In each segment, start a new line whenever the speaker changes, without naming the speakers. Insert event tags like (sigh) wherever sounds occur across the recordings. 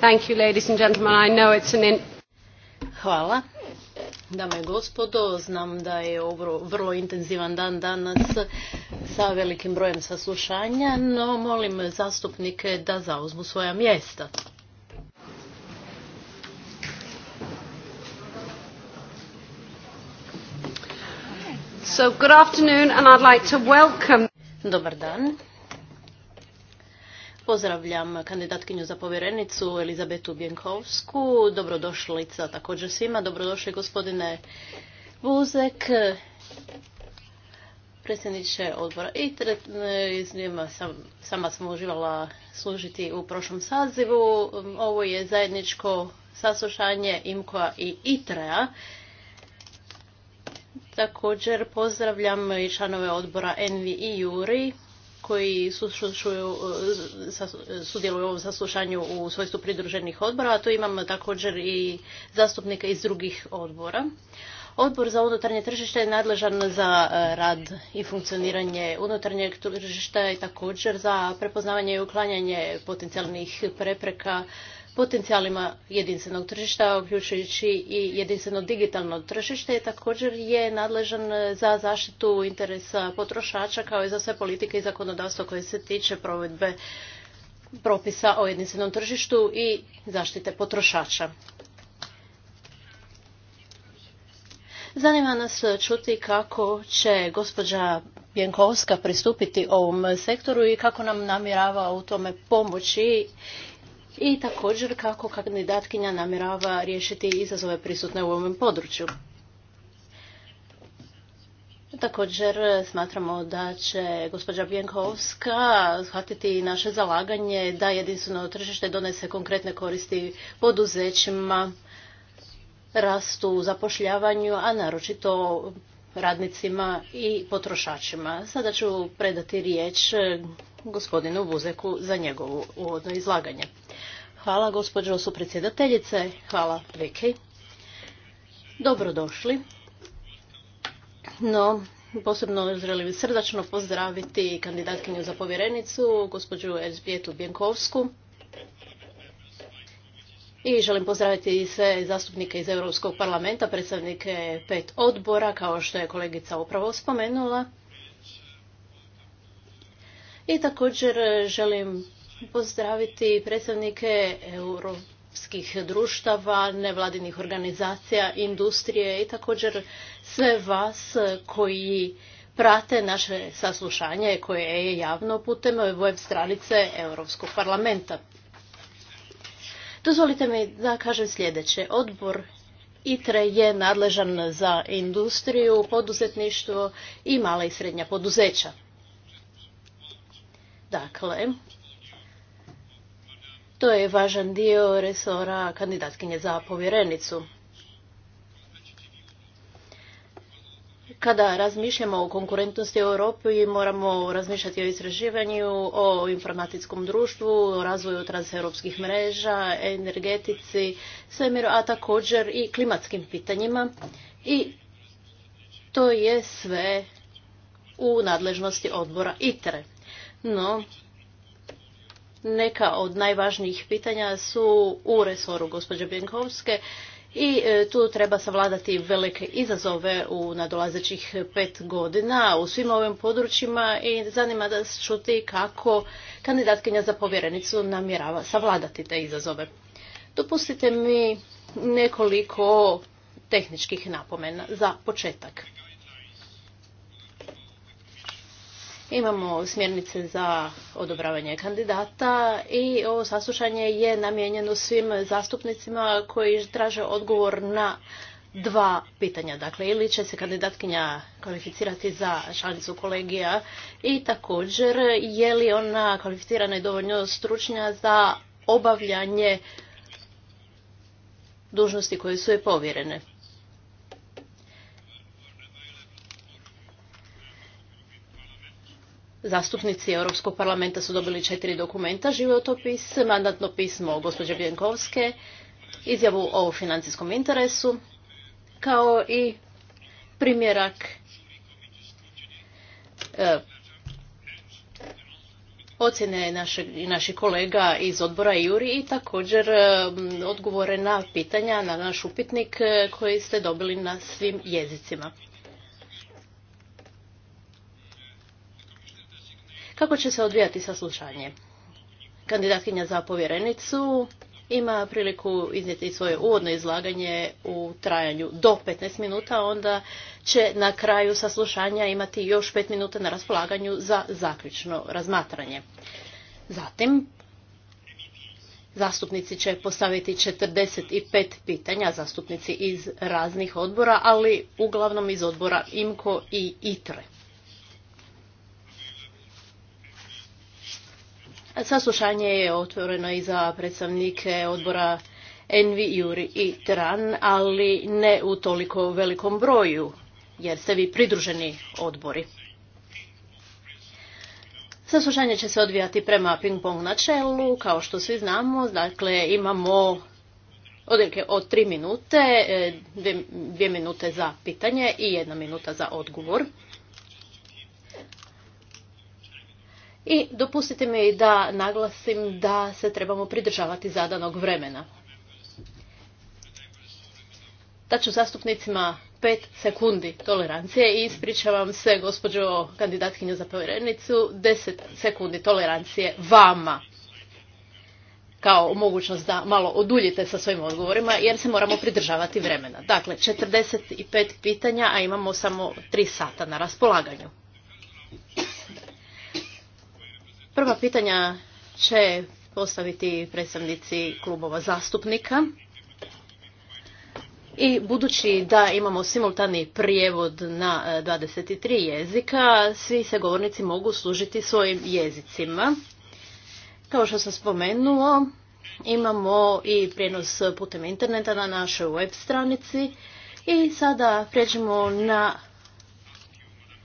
Thank you, ladies I
Hvala. Dame i gospodo, znam da je ovo vrlo intenzivan dan danas sa velikim brojem saslušanja, no molim zastupnike da zauzmu svoja mjesta. So, Dobar dan. Pozdravljam kandidatkinju za povjerenicu Elizabetu Bjenkovsku. Dobrodošlica također svima. Dobrodošli gospodine Buzek, predsjedniče odbora i s njima sam, sama sam uživala služiti u prošlom sazivu. Ovo je zajedničko saslušanje IMKOA i ITREA. Također pozdravljam i članove odbora Envi i Juri koji e, sudjeluju u ovom saslušanju u svojstvu pridruženih odbora, a tu imam također i zastupnika iz drugih odbora. Odbor za unutarnje tržište je nadležan za e, rad i funkcioniranje unutarnjeg tržišta i također za prepoznavanje i uklanjanje potencijalnih prepreka potencijalima jedinstvenog tržišta, uključujući i jedinstveno digitalno tržište, također je nadležan za zaštitu interesa potrošača kao i za sve politike i zakonodavstvo koje se tiče provedbe propisa o jedinstvenom tržištu i zaštite potrošača. Zanima nas čuti kako će gospođa Bjenkovska pristupiti ovom sektoru i kako nam namjerava u tome pomoći i također kako kandidatkinja namjerava riješiti izazove prisutne u ovom području. Također smatramo da će gospođa Bjenkovska shvatiti naše zalaganje da jedinstveno tržište donese konkretne koristi poduzećima, rastu zapošljavanju, a naročito radnicima i potrošačima. Sada ću predati riječ gospodinu Vuzeku za njegovo uvodno izlaganje. Hvala gospođo supredsjedateljice, hvala Dobro Dobrodošli. No, posebno želim srdačno pozdraviti kandidatkinju za povjerenicu, gospođu Elzbijetu Bjenkovsku. I želim pozdraviti i sve zastupnike iz Europskog parlamenta, predstavnike pet odbora, kao što je kolegica upravo spomenula. I također želim pozdraviti predstavnike europskih društava, nevladinih organizacija, industrije i također sve vas koji prate naše saslušanje koje je javno putem web stranice Europskog parlamenta. Dozvolite mi da kažem sljedeće. Odbor ITRE je nadležan za industriju, poduzetništvo i mala i srednja poduzeća. Dakle, to je važan dio resora kandidatkinje za povjerenicu. Kada razmišljamo o konkurentnosti u Europi, moramo razmišljati o istraživanju, o informatickom društvu, o razvoju transeuropskih mreža, energetici, svemiru, a također i klimatskim pitanjima. I to je sve u nadležnosti odbora ITRE. No, neka od najvažnijih pitanja su u resoru gospođe Bjenkovske i e, tu treba savladati velike izazove u nadolazećih pet godina u svim ovim područjima i zanima da se čuti kako kandidatkinja za povjerenicu namjerava savladati te izazove. Dopustite mi nekoliko tehničkih napomena za početak. Imamo smjernice za odobravanje kandidata i ovo saslušanje je namijenjeno svim zastupnicima koji traže odgovor na dva pitanja. Dakle, ili će se kandidatkinja kvalificirati za članicu kolegija i također je li ona kvalificirana i dovoljno stručnja za obavljanje dužnosti koje su je povjerene. Zastupnici Europskog parlamenta su dobili četiri dokumenta, životopis, mandatno pismo gospođe Bjenkovske, izjavu o financijskom interesu, kao i primjerak e, ocjene naših kolega iz odbora Juri i također e, odgovore na pitanja na naš upitnik e, koji ste dobili na svim jezicima. Kako će se odvijati saslušanje? Kandidatkinja za povjerenicu ima priliku iznijeti svoje uvodno izlaganje u trajanju do 15 minuta, onda će na kraju saslušanja imati još 5 minuta na raspolaganju za zaključno razmatranje. Zatim, zastupnici će postaviti 45 pitanja, zastupnici iz raznih odbora, ali uglavnom iz odbora IMKO i ITRE. Saslušanje je otvoreno i za predstavnike odbora Envi, Juri i Tran, ali ne u toliko velikom broju, jer ste vi pridruženi odbori. Saslušanje će se odvijati prema ping-pong načelu, kao što svi znamo, dakle imamo odjelke od tri minute, e, dvije minute za pitanje i jedna minuta za odgovor. I dopustite mi da naglasim da se trebamo pridržavati zadanog vremena. Da ću zastupnicima pet sekundi tolerancije i ispričavam se gospođo kandidatkinju za povjerenicu deset sekundi tolerancije vama kao mogućnost da malo oduljite sa svojim odgovorima jer se moramo pridržavati vremena. Dakle, 45 pitanja, a imamo samo 3 sata na raspolaganju. Prva pitanja će postaviti predstavnici klubova zastupnika. I budući da imamo simultani prijevod na 23 e, jezika, svi se govornici mogu služiti svojim jezicima. Kao što sam spomenuo, imamo i prijenos putem interneta na našoj web stranici i sada pređemo na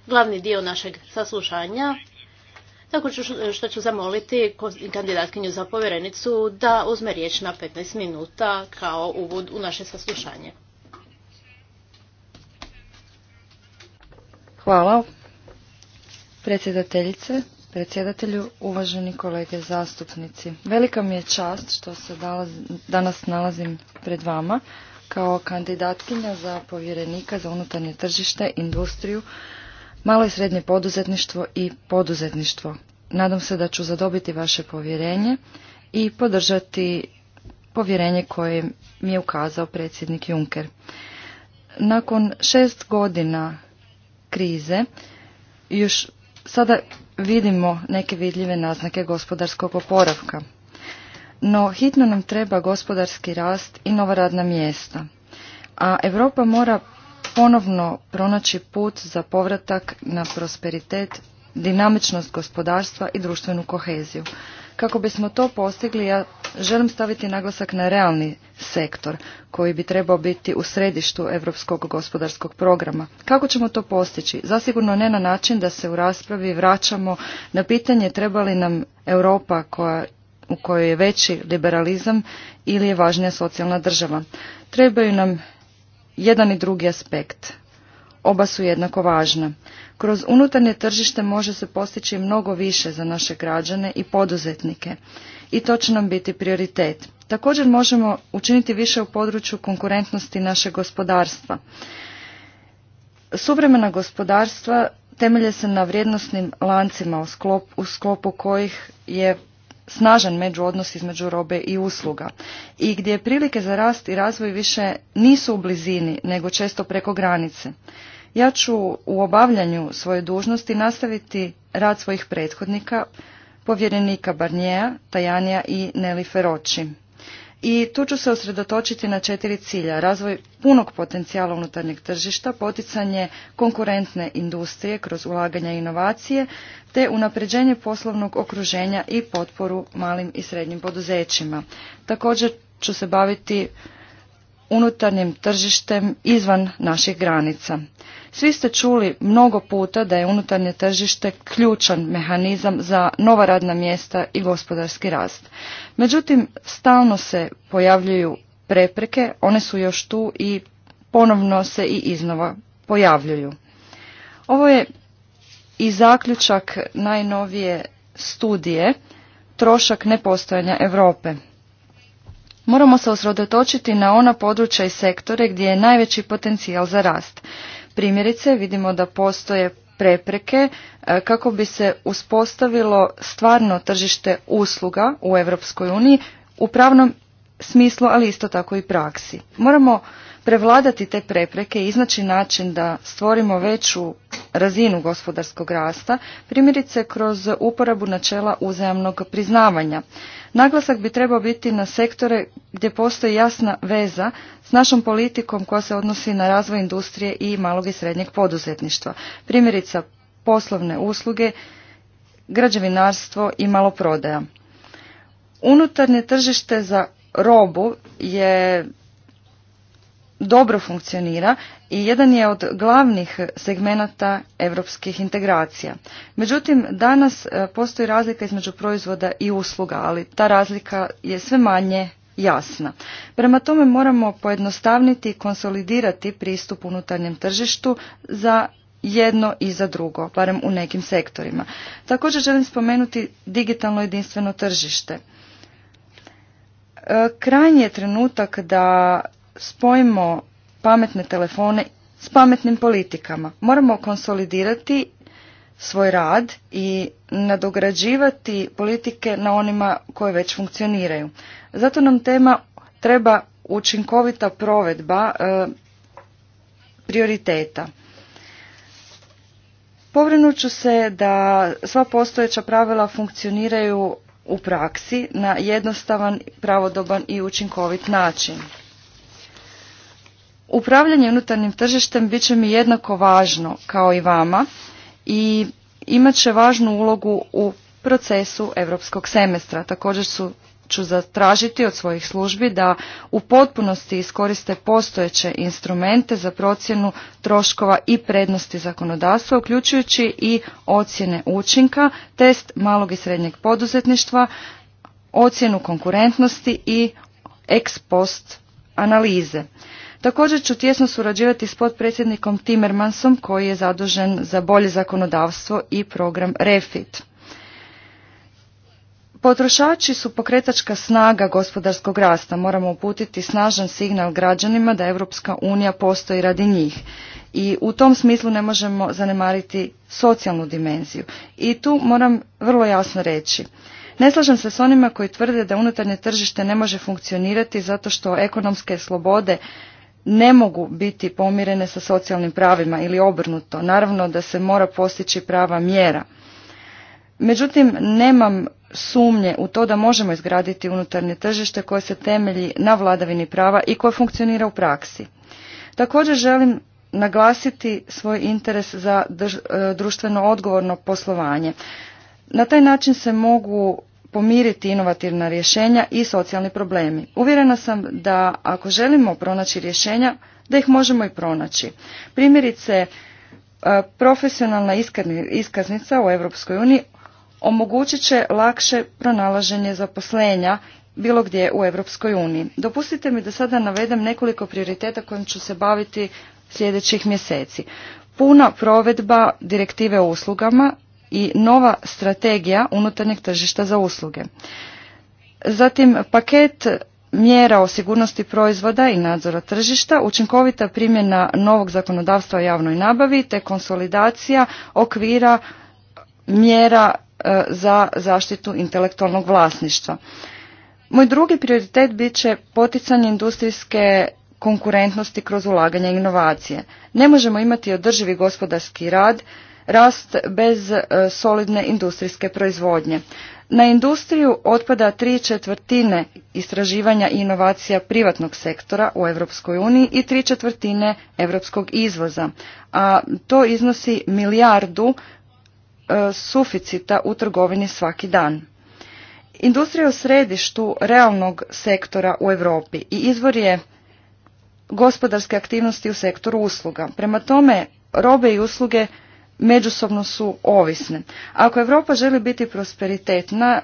glavni dio našeg saslušanja tako što ću zamoliti kandidatkinju za povjerenicu da uzme riječ na 15 minuta kao uvod u naše saslušanje.
Hvala. Predsjedateljice, predsjedatelju, uvaženi kolege zastupnici. Velika mi je čast što se danas nalazim pred vama kao kandidatkinja za povjerenika za unutarnje tržište, industriju, malo i srednje poduzetništvo i poduzetništvo. Nadam se da ću zadobiti vaše povjerenje i podržati povjerenje koje mi je ukazao predsjednik Juncker. Nakon šest godina krize još sada vidimo neke vidljive naznake gospodarskog oporavka. No hitno nam treba gospodarski rast i nova radna mjesta. A Europa mora ponovno pronaći put za povratak na prosperitet, dinamičnost gospodarstva i društvenu koheziju. Kako bismo to postigli, ja želim staviti naglasak na realni sektor koji bi trebao biti u središtu europskog gospodarskog programa. Kako ćemo to postići? Zasigurno ne na način da se u raspravi vraćamo na pitanje treba li nam Europa koja, u kojoj je veći liberalizam ili je važnija socijalna država. Trebaju nam jedan i drugi aspekt. Oba su jednako važna. Kroz unutarnje tržište može se postići mnogo više za naše građane i poduzetnike i to će nam biti prioritet. Također možemo učiniti više u području konkurentnosti našeg gospodarstva. Suvremena gospodarstva temelje se na vrijednosnim lancima u sklopu kojih je snažan međuodnos između robe i usluga i gdje prilike za rast i razvoj više nisu u blizini nego često preko granice. Ja ću u obavljanju svoje dužnosti nastaviti rad svojih prethodnika, povjerenika Barnjeja, Tajanija i Neli Feroći. I tu ću se osredotočiti na četiri cilja. Razvoj punog potencijala unutarnjeg tržišta, poticanje konkurentne industrije kroz ulaganja i inovacije, te unapređenje poslovnog okruženja i potporu malim i srednjim poduzećima. Također ću se baviti unutarnjim tržištem izvan naših granica. Svi ste čuli mnogo puta da je unutarnje tržište ključan mehanizam za nova radna mjesta i gospodarski rast. Međutim, stalno se pojavljuju prepreke, one su još tu i ponovno se i iznova pojavljuju. Ovo je i zaključak najnovije studije Trošak nepostojanja Europe. Moramo se usredotočiti na ona područja i sektore gdje je najveći potencijal za rast. Primjerice vidimo da postoje prepreke e, kako bi se uspostavilo stvarno tržište usluga u Europskoj uniji u pravnom smislu, ali isto tako i praksi. Moramo prevladati te prepreke i iznaći način da stvorimo veću razinu gospodarskog rasta, primjerice kroz uporabu načela uzajamnog priznavanja. Naglasak bi trebao biti na sektore gdje postoji jasna veza s našom politikom koja se odnosi na razvoj industrije i malog i srednjeg poduzetništva, primjerice poslovne usluge, građevinarstvo i maloprodaja. Unutarnje tržište za robu je dobro funkcionira i jedan je od glavnih segmenata europskih integracija. Međutim, danas e, postoji razlika između proizvoda i usluga, ali ta razlika je sve manje jasna. Prema tome moramo pojednostavniti i konsolidirati pristup unutarnjem tržištu za jedno i za drugo, barem u nekim sektorima. Također želim spomenuti digitalno jedinstveno tržište. E, krajnji je trenutak da spojimo pametne telefone s pametnim politikama. Moramo konsolidirati svoj rad i nadograđivati politike na onima koje već funkcioniraju. Zato nam tema treba učinkovita provedba e, prioriteta. Povrinut ću se da sva postojeća pravila funkcioniraju u praksi na jednostavan, pravodoban i učinkovit način. Upravljanje unutarnjim tržištem bit će mi jednako važno kao i vama i imat će važnu ulogu u procesu europskog semestra. Također su, ću zatražiti od svojih službi da u potpunosti iskoriste postojeće instrumente za procjenu troškova i prednosti zakonodavstva, uključujući i ocjene učinka, test malog i srednjeg poduzetništva, ocjenu konkurentnosti i ex post analize. Također ću tjesno surađivati s potpredsjednikom Timmermansom koji je zadužen za bolje zakonodavstvo i program REFIT. Potrošači su pokretačka snaga gospodarskog rasta. Moramo uputiti snažan signal građanima da Europska unija postoji radi njih. I u tom smislu ne možemo zanemariti socijalnu dimenziju. I tu moram vrlo jasno reći. Ne slažem se s onima koji tvrde da unutarnje tržište ne može funkcionirati zato što ekonomske slobode ne mogu biti pomirene sa socijalnim pravima ili obrnuto. Naravno da se mora postići prava mjera. Međutim, nemam sumnje u to da možemo izgraditi unutarnje tržište koje se temelji na vladavini prava i koje funkcionira u praksi. Također želim naglasiti svoj interes za e, društveno odgovorno poslovanje. Na taj način se mogu pomiriti inovativna rješenja i socijalni problemi. Uvjerena sam da ako želimo pronaći rješenja, da ih možemo i pronaći. Primjerice, e, profesionalna iskaznica u EU omogućit će lakše pronalaženje zaposlenja bilo gdje u Europskoj uniji. Dopustite mi da sada navedem nekoliko prioriteta kojim ću se baviti sljedećih mjeseci. Puna provedba direktive o uslugama i nova strategija unutarnjeg tržišta za usluge. Zatim paket mjera o sigurnosti proizvoda i nadzora tržišta, učinkovita primjena novog zakonodavstva o javnoj nabavi te konsolidacija okvira mjera e, za zaštitu intelektualnog vlasništva. Moj drugi prioritet bit će poticanje industrijske konkurentnosti kroz ulaganje inovacije. Ne možemo imati održivi gospodarski rad rast bez e, solidne industrijske proizvodnje. Na industriju otpada tri četvrtine istraživanja i inovacija privatnog sektora u Europskoj uniji i tri četvrtine europskog izvoza, a to iznosi milijardu e, suficita u trgovini svaki dan. Industrija u središtu realnog sektora u Europi i izvor je gospodarske aktivnosti u sektoru usluga. Prema tome, robe i usluge međusobno su ovisne. Ako Europa želi biti prosperitetna,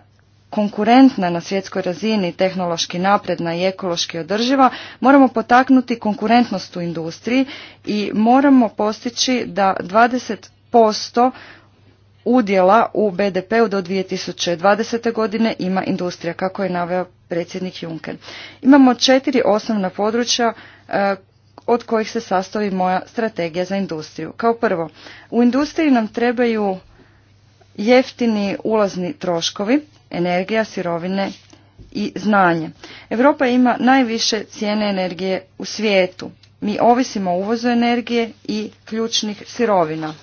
konkurentna na svjetskoj razini, tehnološki napredna i ekološki održiva, moramo potaknuti konkurentnost u industriji i moramo postići da 20% udjela u BDP-u do 2020. godine ima industrija, kako je naveo predsjednik Juncker. Imamo četiri osnovna područja e, od kojih se sastoji moja strategija za industriju. Kao prvo, u industriji nam trebaju jeftini ulazni troškovi, energija, sirovine i znanje. Europa ima najviše cijene energije u svijetu. Mi ovisimo o uvozu energije i ključnih sirovina.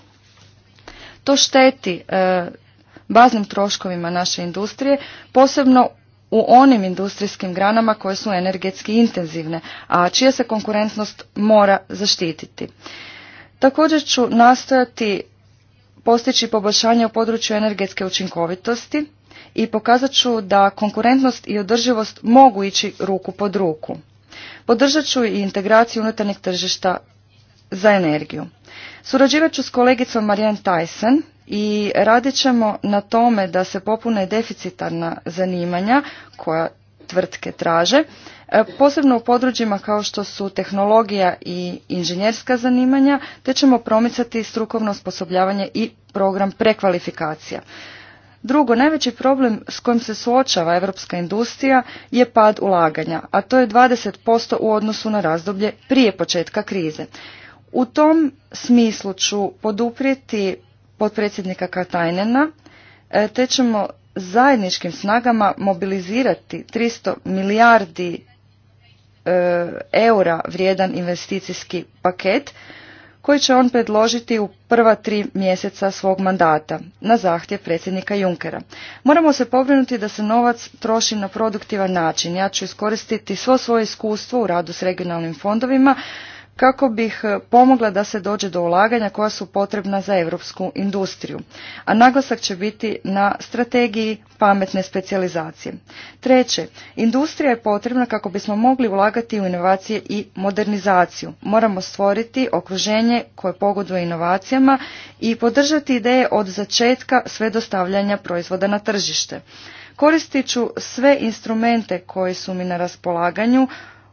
To šteti e, baznim troškovima naše industrije, posebno u onim industrijskim granama koje su energetski intenzivne, a čija se konkurentnost mora zaštititi. Također ću nastojati postići poboljšanje u području energetske učinkovitosti i pokazat ću da konkurentnost i održivost mogu ići ruku pod ruku. Podržat ću i integraciju unutarnjeg tržišta za energiju. Surađivat ću s kolegicom Marijan Tyson i radit ćemo na tome da se popune deficitarna zanimanja koja tvrtke traže, e, posebno u područjima kao što su tehnologija i inženjerska zanimanja, te ćemo promicati strukovno osposobljavanje i program prekvalifikacija. Drugo, najveći problem s kojim se suočava evropska industrija je pad ulaganja, a to je 20% u odnosu na razdoblje prije početka krize. U tom smislu ću poduprijeti potpredsjednika Katajnena, e, te ćemo zajedničkim snagama mobilizirati 300 milijardi e, eura vrijedan investicijski paket koji će on predložiti u prva tri mjeseca svog mandata na zahtjev predsjednika Junkera. Moramo se pobrinuti da se novac troši na produktivan način. Ja ću iskoristiti svo svoje iskustvo u radu s regionalnim fondovima kako bih e, pomogla da se dođe do ulaganja koja su potrebna za europsku industriju, a naglasak će biti na strategiji pametne specijalizacije. Treće, industrija je potrebna kako bismo mogli ulagati u inovacije i modernizaciju. Moramo stvoriti okruženje koje pogoduje inovacijama i podržati ideje od začetka sve dostavljanja proizvoda na tržište. Koristit ću sve instrumente koji su mi na raspolaganju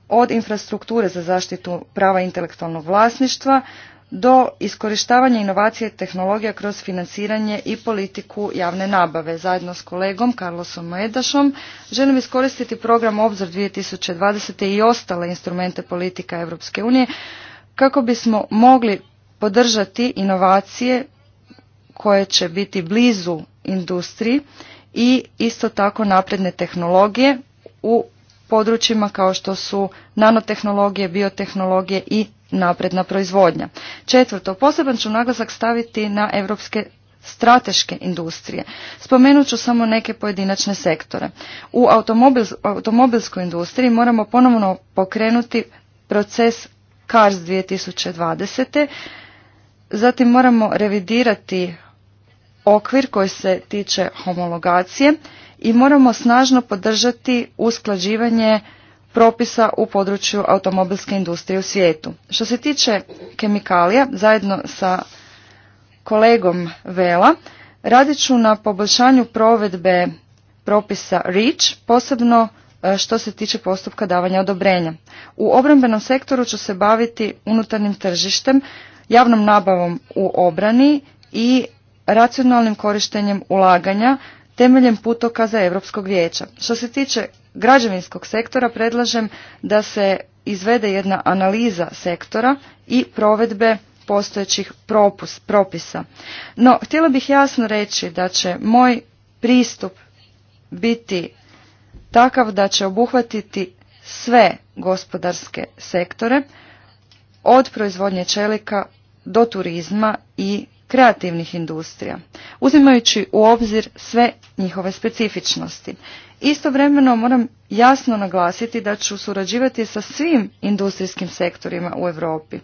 od infrastrukture za zaštitu prava intelektualnog vlasništva do iskorištavanja inovacije i tehnologija kroz financiranje i politiku javne nabave. Zajedno s kolegom Carlosom Moedašom želim iskoristiti program Obzor 2020. i ostale instrumente politika Europske unije kako bismo mogli podržati inovacije koje će biti blizu industriji i isto tako napredne tehnologije u područjima kao što su nanotehnologije, biotehnologije i napredna proizvodnja. Četvrto, poseban ću naglasak staviti na europske strateške industrije. Spomenut ću samo neke pojedinačne sektore. U automobilskoj industriji moramo ponovno pokrenuti proces CARS 2020. Zatim moramo revidirati okvir koji se tiče homologacije i moramo snažno podržati usklađivanje propisa u području automobilske industrije u svijetu. Što se tiče kemikalija, zajedno sa kolegom Vela, radit ću na poboljšanju provedbe propisa REACH, posebno e, što se tiče postupka davanja odobrenja. U obrambenom sektoru ću se baviti unutarnjim tržištem, javnom nabavom u obrani i racionalnim korištenjem ulaganja temeljem putokaza Europskog vijeća. Što se tiče građevinskog sektora predlažem da se izvede jedna analiza sektora i provedbe postojećih propus, propisa. No, htjela bih jasno reći da će moj pristup biti takav da će obuhvatiti sve gospodarske sektore od proizvodnje čelika do turizma i kreativnih industrija, uzimajući u obzir sve njihove specifičnosti. Istovremeno moram jasno naglasiti da ću surađivati sa svim industrijskim sektorima u Europi.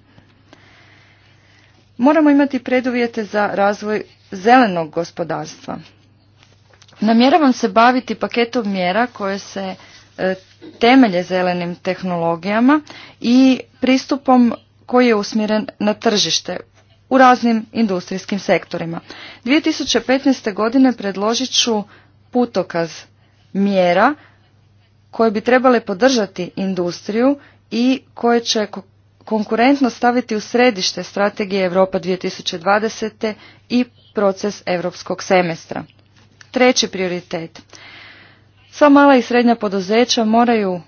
Moramo imati preduvjete za razvoj zelenog gospodarstva. Namjeravam se baviti paketom mjera koje se e, temelje zelenim tehnologijama i pristupom koji je usmjeren na tržište u raznim industrijskim sektorima. 2015. godine predložit ću putokaz mjera koje bi trebale podržati industriju i koje će konkurentno staviti u središte strategije Europa 2020. i proces europskog semestra. Treći prioritet. Sva mala i srednja poduzeća moraju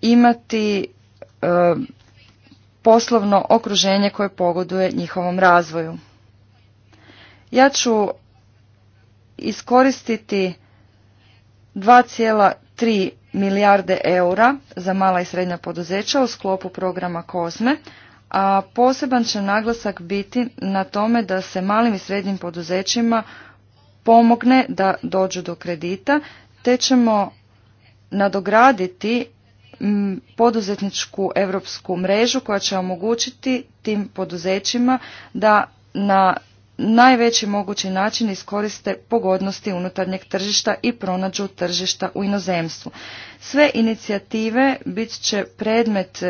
imati e, poslovno okruženje koje pogoduje njihovom razvoju. Ja ću iskoristiti 2,3 milijarde eura za mala i srednja poduzeća u sklopu programa COSME, a poseban će naglasak biti na tome da se malim i srednjim poduzećima pomogne da dođu do kredita, te ćemo nadograditi poduzetničku europsku mrežu koja će omogućiti tim poduzećima da na najveći mogući način iskoriste pogodnosti unutarnjeg tržišta i pronađu tržišta u inozemstvu. Sve inicijative bit će predmet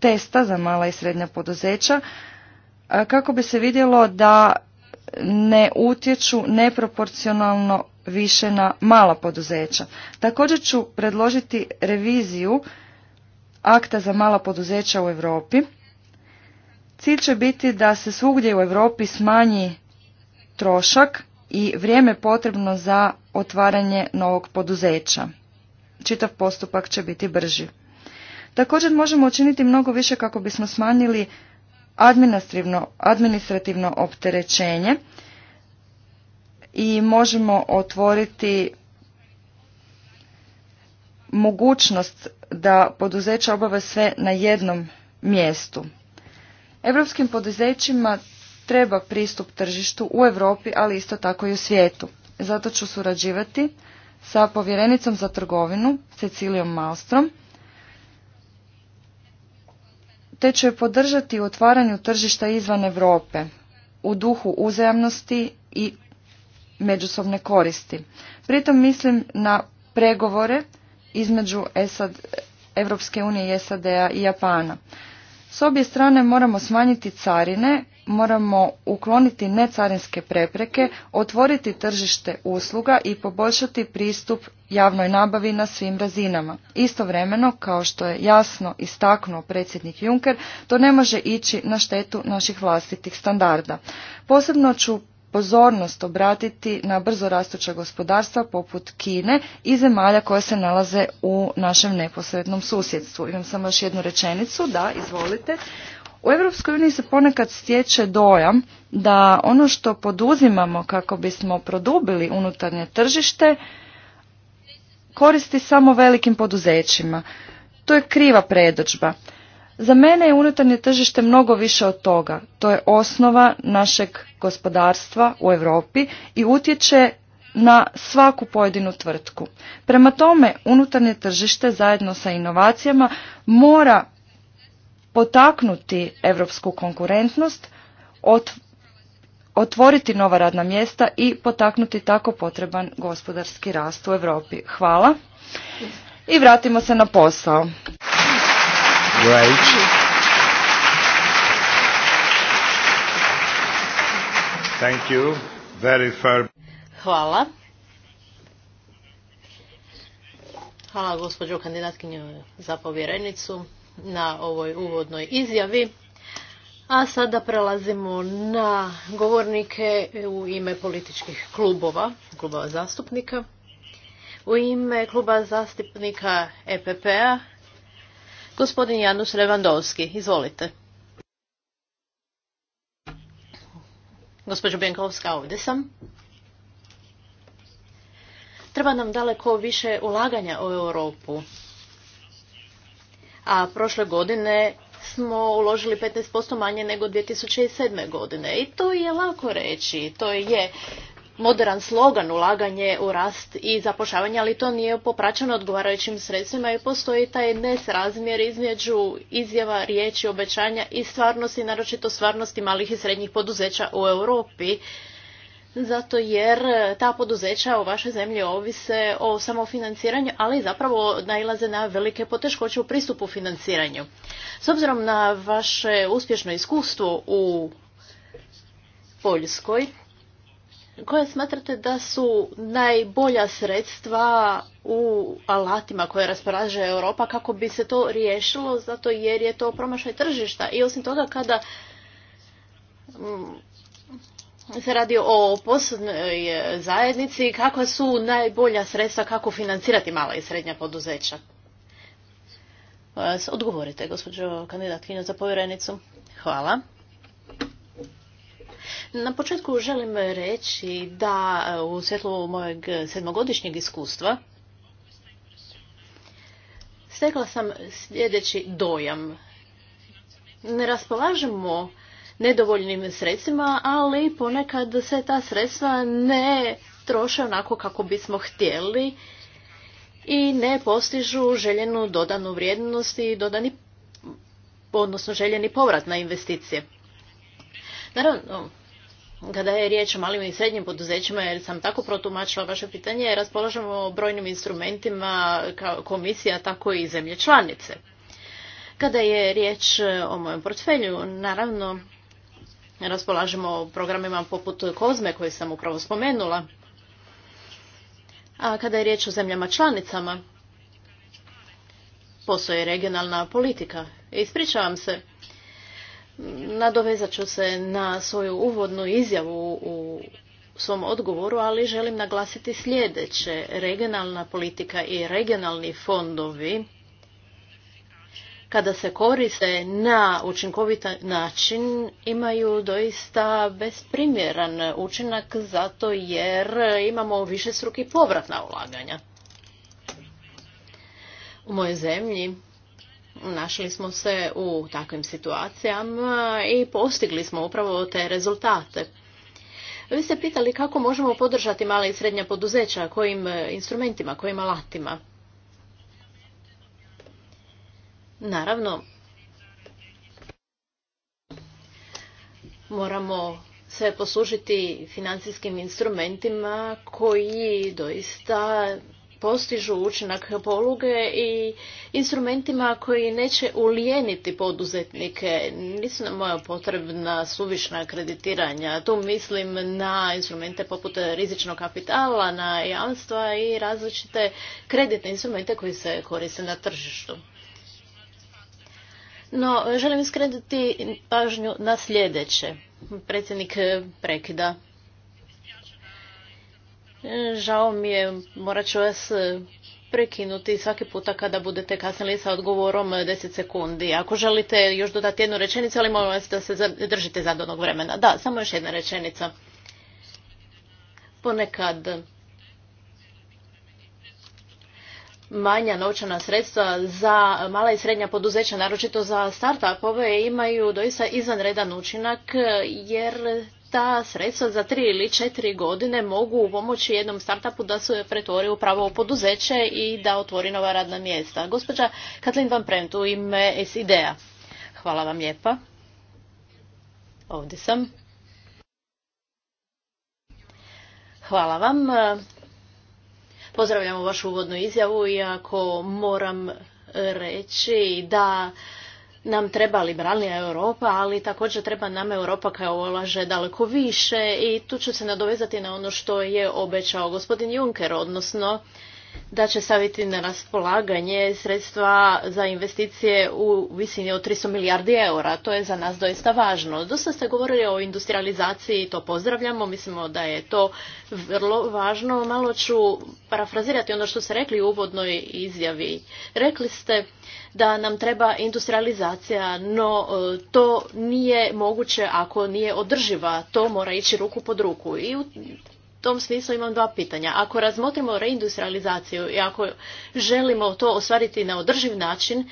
testa za mala i srednja poduzeća kako bi se vidjelo da ne utječu neproporcionalno više na mala poduzeća. Također ću predložiti reviziju akta za mala poduzeća u Europi. Cilj će biti da se svugdje u Europi smanji trošak i vrijeme potrebno za otvaranje novog poduzeća. Čitav postupak će biti brži. Također možemo učiniti mnogo više kako bismo smanjili administrativno, administrativno opterećenje i možemo otvoriti mogućnost da poduzeća obave sve na jednom mjestu. Europskim poduzećima treba pristup tržištu u Europi, ali isto tako i u svijetu. Zato ću surađivati sa povjerenicom za trgovinu Cecilijom Malstrom, te ću je podržati u otvaranju tržišta izvan Europe u duhu uzajamnosti i međusobne koristi. Pritom mislim na pregovore između SAD, Evropske unije i SAD-a i Japana. S obje strane moramo smanjiti carine, moramo ukloniti necarinske prepreke, otvoriti tržište usluga i poboljšati pristup javnoj nabavi na svim razinama. Istovremeno, kao što je jasno istaknuo predsjednik Juncker, to ne može ići na štetu naših vlastitih standarda. Posebno ću pozornost obratiti na brzo rastuća gospodarstva poput Kine i zemalja koje se nalaze u našem neposrednom susjedstvu. Imam samo još jednu rečenicu, da, izvolite. U Europskoj uniji se ponekad stječe dojam da ono što poduzimamo kako bismo produbili unutarnje tržište koristi samo velikim poduzećima. To je kriva predođba. Za mene je unutarnje tržište mnogo više od toga. To je osnova našeg gospodarstva u Europi i utječe na svaku pojedinu tvrtku. Prema tome, unutarnje tržište zajedno sa inovacijama mora potaknuti europsku konkurentnost, otvoriti nova radna mjesta i potaknuti tako potreban gospodarski rast u Europi. Hvala. I vratimo se na posao.
Great. Thank you. Very
Hvala. Hvala gospođo kandidatkinju za povjerenicu na ovoj uvodnoj izjavi. A sada prelazimo na govornike u ime političkih klubova, klubova zastupnika. U ime kluba zastupnika EPP-a Gospodin Janus Revandovski, izvolite. Gospođo Benkovska, ovdje sam. Treba nam daleko više ulaganja u Europu. A prošle godine smo uložili 15% manje nego 2007. godine. I to je lako reći, to je moderan slogan ulaganje u rast i zapošljavanje, ali to nije popraćeno odgovarajućim sredstvima i postoji taj nesrazmjer između izjava, riječi, obećanja i stvarnosti, naročito stvarnosti malih i srednjih poduzeća u Europi. Zato jer ta poduzeća u vašoj zemlji ovise o samofinanciranju, ali zapravo nailaze na velike poteškoće u pristupu financiranju. S obzirom na vaše uspješno iskustvo u Poljskoj, koje smatrate da su najbolja sredstva u alatima koje raspolaže Europa kako bi se to riješilo zato jer je to promašaj tržišta i osim toga kada mm, se radi o poslovnoj zajednici kakva su najbolja sredstva kako financirati mala i srednja poduzeća. E, odgovorite, gospođo kandidatkinja za povjerenicu. Hvala. Na početku želim reći da e, u svjetlu mojeg sedmogodišnjeg iskustva stekla sam sljedeći dojam. Ne raspolažemo nedovoljnim sredstvima, ali ponekad se ta sredstva ne troše onako kako bismo htjeli i ne postižu željenu dodanu vrijednost i dodani odnosno željeni povrat na investicije. Naravno, kada je riječ o malim i srednjim poduzećima, jer sam tako protumačila vaše pitanje, raspolažemo brojnim instrumentima kao komisija, tako i zemlje članice. Kada je riječ o mojem portfelju, naravno raspolažemo programima poput Kozme koje sam upravo spomenula. A kada je riječ o zemljama članicama, postoje regionalna politika. Ispričavam se, Nadovezat ću se na svoju uvodnu izjavu u svom odgovoru, ali želim naglasiti sljedeće. Regionalna politika i regionalni fondovi kada se koriste na učinkovit način imaju doista besprimjeran učinak zato jer imamo više struki povratna ulaganja. U mojoj zemlji Našli smo se u takvim situacijama i postigli smo upravo te rezultate. Vi ste pitali kako možemo podržati mala i srednja poduzeća, kojim instrumentima, kojim alatima. Naravno, moramo se poslužiti financijskim instrumentima koji doista postižu učinak poluge i instrumentima koji neće ulijeniti poduzetnike. Nisu nam potrebna suvišna kreditiranja. Tu mislim na instrumente poput rizičnog kapitala, na jamstva i različite kreditne instrumente koji se koriste na tržištu. No, želim skrenuti pažnju na sljedeće. Predsjednik prekida Žao mi je, morat ću vas e, prekinuti svaki puta kada budete kasnili sa odgovorom 10 e, sekundi. Ako želite još dodati jednu rečenicu, ali molim vas da se držite donog vremena. Da, samo još jedna rečenica. Ponekad manja novčana sredstva za mala i srednja poduzeća, naročito za start-upove, imaju doista izvanredan učinak e, jer ta sredstva za tri ili četiri godine mogu pomoći jednom startupu da se pretvori u pravo poduzeće i da otvori nova radna mjesta. Gospođa Katlin Van Prent u ime sid Hvala vam lijepa. Ovdje sam. Hvala vam. Pozdravljamo vašu uvodnu izjavu, iako moram reći da nam treba liberalnija Europa, ali također treba nam Europa koja ulaže daleko više i tu ću se nadovezati na ono što je obećao gospodin Juncker, odnosno da će staviti na raspolaganje sredstva za investicije u visini od 300 milijardi eura. To je za nas doista važno. Dosta ste govorili o industrializaciji, to pozdravljamo, mislimo da je to vrlo važno. Malo ću parafrazirati ono što ste rekli u uvodnoj izjavi. Rekli ste da nam treba industrializacija, no e, to nije moguće ako nije održiva, to mora ići ruku pod ruku. I u tom smislu imam dva pitanja. Ako razmotrimo reindustrializaciju i ako želimo to ostvariti na održiv način,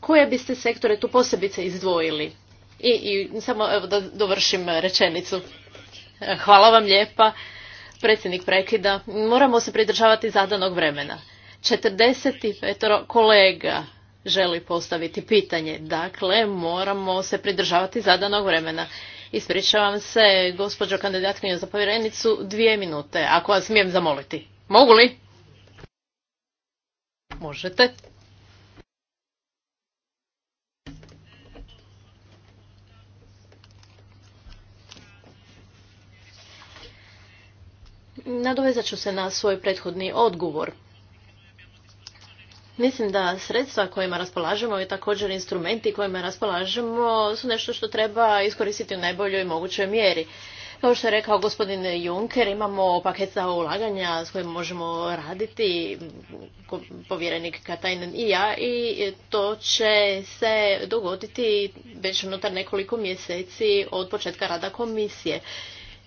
koje biste sektore tu posebice izdvojili? I, i samo evo da dovršim rečenicu. Hvala vam lijepa, predsjednik prekida. Moramo se pridržavati zadanog vremena. 45 kolega želi postaviti pitanje. Dakle, moramo se pridržavati zadanog vremena. Ispričavam se, gospođo kandidatkinja za povjerenicu, dvije minute, ako vas smijem zamoliti. Mogu li? Možete. Nadovezat ću se na svoj prethodni odgovor. Mislim da sredstva kojima raspolažemo i također instrumenti kojima raspolažemo su nešto što treba iskoristiti u najboljoj mogućoj mjeri. Kao što je rekao gospodin Juncker, imamo paket za ulaganja s kojim možemo raditi, povjerenik Katajnen i ja, i to će se dogoditi već unutar nekoliko mjeseci od početka rada komisije.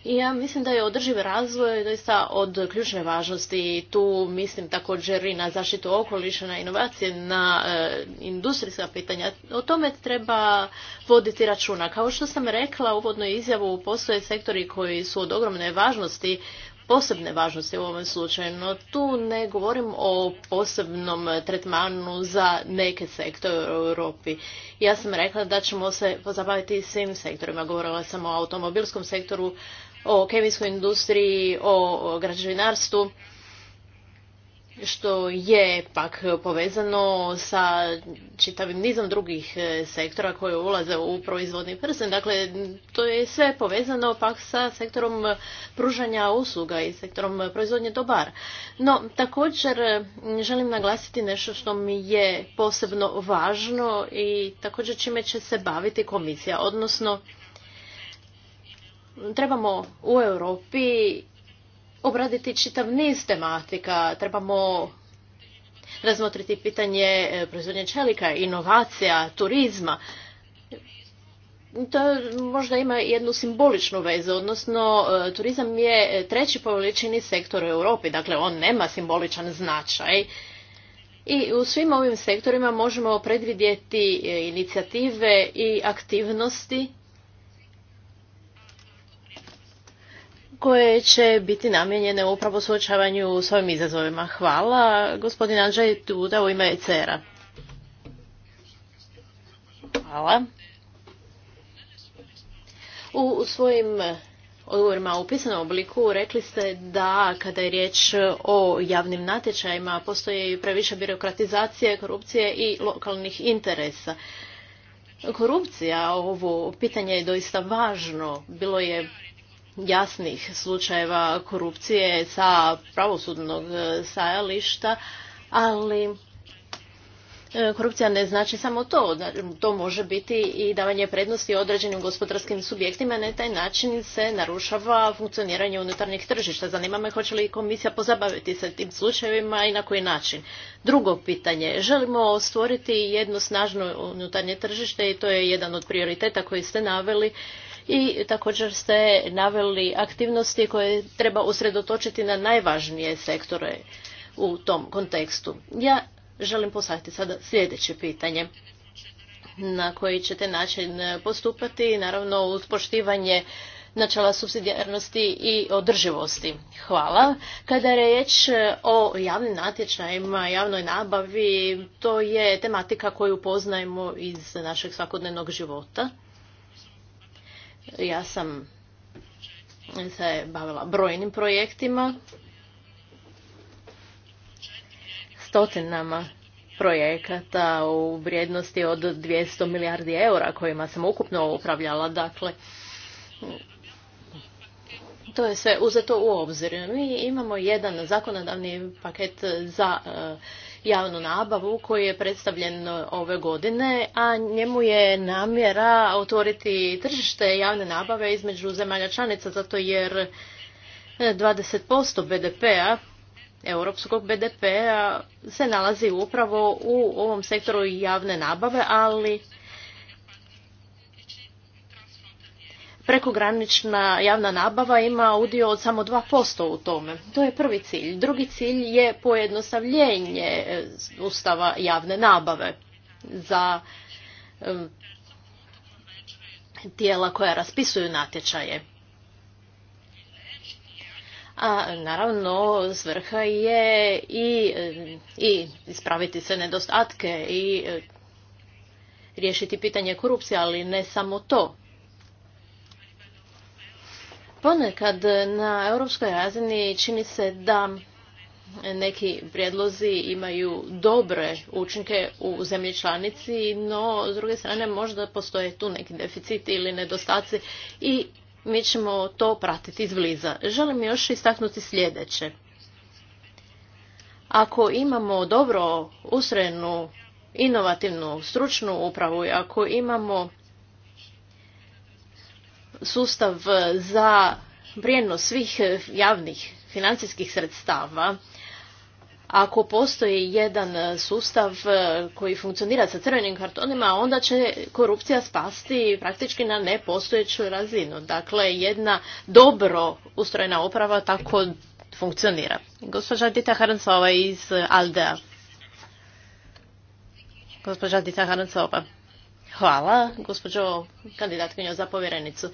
Ja mislim da je održiv razvoj doista od ključne važnosti. i Tu mislim također i na zaštitu okoliša, na inovacije, na e, industrijska pitanja. O tome treba voditi računa. Kao što sam rekla u uvodnoj izjavu, postoje sektori koji su od ogromne važnosti posebne važnosti u ovom slučaju, no tu ne govorim o posebnom tretmanu za neke sektore u Europi. Ja sam rekla da ćemo se pozabaviti svim sektorima, govorila sam o automobilskom sektoru, o kemijskoj industriji, o građevinarstvu, što je pak povezano sa čitavim nizom drugih e, sektora koje ulaze u proizvodni prsten. Dakle, to je sve povezano pak sa sektorom pružanja usluga i sektorom proizvodnje dobara. No, također e, želim naglasiti nešto što mi je posebno važno i također čime će se baviti komisija, odnosno trebamo u Europi obraditi čitav niz tematika. Trebamo razmotriti pitanje e, proizvodnje čelika, inovacija, turizma. To možda ima jednu simboličnu vezu, odnosno e, turizam je treći po veličini sektor u Europi, dakle on nema simboličan značaj. I u svim ovim sektorima možemo predvidjeti e, inicijative i aktivnosti koje će biti namijenjene upravo suočavanju s ovim izazovima. Hvala. Gospodin Andrzej Duda u ime ECR-a. Hvala. U svojim odgovorima u pisanom obliku rekli ste da kada je riječ o javnim natječajima postoje i previše birokratizacije, korupcije i lokalnih interesa. Korupcija, ovo pitanje je doista važno. Bilo je jasnih slučajeva korupcije sa pravosudnog e, stajališta, ali e, korupcija ne znači samo to. To može biti i davanje prednosti određenim gospodarskim subjektima. Na taj način se narušava funkcioniranje unutarnjih tržišta. Zanima me hoće li komisija pozabaviti se tim slučajevima i na koji način. Drugo pitanje. Želimo stvoriti jedno snažno unutarnje tržište i to je jedan od prioriteta koji ste naveli i također ste naveli aktivnosti koje treba usredotočiti na najvažnije sektore u tom kontekstu. Ja želim postaviti sada sljedeće pitanje na koji ćete način postupati, naravno uz poštivanje načela subsidijarnosti i održivosti. Hvala. Kada je reč o javnim natječajima, javnoj nabavi, to je tematika koju poznajemo iz našeg svakodnevnog života. Ja sam se bavila brojnim projektima, stotinama projekata u vrijednosti od 200 milijardi eura kojima sam ukupno upravljala. Dakle, to je sve uzeto u obzir. Mi imamo jedan zakonodavni paket za eh, javnu nabavu koji je predstavljen e, ove godine, a njemu je namjera otvoriti tržište javne nabave između zemalja članica, zato jer 20% e, BDP-a europskog BDP-a se nalazi upravo u ovom sektoru javne nabave, ali prekogranična javna nabava ima udio od samo 2% u tome. To je prvi cilj. Drugi cilj je pojednostavljenje e, ustava javne nabave za e, tijela koja raspisuju natječaje. A naravno svrha je i, e, i ispraviti se nedostatke i riješiti pitanje korupcije, ali ne samo to. Ponekad na europskoj razini čini se da neki prijedlozi imaju dobre učinke u zemlji članici, no s druge strane možda postoje tu neki deficiti ili nedostaci i mi ćemo to pratiti izbliza. Želim još istaknuti sljedeće. Ako imamo dobro usrednu inovativnu stručnu upravu i ako imamo sustav eh, za prijenos svih eh, javnih financijskih sredstava, ako postoji jedan eh, sustav koji funkcionira sa crvenim kartonima, onda će korupcija spasti praktički na nepostojeću razinu. Dakle, jedna dobro ustrojena oprava tako funkcionira. Gospođa Dita Harancova iz Aldea. Gospođa Dita Harancova. Hvala, gospođo kandidatkinja za povjerenicu.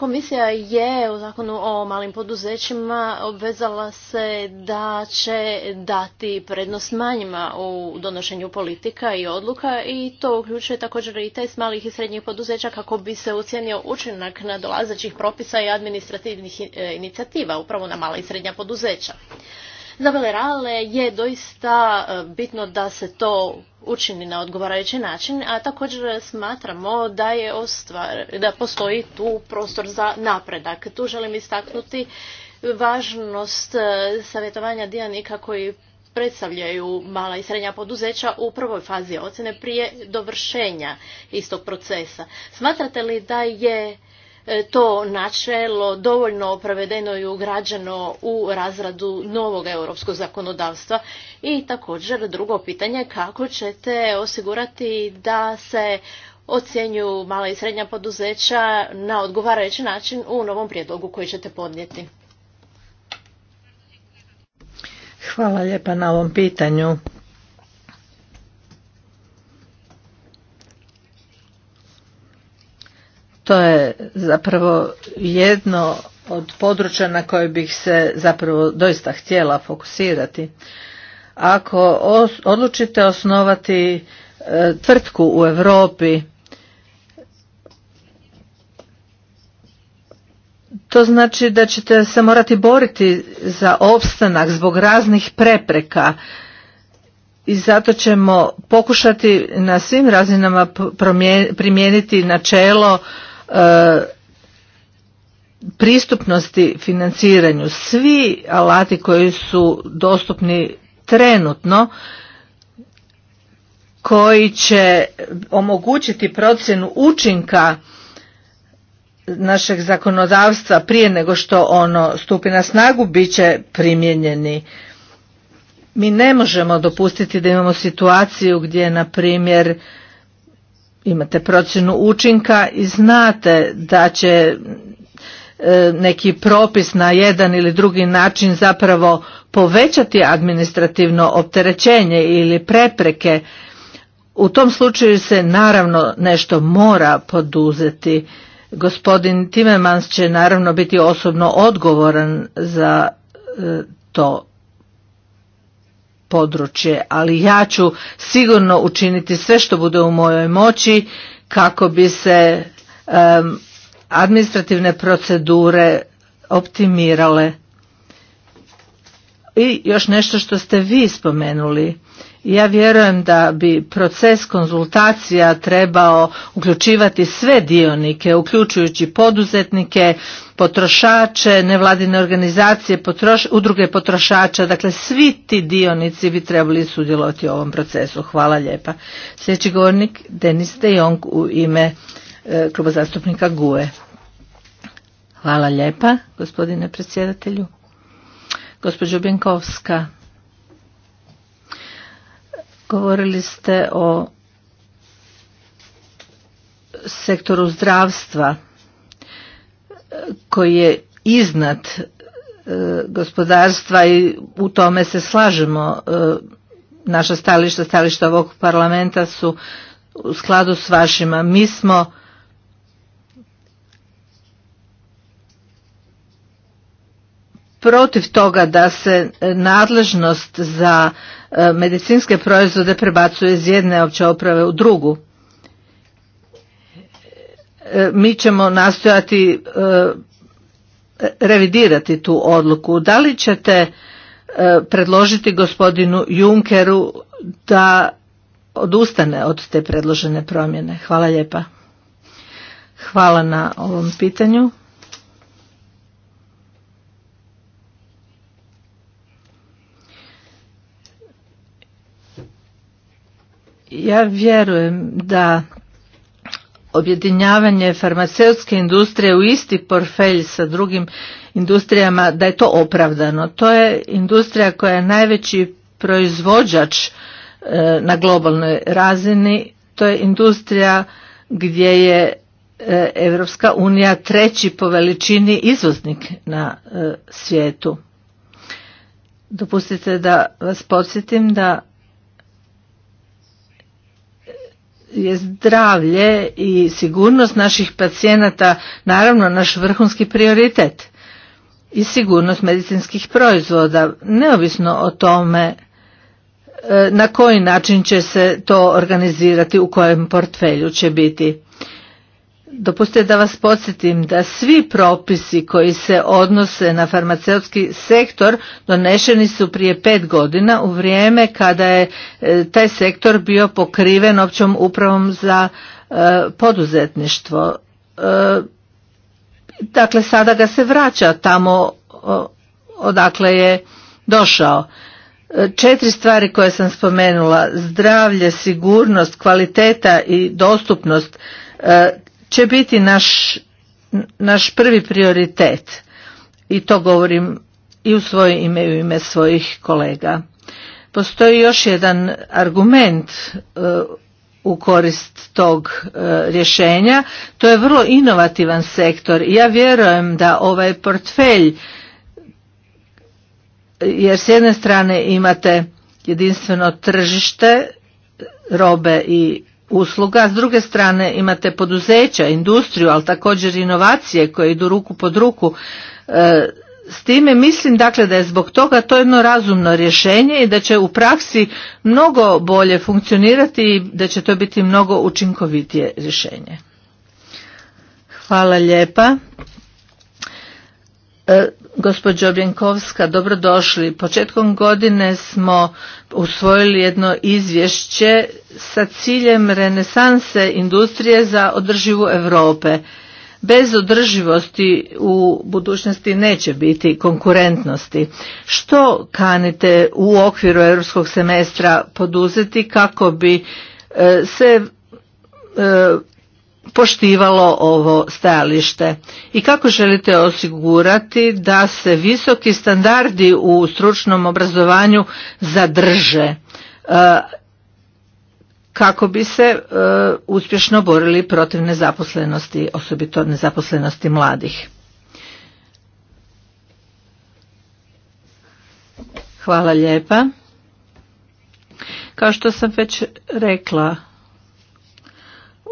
Komisija je u zakonu o malim poduzećima obvezala se da će dati prednost manjima u donošenju politika i odluka i to uključuje također i test malih i srednjih poduzeća kako bi se ucijenio učinak dolazećih propisa i administrativnih e, inicijativa upravo na mala i srednja poduzeća. Za velerale je doista e, bitno da se to učini na odgovarajući način, a također smatramo da je ostvar, da postoji tu prostor za napredak. Tu želim istaknuti važnost e, savjetovanja dionika koji predstavljaju mala i srednja poduzeća u prvoj fazi ocjene prije dovršenja istog procesa. Smatrate li da je E, to načelo dovoljno provedeno i ugrađeno u razradu novog europskog zakonodavstva? I također drugo pitanje, kako ćete osigurati da se ocjenju mala i srednja poduzeća na odgovarajući način u novom prijedlogu koji ćete podnijeti?
Hvala lijepa na ovom pitanju. To je zapravo jedno od područja na koje bih se zapravo doista htjela fokusirati. Ako odlučite osnovati e, tvrtku u Europi, To znači da ćete se morati boriti za opstanak zbog raznih prepreka i zato ćemo pokušati na svim razinama primijeniti načelo E, pristupnosti financiranju svi alati koji su dostupni trenutno koji će omogućiti procjenu učinka našeg zakonodavstva prije nego što ono stupi na snagu bit će primijenjeni mi ne možemo dopustiti da imamo situaciju gdje na primjer imate procjenu učinka i znate da će e, neki propis na jedan ili drugi način zapravo povećati administrativno opterećenje ili prepreke u tom slučaju se naravno nešto mora poduzeti gospodin Timemans će naravno biti osobno odgovoran za e, to područje, ali ja ću sigurno učiniti sve što bude u mojoj moći kako bi se administrativne procedure optimirale. I još nešto što ste vi spomenuli. Ja vjerujem da bi proces konzultacija trebao uključivati sve dionike, uključujući poduzetnike, potrošače, nevladine organizacije, potroš, udruge potrošača, dakle svi ti dionici bi trebali sudjelovati u ovom procesu. Hvala lijepa. Sljedeći govornik Denis De Jong u ime e, kluba zastupnika GUE. Hvala lijepa, gospodine predsjedatelju. Gospođo Bjenkovska, govorili ste o sektoru zdravstva koji je iznad e, gospodarstva i u tome se slažemo. E, naša stališta, stališta ovog parlamenta su u skladu s vašima. Mi smo protiv toga da se e, nadležnost za medicinske proizvode prebacuje iz jedne opće oprave u drugu. E, mi ćemo nastojati e, revidirati tu odluku. Da li ćete e, predložiti gospodinu Junkeru da odustane od te predložene promjene? Hvala lijepa. Hvala na ovom pitanju. Ja vjerujem da objedinjavanje farmaceutske industrije u isti porfelj sa drugim industrijama da je to opravdano. To je industrija koja je najveći proizvođač e, na globalnoj razini, to je industrija gdje je e, Evropska unija treći po veličini izvoznik na e, svijetu. Dopustite da vas podsjetim da je zdravlje i sigurnost naših pacijenata naravno naš vrhunski prioritet i sigurnost medicinskih proizvoda neovisno o tome e, na koji način će se to organizirati u kojem portfelju će biti Dopustite da vas podsjetim da svi propisi koji se odnose na farmaceutski sektor donešeni su prije pet godina u vrijeme kada je e, taj sektor bio pokriven općom upravom za e, poduzetništvo. E, dakle, sada ga se vraća tamo odakle je došao. Četiri stvari koje sam spomenula, zdravlje, sigurnost, kvaliteta i dostupnost će biti naš, naš prvi prioritet i to govorim i u svoje ime i u ime svojih kolega. Postoji još jedan argument e, u korist tog e, rješenja, to je vrlo inovativan sektor i ja vjerujem da ovaj portfelj jer s jedne strane imate jedinstveno tržište robe i usluga. S druge strane imate poduzeća, industriju, ali također inovacije koje idu ruku pod ruku. E, s time mislim dakle da je zbog toga to jedno razumno rješenje i da će u praksi mnogo bolje funkcionirati i da će to biti mnogo učinkovitije rješenje. Hvala lijepa. Gospođo Bjenkovska, dobrodošli. Početkom godine smo usvojili jedno izvješće sa ciljem renesanse industrije za održivu Europe. Bez održivosti u budućnosti neće biti konkurentnosti. Što kanite u okviru europskog semestra poduzeti kako bi e, se e, poštivalo ovo stajalište i kako želite osigurati da se visoki standardi u stručnom obrazovanju zadrže e, kako bi se e, uspješno borili protiv nezaposlenosti, osobito nezaposlenosti mladih. Hvala lijepa. Kao što sam već rekla,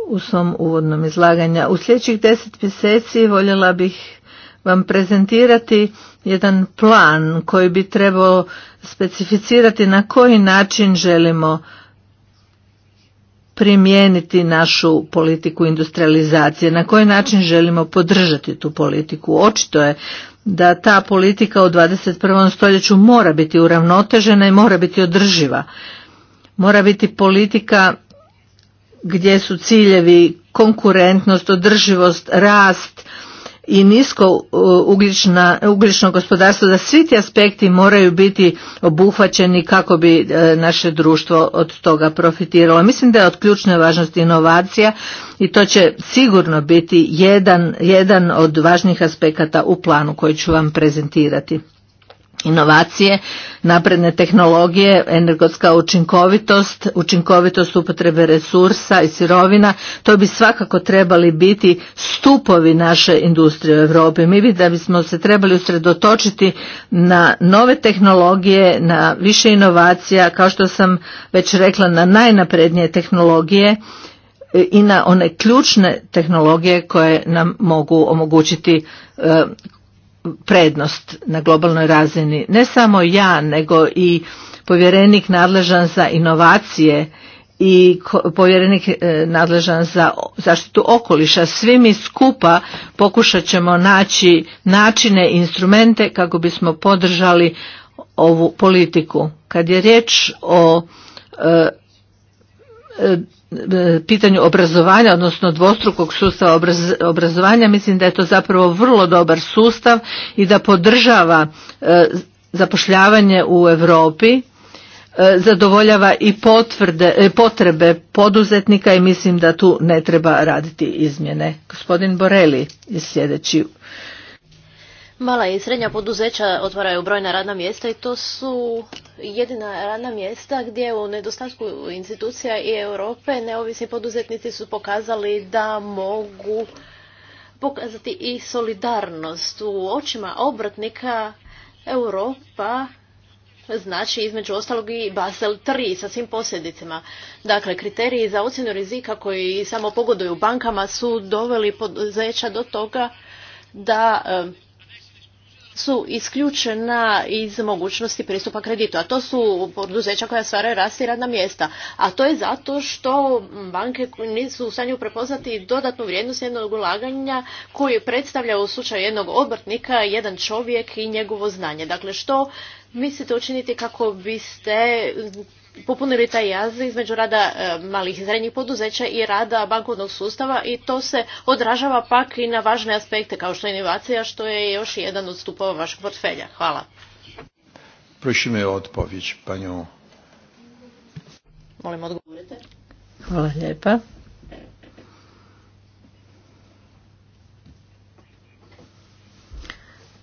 u svom uvodnom izlaganju. U sljedećih deset mjeseci voljela bih vam prezentirati jedan plan koji bi trebao specificirati na koji način želimo primijeniti našu politiku industrializacije, na koji način želimo podržati tu politiku. Očito je da ta politika u 21. stoljeću mora biti uravnotežena i mora biti održiva. Mora biti politika gdje su ciljevi konkurentnost, održivost, rast i nisko uh, ugljična, ugljično gospodarstvo, da svi ti aspekti moraju biti obuhvaćeni kako bi uh, naše društvo od toga profitiralo. Mislim da je od ključne važnosti inovacija i to će sigurno biti jedan, jedan od važnijih aspekata u planu koji ću vam prezentirati inovacije, napredne tehnologije, energetska učinkovitost, učinkovitost upotrebe resursa i sirovina, to bi svakako trebali biti stupovi naše industrije u Europi. Mi bi da bismo se trebali usredotočiti na nove tehnologije, na više inovacija, kao što sam već rekla, na najnaprednije tehnologije e, i na one ključne tehnologije koje nam mogu omogućiti e, prednost na globalnoj razini. Ne samo ja, nego i povjerenik nadležan za inovacije i povjerenik e, nadležan za zaštitu okoliša. Svi mi skupa pokušat ćemo naći načine, i instrumente kako bismo podržali ovu politiku. Kad je riječ o e, e, E, pitanju obrazovanja, odnosno dvostrukog sustava obrazovanja, mislim da je to zapravo vrlo dobar sustav i da podržava e, zapošljavanje u Europi e, zadovoljava i potvrde, potrebe poduzetnika i mislim da tu ne treba raditi izmjene. Gospodin Boreli je sljedeći
Mala i srednja poduzeća otvaraju brojna radna mjesta i to su jedina radna mjesta gdje u nedostatku institucija i Europe neovisni poduzetnici su pokazali da mogu pokazati i solidarnost. U očima obratnika Europa znači između ostalog i Basel 3 sa svim posljedicama. Dakle, kriteriji za ocjenu rizika koji samo pogoduju bankama su doveli poduzeća do toga da su isključena iz mogućnosti pristupa kreditu, a to su poduzeća koja stvaraju rast i radna mjesta. A to je zato što banke nisu u stanju prepoznati dodatnu vrijednost jednog ulaganja koji predstavlja u slučaju jednog obrtnika jedan čovjek i njegovo znanje. Dakle, što mislite učiniti kako biste popunili taj jaz između rada e, malih i srednjih poduzeća i rada bankovnog sustava i to se odražava pak i na važne aspekte kao što je inovacija što je još jedan od stupova vašeg portfelja. Hvala. Prošime Molim odgovorite.
Hvala lijepa.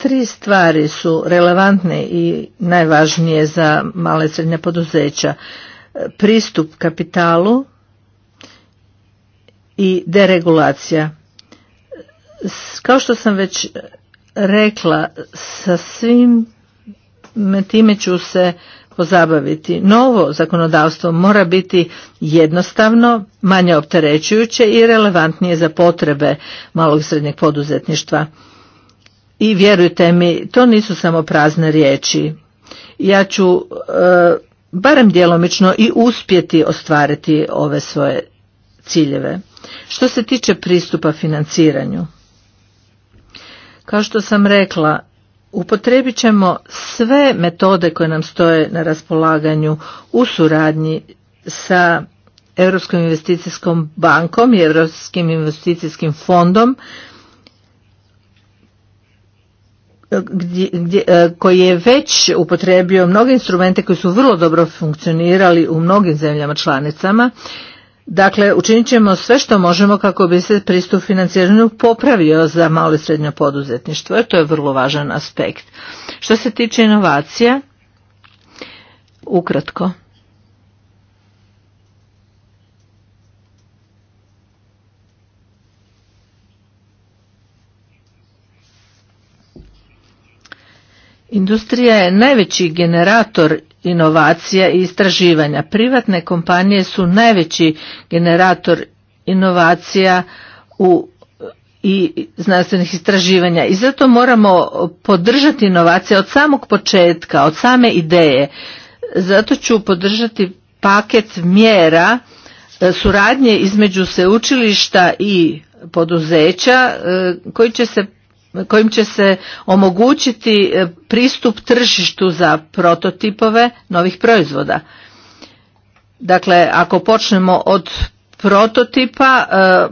Tri stvari su relevantne i najvažnije za male i srednje poduzeća. E, pristup kapitalu i deregulacija. Kao što sam već rekla, sa svim time ću se pozabaviti. Novo zakonodavstvo mora biti jednostavno, manje opterećujuće i relevantnije za potrebe malog i srednjeg poduzetništva i vjerujte mi, to nisu samo prazne riječi. Ja ću e, barem djelomično i uspjeti ostvariti ove svoje ciljeve. Što se tiče pristupa financiranju, kao što sam rekla, upotrebit ćemo sve metode koje nam stoje na raspolaganju u suradnji sa Europskom investicijskom bankom i Europskim investicijskim fondom gdje, gdje, e, koji je već upotrijebio mnoge instrumente koji su vrlo dobro funkcionirali u mnogim zemljama članicama. Dakle, učinit ćemo sve što možemo kako bi se pristup financiranju popravio za malo i srednje poduzetništvo, jer to je vrlo važan aspekt. Što se tiče inovacija, ukratko, Industrija je najveći generator inovacija i istraživanja. Privatne kompanije su najveći generator inovacija u i znanstvenih istraživanja i zato moramo podržati inovacije od samog početka, od same ideje. Zato ću podržati paket mjera e, suradnje između sveučilišta i poduzeća e, koji će se kojim će se omogućiti e, pristup tržištu za prototipove novih proizvoda. Dakle, ako počnemo od prototipa, e, e,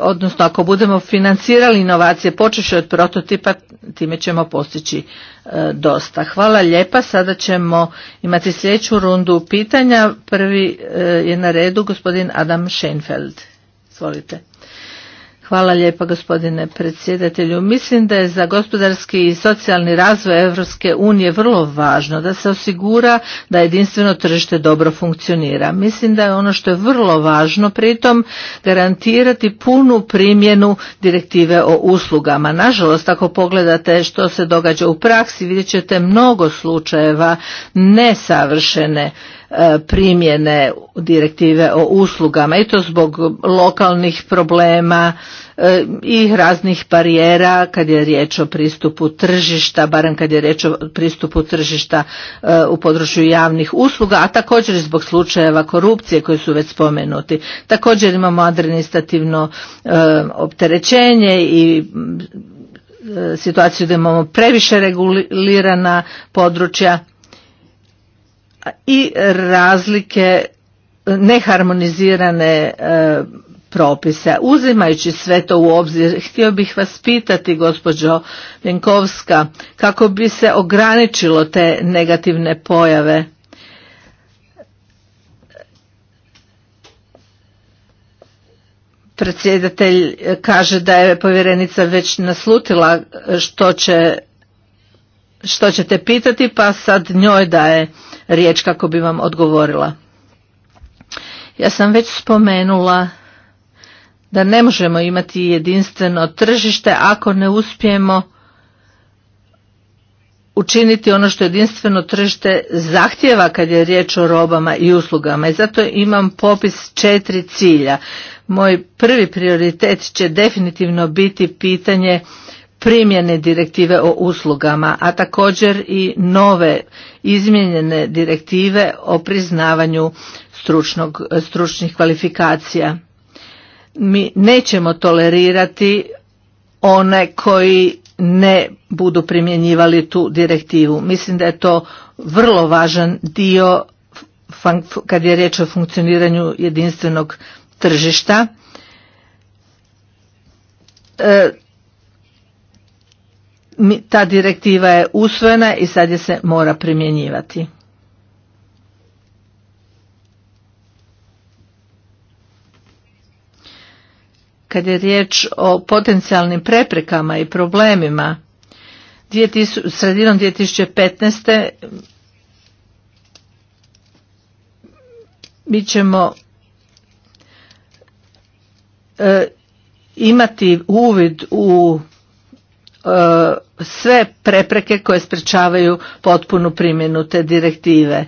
odnosno ako budemo financirali inovacije počeši od prototipa, time ćemo postići dosta. Hvala lijepa, sada ćemo imati sljedeću rundu pitanja. Prvi je na redu gospodin Adam Scheinfeld. Izvolite. Hvala lijepa gospodine predsjedatelju. Mislim da je za gospodarski i socijalni razvoj Europske unije vrlo važno da se osigura da jedinstveno tržište dobro funkcionira. Mislim da je ono što je vrlo važno pritom garantirati punu primjenu direktive o uslugama. Nažalost, ako pogledate što se događa u praksi, vidjet ćete mnogo slučajeva nesavršene E, primjene direktive o uslugama i to zbog lokalnih problema e, i raznih barijera kad je riječ o pristupu tržišta, barem kad je riječ o pristupu tržišta e, u području javnih usluga, a također i zbog slučajeva korupcije koji su već spomenuti. Također imamo administrativno opterećenje i situaciju da imamo previše regulirana područja i razlike neharmonizirane e, propise. Uzimajući sve to u obzir, htio bih vas pitati, gospođo vinkovska kako bi se ograničilo te negativne pojave? Predsjedatelj kaže da je povjerenica već naslutila e, što će što ćete pitati, pa sad njoj daje riječ kako bi vam odgovorila. Ja sam već spomenula da ne možemo imati jedinstveno tržište ako ne uspijemo učiniti ono što jedinstveno tržište zahtjeva kad je riječ o robama i uslugama i zato imam popis četiri cilja. Moj prvi prioritet će definitivno biti pitanje primjene direktive o uslugama, a također i nove izmijenjene direktive o priznavanju stručnog, stručnih kvalifikacija. Mi nećemo tolerirati one koji ne budu primjenjivali tu direktivu. Mislim da je to vrlo važan dio kad je riječ o funkcioniranju jedinstvenog tržišta. E, ta direktiva je usvojena i sad je se mora primjenjivati. Kad je riječ o potencijalnim preprekama i problemima, sredinom 2015. mi ćemo e, imati uvid u e, sve prepreke koje sprečavaju potpunu primjenu te direktive.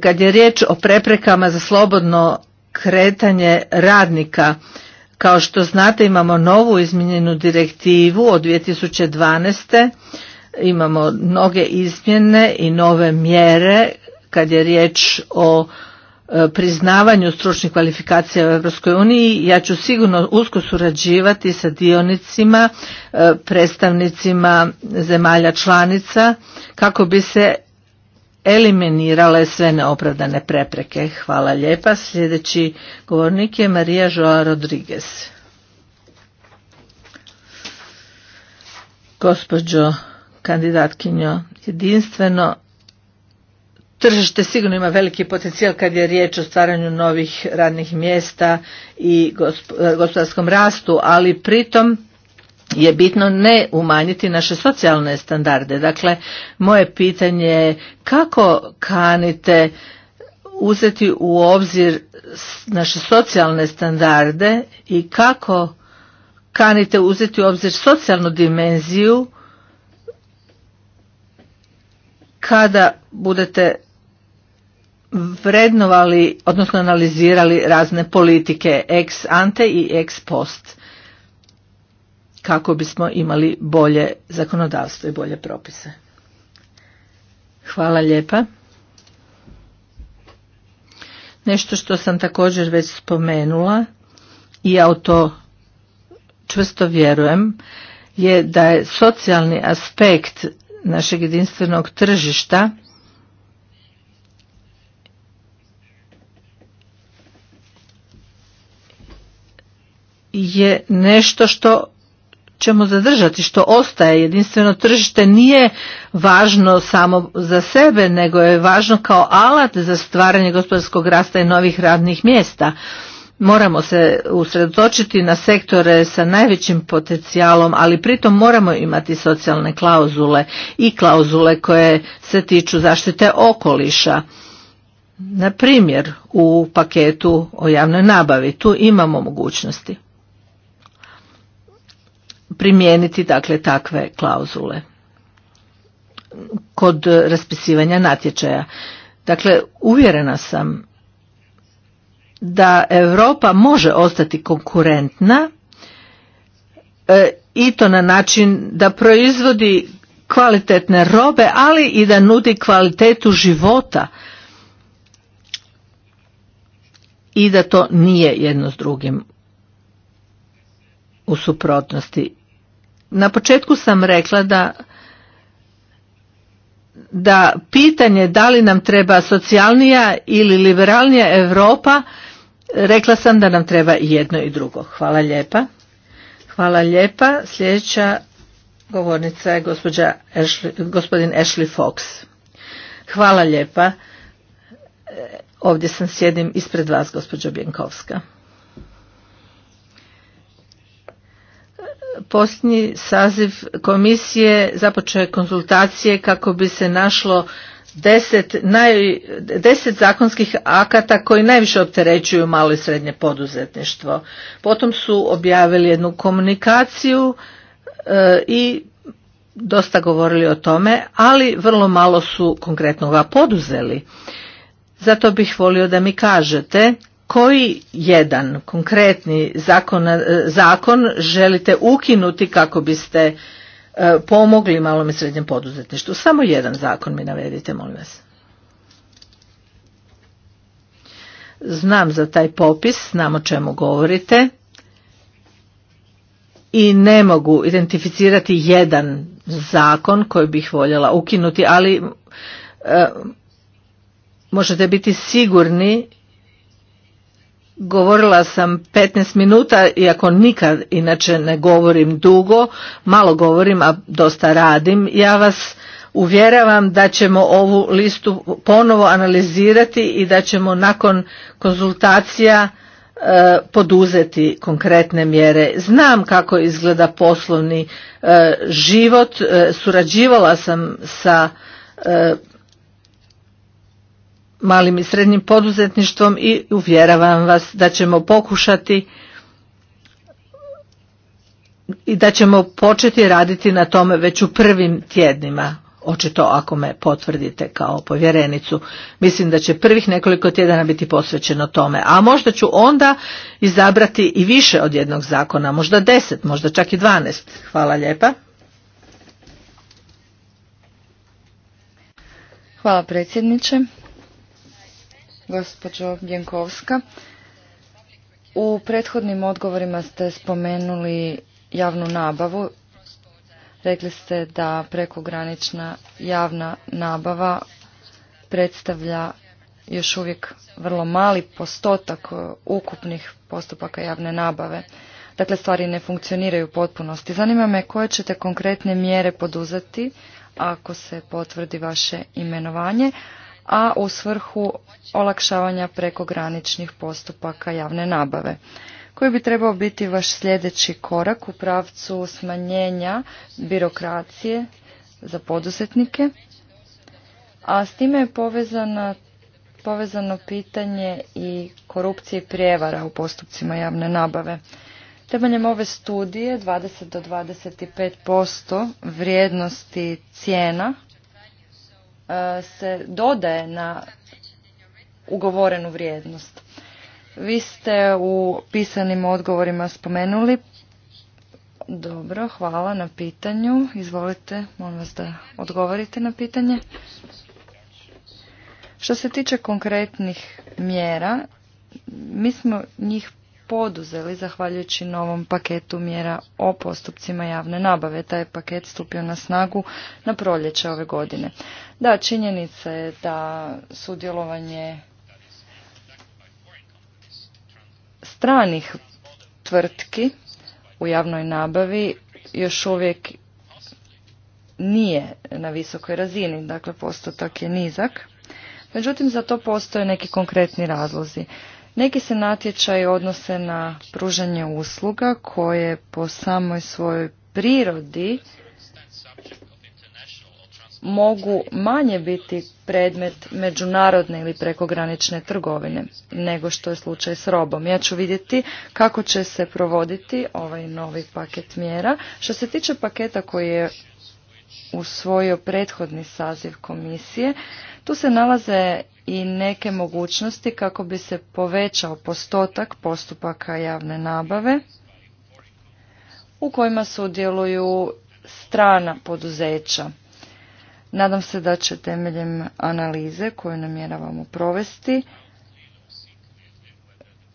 Kad je riječ o preprekama za slobodno kretanje radnika, kao što znate imamo novu izmijenjenu direktivu od 2012. Imamo mnoge izmjene i nove mjere kad je riječ o E, priznavanju stručnih kvalifikacija u EU Ja ću sigurno usko surađivati sa dionicima, e, predstavnicima zemalja članica kako bi se eliminirale sve neopravdane prepreke. Hvala lijepa. Sljedeći govornik je Marija Joa Rodriguez. Gospođo kandidatkinjo, jedinstveno Tržište sigurno ima veliki potencijal kad je riječ o stvaranju novih radnih mjesta i e, gospodarskom rastu, ali pritom je bitno ne umanjiti naše socijalne standarde. Dakle, moje pitanje je kako kanite uzeti u obzir naše socijalne standarde i kako kanite uzeti u obzir socijalnu dimenziju kada budete vrednovali, odnosno analizirali razne politike ex ante i ex post kako bismo imali bolje zakonodavstvo i bolje propise. Hvala lijepa. Nešto što sam također već spomenula i ja u to čvrsto vjerujem je da je socijalni aspekt našeg jedinstvenog tržišta je nešto što ćemo zadržati, što ostaje. Jedinstveno tržište nije važno samo za sebe, nego je važno kao alat za stvaranje gospodarskog rasta i novih radnih mjesta. Moramo se usredotočiti na sektore sa najvećim potencijalom, ali pritom moramo imati socijalne klauzule i klauzule koje se tiču zaštite okoliša. Na primjer, u paketu o javnoj nabavi tu imamo mogućnosti primijeniti dakle takve klauzule kod raspisivanja natječaja. Dakle, uvjerena sam da Europa može ostati konkurentna e, i to na način da proizvodi kvalitetne robe, ali i da nudi kvalitetu života i da to nije jedno s drugim u suprotnosti na početku sam rekla da da pitanje da li nam treba socijalnija ili liberalnija Europa, rekla sam da nam treba i jedno i drugo. Hvala lijepa. Hvala lijepa. Sljedeća govornica je gospodin Ashley Fox. Hvala lijepa. E, ovdje sam sjedim ispred vas, gospođo Bjenkovska. posljednji saziv komisije započeo je konzultacije kako bi se našlo deset, naj, zakonskih akata koji najviše opterećuju malo i srednje poduzetništvo. Potom su objavili jednu komunikaciju e, i dosta govorili o tome, ali vrlo malo su konkretno ga poduzeli. Zato bih volio da mi kažete koji jedan konkretni zakon, eh, zakon želite ukinuti kako biste eh, pomogli malom i srednjem poduzetništvu? Samo jedan zakon mi navedite, molim vas. Znam za taj popis, znam o čemu govorite i ne mogu identificirati jedan zakon koji bih voljela ukinuti, ali eh, možete biti sigurni Govorila sam 15 minuta, iako nikad inače ne govorim dugo, malo govorim, a dosta radim. Ja vas uvjeravam da ćemo ovu listu ponovo analizirati i da ćemo nakon konzultacija e, poduzeti konkretne mjere. Znam kako izgleda poslovni e, život, e, surađivala sam sa malim i srednjim poduzetništvom i uvjeravam vas da ćemo pokušati i da ćemo početi raditi na tome već u prvim tjednima očito ako me potvrdite kao povjerenicu. Mislim da će prvih nekoliko tjedana biti posvećeno tome, a možda ću onda izabrati i više od jednog zakona, možda deset, možda čak i dvanest. Hvala lijepa.
Hvala predsjedniče gospođo Bjenkovska. U prethodnim odgovorima ste spomenuli javnu nabavu. Rekli ste da prekogranična javna nabava predstavlja još uvijek vrlo mali postotak ukupnih postupaka javne nabave. Dakle, stvari ne funkcioniraju u potpunosti. Zanima me koje ćete konkretne mjere poduzeti ako se potvrdi vaše imenovanje, a u svrhu olakšavanja prekograničnih postupaka javne nabave koji bi trebao biti vaš sljedeći korak u pravcu smanjenja birokracije za poduzetnike, a s time je povezana, povezano pitanje i korupcije i prijevara u postupcima javne nabave. Temeljem ove studije 20 do 25% vrijednosti cijena Eh, se dodaje na ugovorenu vrijednost. Vi ste u pisanim odgovorima spomenuli. Dobro, hvala na pitanju. Izvolite, molim vas da odgovorite na pitanje. Što se tiče konkretnih mjera, mi smo njih poduzeli zahvaljujući novom paketu mjera o postupcima javne nabave. Taj paket stupio na snagu na proljeće ove godine. Da, činjenica je da sudjelovanje stranih tvrtki u javnoj nabavi još uvijek nije na visokoj razini, dakle postotak je nizak. Međutim, za to postoje neki konkretni razlozi. Neki se natječaji odnose na pružanje usluga koje po samoj svojoj prirodi mogu manje biti predmet međunarodne ili prekogranične trgovine nego što je slučaj s robom. Ja ću vidjeti kako će se provoditi ovaj novi paket mjera. Što se tiče paketa koji je usvojio prethodni saziv komisije, tu se nalaze i neke mogućnosti kako bi se povećao postotak postupaka javne nabave u kojima sudjeluju strana poduzeća Nadam se da će temeljem analize koju namjeravamo provesti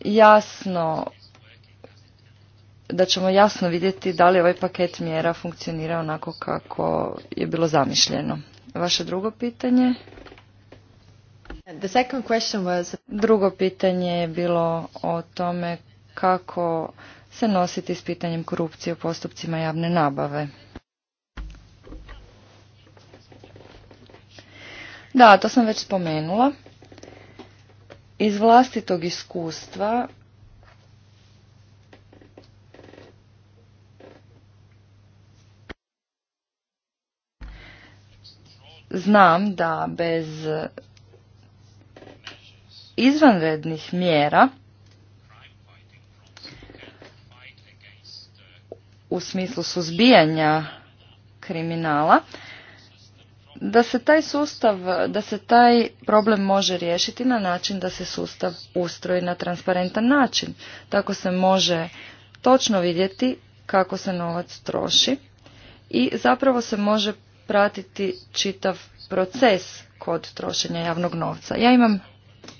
jasno da ćemo jasno vidjeti da li ovaj paket mjera funkcionira onako kako je bilo zamišljeno. Vaše drugo pitanje? The Drugo pitanje je bilo o tome kako se nositi s pitanjem korupcije u postupcima javne nabave. Da, to sam već spomenula. Iz vlastitog iskustva znam da bez izvanrednih mjera u smislu suzbijanja kriminala da se taj sustav, da se taj problem može riješiti na način da se sustav ustroji na transparentan način. Tako se može točno vidjeti kako se novac troši i zapravo se može pratiti čitav proces kod trošenja javnog novca. Ja imam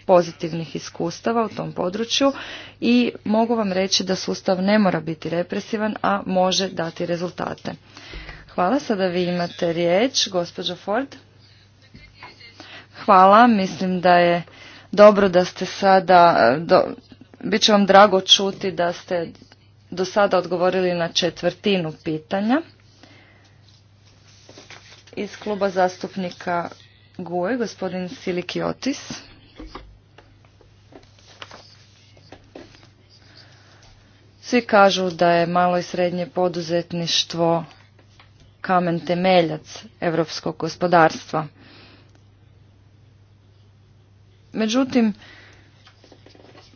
pozitivnih iskustava u tom području i mogu vam reći da sustav ne mora biti represivan, a može dati rezultate. Hvala. Sada vi imate riječ, gospođo Ford. Hvala. Mislim da je dobro da ste sada, do, bit će vam drago čuti da ste do sada odgovorili na četvrtinu pitanja. Iz kluba zastupnika GUE, gospodin Siliki Otis. Svi kažu da je malo i srednje poduzetništvo kamen temeljac europskog gospodarstva. Međutim,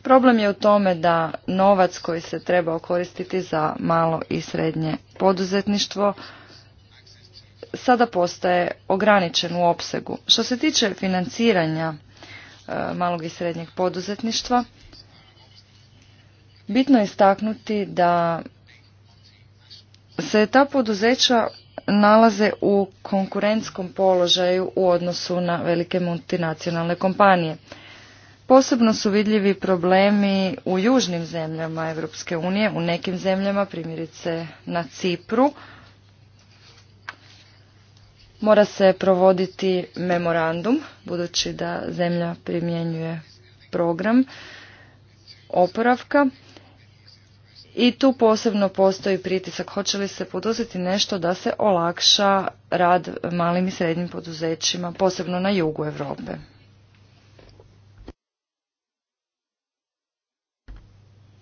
problem je u tome da novac koji se treba koristiti za malo i srednje poduzetništvo sada postaje ograničen u opsegu. Što se tiče financiranja e, malog i srednjeg poduzetništva, bitno je istaknuti da se ta poduzeća nalaze u konkurentskom položaju u odnosu na velike multinacionalne kompanije. Posebno su vidljivi problemi u južnim zemljama Europske unije, u nekim zemljama, primjerice na Cipru. Mora se provoditi memorandum, budući da zemlja primjenjuje program oporavka i tu posebno postoji pritisak hoće li se poduzeti nešto da se olakša rad malim i srednjim poduzećima, posebno na jugu Europe.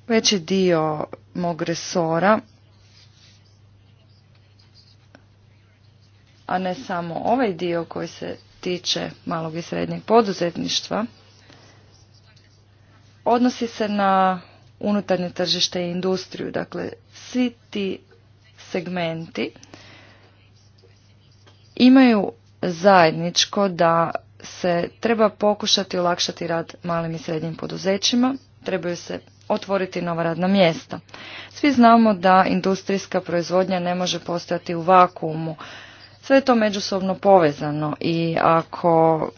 Veći dio mog resora, a ne samo ovaj dio koji se tiče malog i srednjeg poduzetništva, odnosi se na unutarnje tržište i industriju. Dakle, svi ti segmenti imaju zajedničko da se treba pokušati olakšati rad malim i srednjim poduzećima, trebaju se otvoriti nova radna mjesta. Svi znamo da industrijska proizvodnja ne može postojati u vakuumu. Sve je to međusobno povezano i ako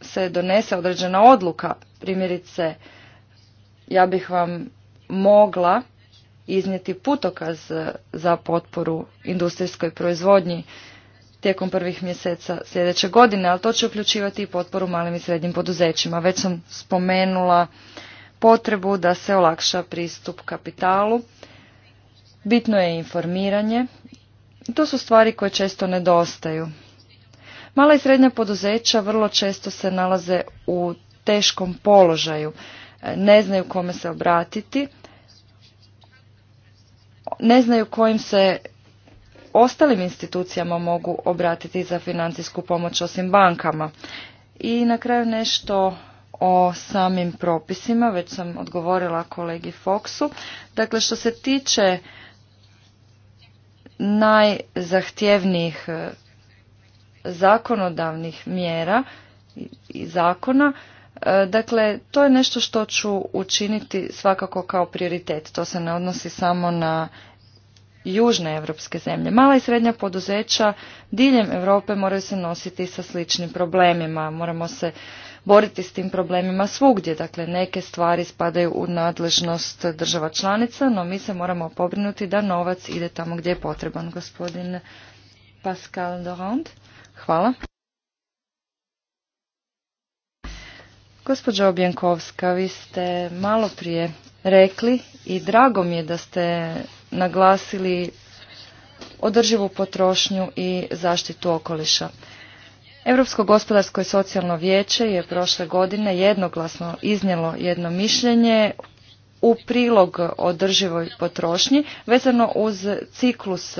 se donese određena odluka Primjerice, ja bih vam mogla iznijeti putokaz e, za potporu industrijskoj proizvodnji tijekom prvih mjeseca sljedeće godine, ali to će uključivati i potporu malim i srednjim poduzećima. Već sam spomenula potrebu da se olakša pristup kapitalu. Bitno je informiranje. To su stvari koje često nedostaju. Mala i srednja poduzeća vrlo često se nalaze u teškom položaju, e, ne znaju kome se obratiti, ne znaju kojim se ostalim institucijama mogu obratiti za financijsku pomoć osim bankama. I na kraju nešto o samim propisima, već sam odgovorila kolegi Foxu. Dakle, što se tiče najzahtjevnijih e, zakonodavnih mjera i zakona, E, dakle, to je nešto što ću učiniti svakako kao prioritet. To se ne odnosi samo na južne evropske zemlje. Mala i srednja poduzeća diljem Europe moraju se nositi sa sličnim problemima. Moramo se boriti s tim problemima svugdje. Dakle, neke stvari spadaju u nadležnost država članica, no mi se moramo pobrinuti da novac ide tamo gdje je potreban. Gospodin Pascal Dorand, hvala. Gospođo Objenkovska, vi ste malo prije rekli i drago mi je da ste naglasili održivu potrošnju i zaštitu okoliša. Europsko gospodarsko i socijalno vijeće je prošle godine jednoglasno iznijelo jedno mišljenje u prilog održivoj potrošnji vezano uz ciklus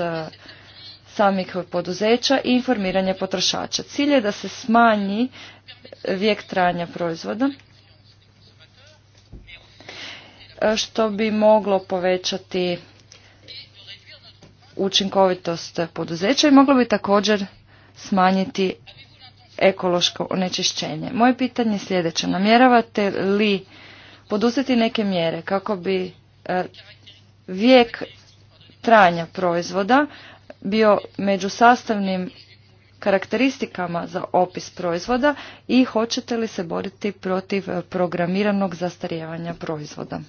samih mikropoduzeća i informiranje potrošača. Cilj je da se smanji vijek trajanja proizvoda što bi moglo povećati učinkovitost poduzeća i moglo bi također smanjiti ekološko onečišćenje. Moje pitanje je sljedeće. Namjeravate li poduzeti neke mjere kako bi e, vijek trajanja proizvoda bio među sastavnim karakteristikama za opis proizvoda i hoćete li se boriti protiv eh, programiranog zastarijevanja proizvoda.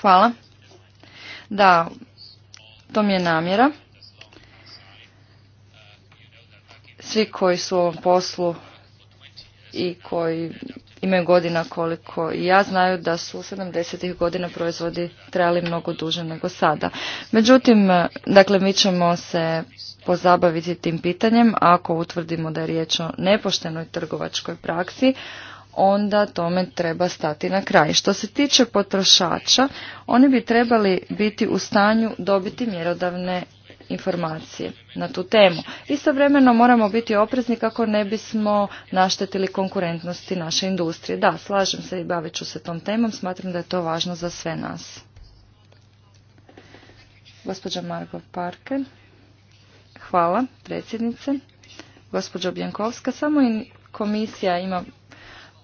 Hvala. Da, to mi je namjera. Svi koji su u ovom poslu i koji imaju godina koliko i ja znaju da su 70-ih godina proizvodi trajali mnogo duže nego sada. Međutim, dakle, mi ćemo se pozabaviti tim pitanjem ako utvrdimo da je riječ o nepoštenoj trgovačkoj praksi, onda tome treba stati na kraj. Što se tiče potrošača, oni bi trebali biti u stanju dobiti mjerodavne informacije na tu temu. Istovremeno moramo biti oprezni kako ne bismo naštetili konkurentnosti naše industrije. Da, slažem se i bavit ću se tom temom, smatram da je to važno za sve nas. Gospođa Margo Parker, hvala predsjednice. Gospođo Bjankovska, samo i komisija ima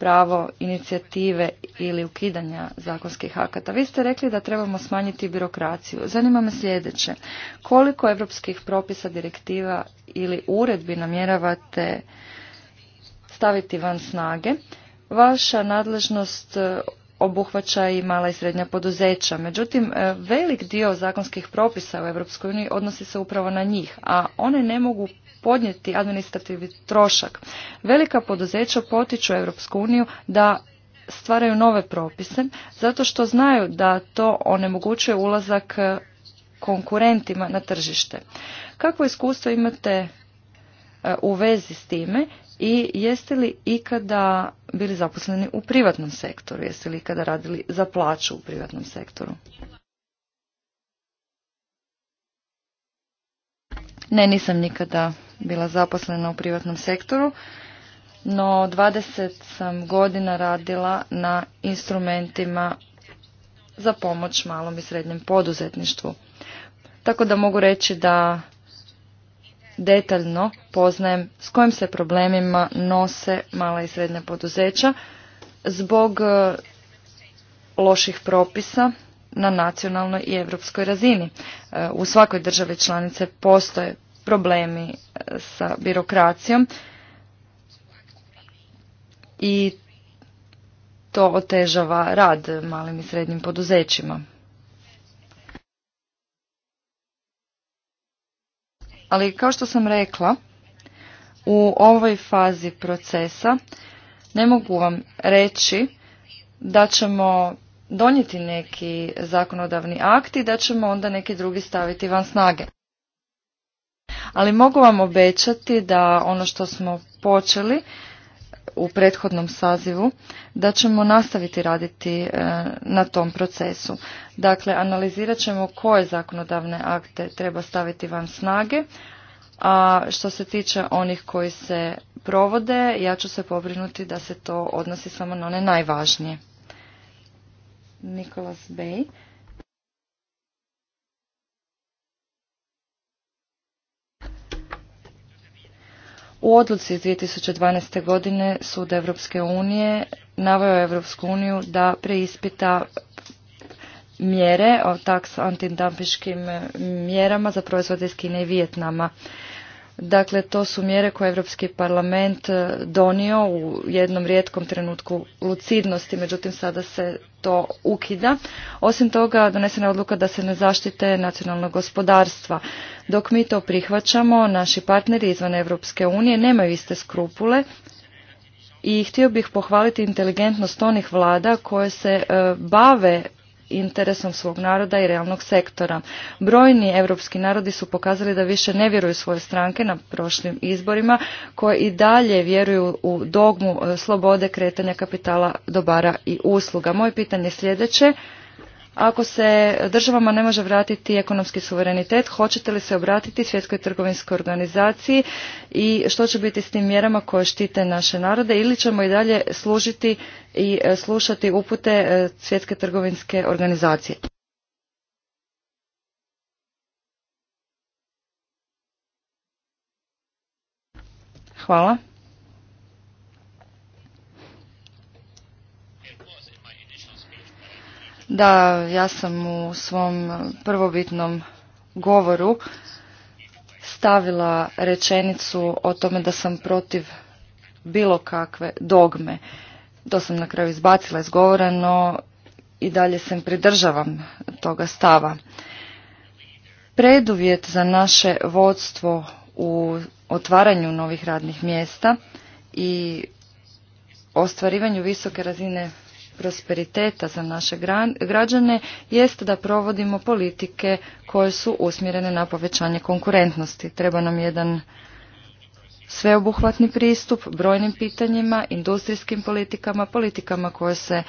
pravo inicijative ili ukidanja zakonskih akata. Vi ste rekli da trebamo smanjiti birokraciju. Zanima me sljedeće. Koliko europskih propisa, direktiva ili uredbi namjeravate staviti van snage? Vaša nadležnost e, obuhvaća i mala i srednja poduzeća. Međutim, e, velik dio zakonskih propisa u EU odnosi se upravo na njih, a one ne mogu podnijeti administrativni trošak. Velika poduzeća potiču Europsku uniju da stvaraju nove propise zato što znaju da to onemogućuje ulazak e, konkurentima na tržište. Kakvo iskustvo imate e, u vezi s time i jeste li ikada bili zaposleni u privatnom sektoru? Jeste li ikada radili za plaću u privatnom sektoru? Ne, nisam nikada bila zaposlena u privatnom sektoru, no 20 sam godina radila na instrumentima za pomoć malom i srednjem poduzetništvu. Tako da mogu reći da detaljno poznajem s kojim se problemima nose mala i srednja poduzeća zbog e, loših propisa na nacionalnoj i europskoj razini. E, u svakoj državi članice postoje problemi e, sa birokracijom i to otežava rad malim i srednjim poduzećima. Ali kao što sam rekla, u ovoj fazi procesa ne mogu vam reći da ćemo donijeti neki zakonodavni akt i da ćemo onda neki drugi staviti van snage ali mogu vam obećati da ono što smo počeli u prethodnom sazivu, da ćemo nastaviti raditi e, na tom procesu. Dakle, analizirat ćemo koje zakonodavne akte treba staviti van snage, a što se tiče onih koji se provode, ja ću se pobrinuti da se to odnosi samo na one najvažnije. Nikolas Bey. U odluci iz 2012. godine Sud Evropske unije naveo Evropsku uniju da preispita mjere o taks antidampiškim mjerama za proizvode iz Kine i Vijetnama. Dakle, to su mjere koje Europski parlament e, donio u jednom rijetkom trenutku lucidnosti, međutim sada se to ukida. Osim toga, donesena je odluka da se ne zaštite nacionalno gospodarstva. Dok mi to prihvaćamo, naši partneri izvan Europske unije nemaju iste skrupule i htio bih pohvaliti inteligentnost onih vlada koje se e, bave interesom svog naroda i realnog sektora. Brojni europski narodi su pokazali da više ne vjeruju svoje stranke na prošlim izborima, koje i dalje vjeruju u dogmu e, slobode kretanja kapitala, dobara i usluga. Moje pitanje je sljedeće. Ako se državama ne može vratiti ekonomski suverenitet, hoćete li se obratiti Svjetskoj trgovinskoj organizaciji i što će biti s tim mjerama koje štite naše narode ili ćemo i dalje služiti i e, slušati upute e, Svjetske trgovinske organizacije? Hvala. Da, ja sam u svom prvobitnom govoru stavila rečenicu o tome da sam protiv bilo kakve dogme. To sam na kraju izbacila iz govora, no i dalje se pridržavam toga stava. Preduvjet za naše vodstvo u otvaranju novih radnih mjesta i ostvarivanju visoke razine prosperiteta za naše građane jeste da provodimo politike koje su usmjerene na povećanje konkurentnosti. Treba nam jedan sveobuhvatni pristup brojnim pitanjima, industrijskim politikama, politikama koje se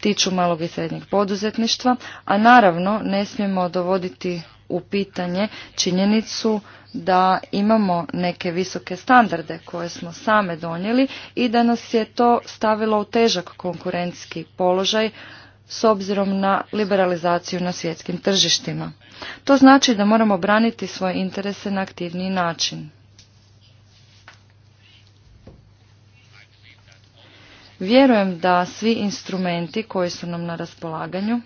tiču malog i srednjeg poduzetništva, a naravno ne smijemo dovoditi u pitanje činjenicu da imamo neke visoke standarde koje smo same donijeli i da nas je to stavilo u težak konkurentski položaj s obzirom na liberalizaciju na svjetskim tržištima. To znači da moramo braniti svoje interese na aktivniji način. Vjerujem da svi instrumenti koji su nam na raspolaganju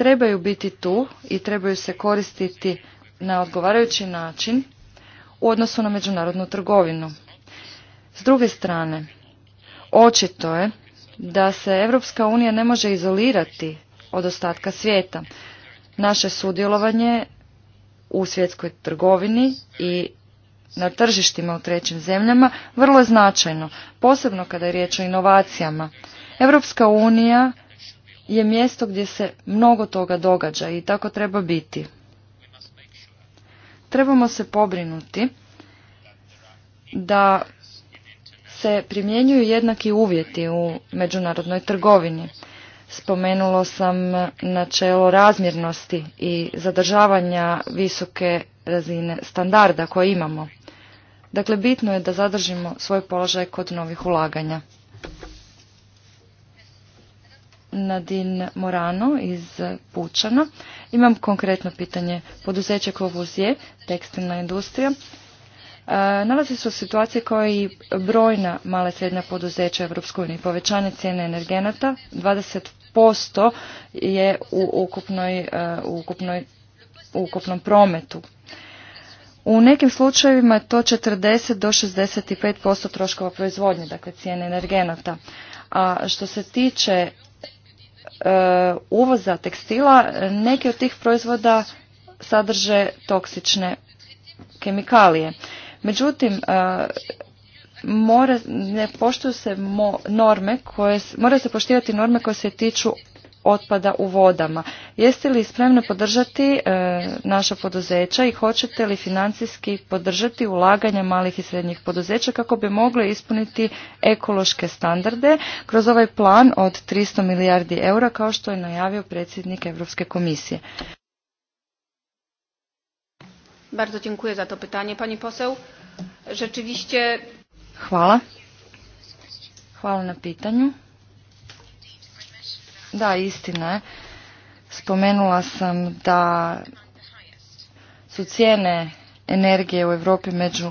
trebaju biti tu i trebaju se koristiti na odgovarajući način u odnosu na međunarodnu trgovinu. S druge strane, očito je da se Europska unija ne može izolirati od ostatka svijeta. Naše sudjelovanje u svjetskoj trgovini i na tržištima u trećim zemljama vrlo je značajno, posebno kada je riječ o inovacijama. Europska unija je mjesto gdje se mnogo toga događa i tako treba biti. Trebamo se pobrinuti da se primjenjuju jednaki uvjeti u međunarodnoj trgovini. Spomenulo sam načelo razmjernosti i zadržavanja visoke razine standarda koje imamo. Dakle, bitno je da zadržimo svoj položaj kod novih ulaganja. Nadin Morano iz Pučana. Imam konkretno pitanje. Poduzeće Kovuzije, tekstilna industrija, e, nalazi se u situaciji i brojna mala srednja poduzeća EU. Povećanje cijene energenata 20% je u, ukupnoj, e, u, ukupnoj, ukupnom prometu. U nekim slučajevima je to 40 do 65% troškova proizvodnje, dakle cijene energenata. A što se tiče E, uvoza tekstila neki od tih proizvoda sadrže toksične kemikalije. Međutim, e, ne poštuju se norme koje, moraju se poštivati norme koje se tiču otpada u vodama. Jeste li spremni podržati e, naša poduzeća i hoćete li financijski podržati ulaganje malih i srednjih poduzeća kako bi mogle ispuniti ekološke standarde kroz ovaj plan od 300 milijardi eura kao što je najavio predsjednik Europske komisije?
Bardzo dziękuję za to pytanie, pani poseł. Rzeczywiście...
Hvala. Hvala na pitanju. Da, istina je. Spomenula sam da su cijene energije u Europi među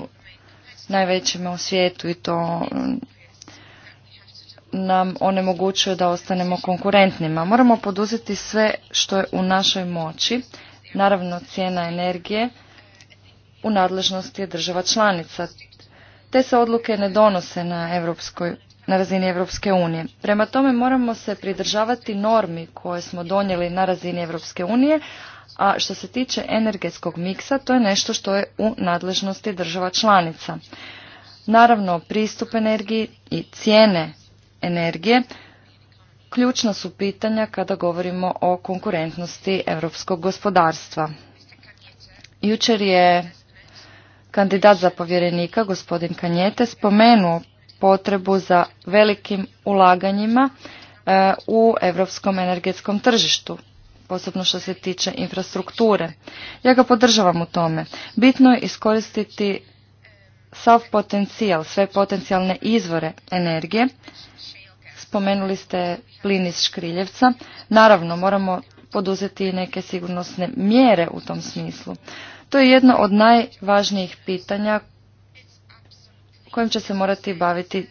najvećima u svijetu i to mm, nam onemogućuje da ostanemo konkurentnima. Moramo poduzeti sve što je u našoj moći. Naravno, cijena energije u nadležnosti je država članica. Te se odluke ne donose na europskoj na razini Europske unije. Prema tome moramo se pridržavati normi koje smo donijeli na razini Europske unije, a što se tiče energetskog miksa, to je nešto što je u nadležnosti država članica. Naravno, pristup energiji i cijene energije ključna su pitanja kada govorimo o konkurentnosti europskog gospodarstva. Jučer je kandidat za povjerenika, gospodin Kanjete, spomenuo potrebu za velikim ulaganjima e, u europskom energetskom tržištu posebno što se tiče infrastrukture. Ja ga podržavam u tome. Bitno je iskoristiti sav potencijal, sve potencijalne izvore energije. Spomenuli ste plin iz Škriljevca. Naravno, moramo poduzeti i neke sigurnosne mjere u tom smislu. To je jedno od najvažnijih pitanja kojim će se morati baviti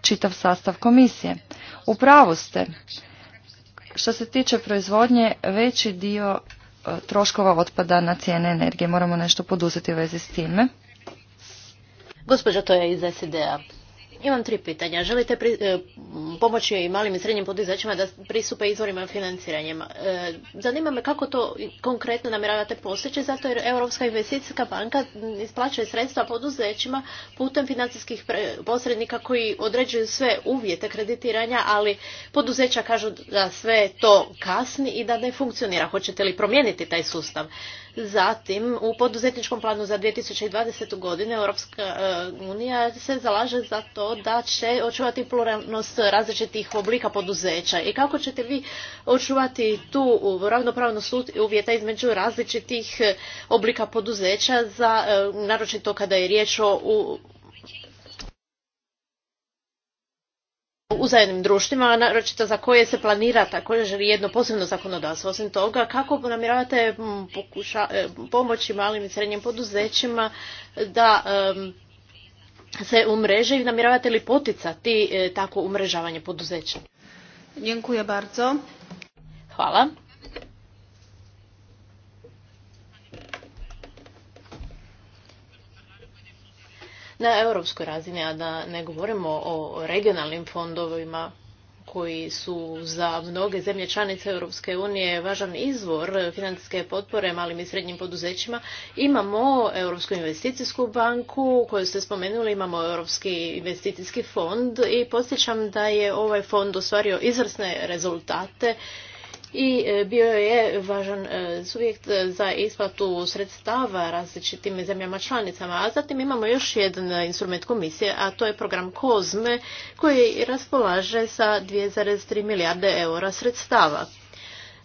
čitav sastav komisije. U pravu ste. Što se tiče proizvodnje, veći dio e, troškova otpada na cijene energije. Moramo nešto poduzeti u vezi s time.
Gospođa, to je iz SED-a. Imam tri pitanja. Želite e, pomoći i malim i srednjim poduzećima da pristupe izvorima financiranja. E, zanima me kako to konkretno namjeravate postići, zato jer Europska investicijska banka isplaćuje sredstva poduzećima putem financijskih posrednika koji određuju sve uvjete kreditiranja, ali poduzeća kažu da sve to kasni i da ne funkcionira. Hoćete li promijeniti taj sustav? Zatim, u poduzetničkom planu za 2020. godine Europska e, unija se zalaže za to da će očuvati pluralnost različitih oblika poduzeća. I kako ćete vi očuvati tu ravnopravnost uvjeta između različitih e, oblika poduzeća, za, e, naročito kada je riječ o u zajednim društvima, naročito za koje se planira također jedno posebno zakonodavstvo. Osim toga, kako namjeravate e, pomoći malim i srednjim poduzećima da se umreže i namjeravate li poticati e, tako umrežavanje poduzeća? Dziękuję bardzo. Hvala. na europskoj razini, a da ne govorimo o regionalnim fondovima koji su za mnoge zemlje članice Europske unije važan izvor financijske potpore malim i srednjim poduzećima. Imamo Europsku investicijsku banku koju ste spomenuli, imamo Europski investicijski fond i podsjećam da je ovaj fond ostvario izvrsne rezultate i e, bio je važan e, subjekt e, za isplatu sredstava različitim zemljama članicama. A zatim imamo još jedan instrument komisije, a to je program COSME koji raspolaže sa 2,3 milijarde eura sredstava.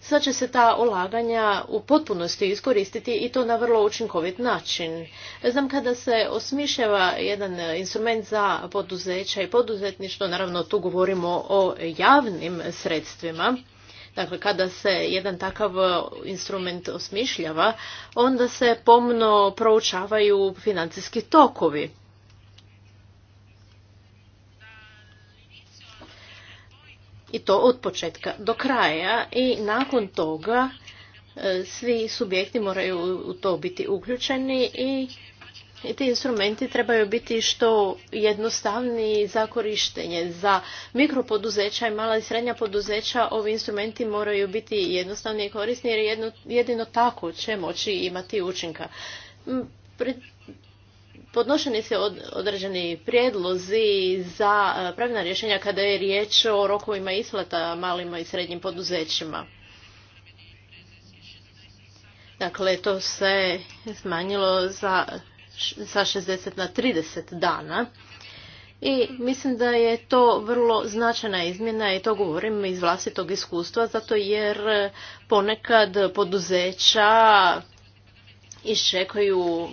Sad će se ta ulaganja u potpunosti iskoristiti i to na vrlo učinkovit način. Znam kada se osmišljava jedan instrument za poduzeća i poduzetništvo, naravno tu govorimo o javnim sredstvima, Dakle, kada se jedan takav e, instrument osmišljava, onda se pomno proučavaju financijski tokovi. I to od početka do kraja i nakon toga e, svi subjekti moraju u to biti uključeni i i ti instrumenti trebaju biti što jednostavniji za korištenje. Za mikropoduzeća i mala i srednja poduzeća ovi instrumenti moraju biti jednostavni i korisni jer jedno, jedino tako će moći imati učinka. Mm, podnošeni se od, određeni prijedlozi za e, pravna rješenja kada je riječ o rokovima isplata malima i srednjim poduzećima. Dakle, to se smanjilo za sa 60 na 30 dana. I mislim da je to vrlo značajna izmjena i to govorim iz vlastitog iskustva, zato jer ponekad poduzeća iščekuju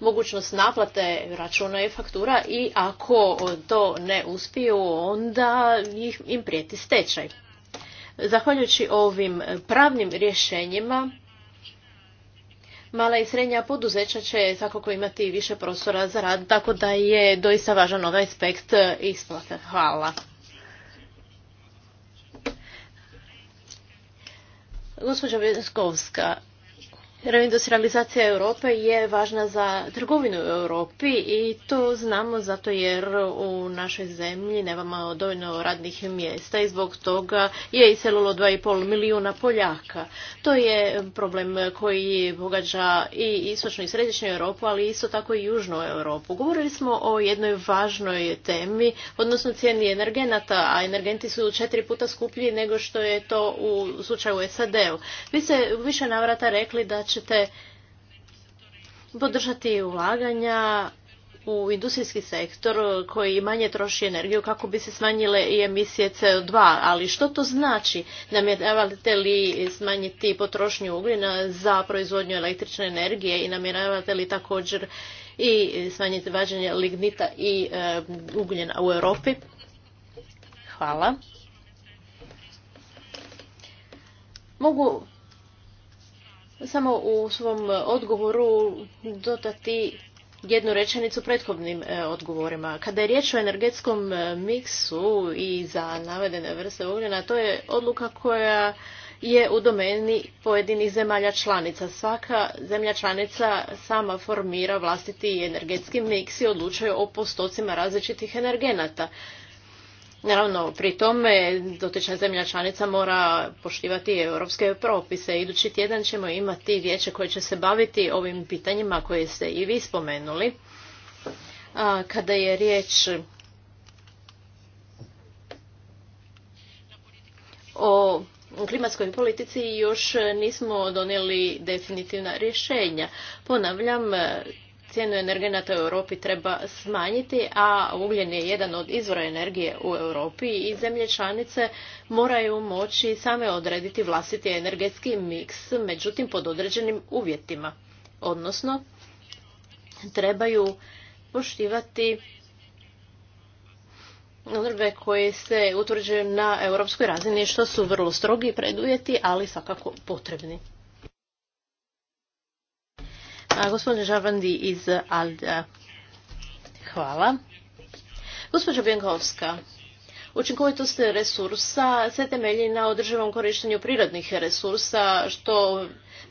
mogućnost naplate računa i faktura i ako to ne uspiju, onda im prijeti stečaj. Zahvaljujući ovim pravnim rješenjima, mala i srednja poduzeća će svakako imati više prostora za rad, tako da je doista važan ovaj aspekt e, isplate. Hvala. Gospođa Veskovska, Reindustrializacija Europe je važna za trgovinu u Europi i to znamo zato jer u našoj zemlji nemamo dovoljno radnih mjesta i zbog toga je iselilo 2,5 milijuna Poljaka. To je problem koji pogađa i istočnu i središnju Europu, ali isto tako i južnu Europu. Govorili smo o jednoj važnoj temi, odnosno cijeni energenata, a energenti su četiri puta skuplji nego što je to u slučaju SAD-u. Vi ste više navrata rekli da će ćete podržati ulaganja u industrijski sektor koji manje troši energiju kako bi se smanjile i emisije CO2, ali što to znači? Namjeravate li smanjiti potrošnju ugljena za proizvodnju električne energije i namjeravate li također i smanjiti vađenje lignita i e, ugljena u Europi? Hvala. Mogu samo u svom e, odgovoru dodati jednu rečenicu prethodnim e, odgovorima. Kada je riječ o energetskom e, miksu i za navedene vrste ugljena, to je odluka koja je u domeni pojedinih zemalja članica. Svaka zemlja članica sama formira vlastiti energetski miks i odlučuje o postocima različitih energenata. Naravno, pri tome dotična zemlja članica mora poštivati europske propise. Idući tjedan ćemo imati vijeće koje će se baviti ovim pitanjima koje ste i vi spomenuli. A, kada je riječ o klimatskoj politici još nismo donijeli definitivna rješenja. Ponavljam, cijenu energenata u Europi treba smanjiti, a ugljen je jedan od izvora energije u Europi i zemlje članice moraju moći same odrediti vlastiti energetski miks, međutim pod određenim uvjetima. Odnosno, trebaju poštivati odredbe koje se utvrđuju na europskoj razini, što su vrlo strogi predujeti, ali svakako potrebni gospodin Žavandi iz Alda. Hvala. Gospođa Bjenkovska, učinkovitost resursa se temelji na održivom korištenju prirodnih resursa, što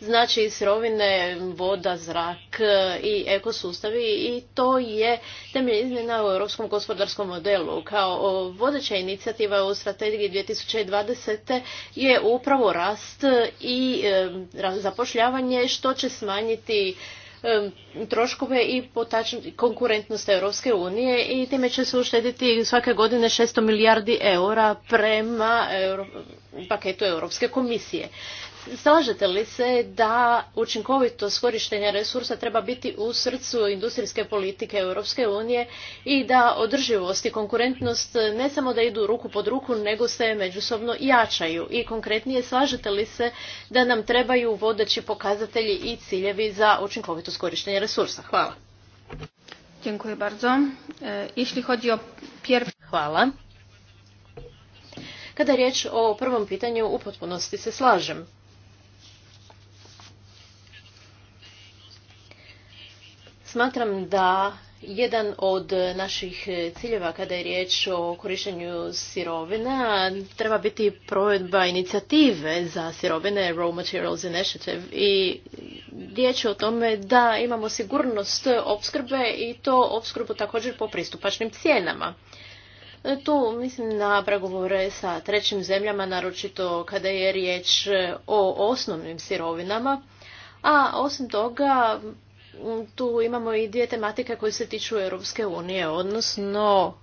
znači sirovine, voda, zrak e, i ekosustavi i to je temelj izmjena u europskom gospodarskom modelu. Kao vodeća inicijativa u strategiji 2020. je upravo rast i e, zapošljavanje što će smanjiti e, troškove i konkurentnost Europske unije i time će se uštediti svake godine 600 milijardi eura prema paketu Europske komisije. Slažete li se da učinkovitost korištenja resursa treba biti u srcu industrijske politike Europske unije i da održivost i konkurentnost ne samo da idu ruku pod ruku, nego se međusobno jačaju? I konkretnije, slažete li se da nam trebaju vodeći pokazatelji i ciljevi za učinkovitost korištenja resursa? Hvala.
E, Hvala. Kada je riječ o prvom pitanju, u
potpunosti se slažem. Smatram da jedan od naših ciljeva kada je riječ o korištenju sirovina treba biti provedba inicijative za sirovine Raw Materials Initiative i riječ je o tome da imamo sigurnost opskrbe i to opskrbu također po pristupačnim cijenama. Tu mislim na pregovore sa trećim zemljama, naročito kada je riječ o osnovnim sirovinama, a osim toga tu imamo i dvije tematike koje se tiču Europske unije, odnosno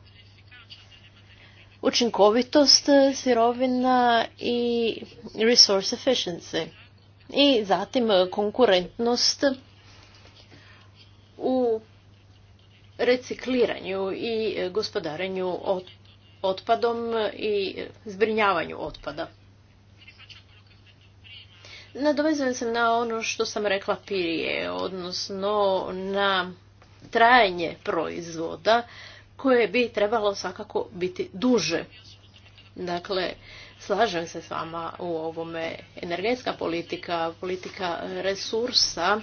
učinkovitost sirovina i resource efficiency. I zatim konkurentnost u recikliranju i gospodarenju otpadom i zbrinjavanju otpada. Nadovezujem se na ono što sam rekla prije, odnosno na trajanje proizvoda koje bi trebalo svakako biti duže. Dakle, slažem se s vama u ovome. Energetska politika, politika resursa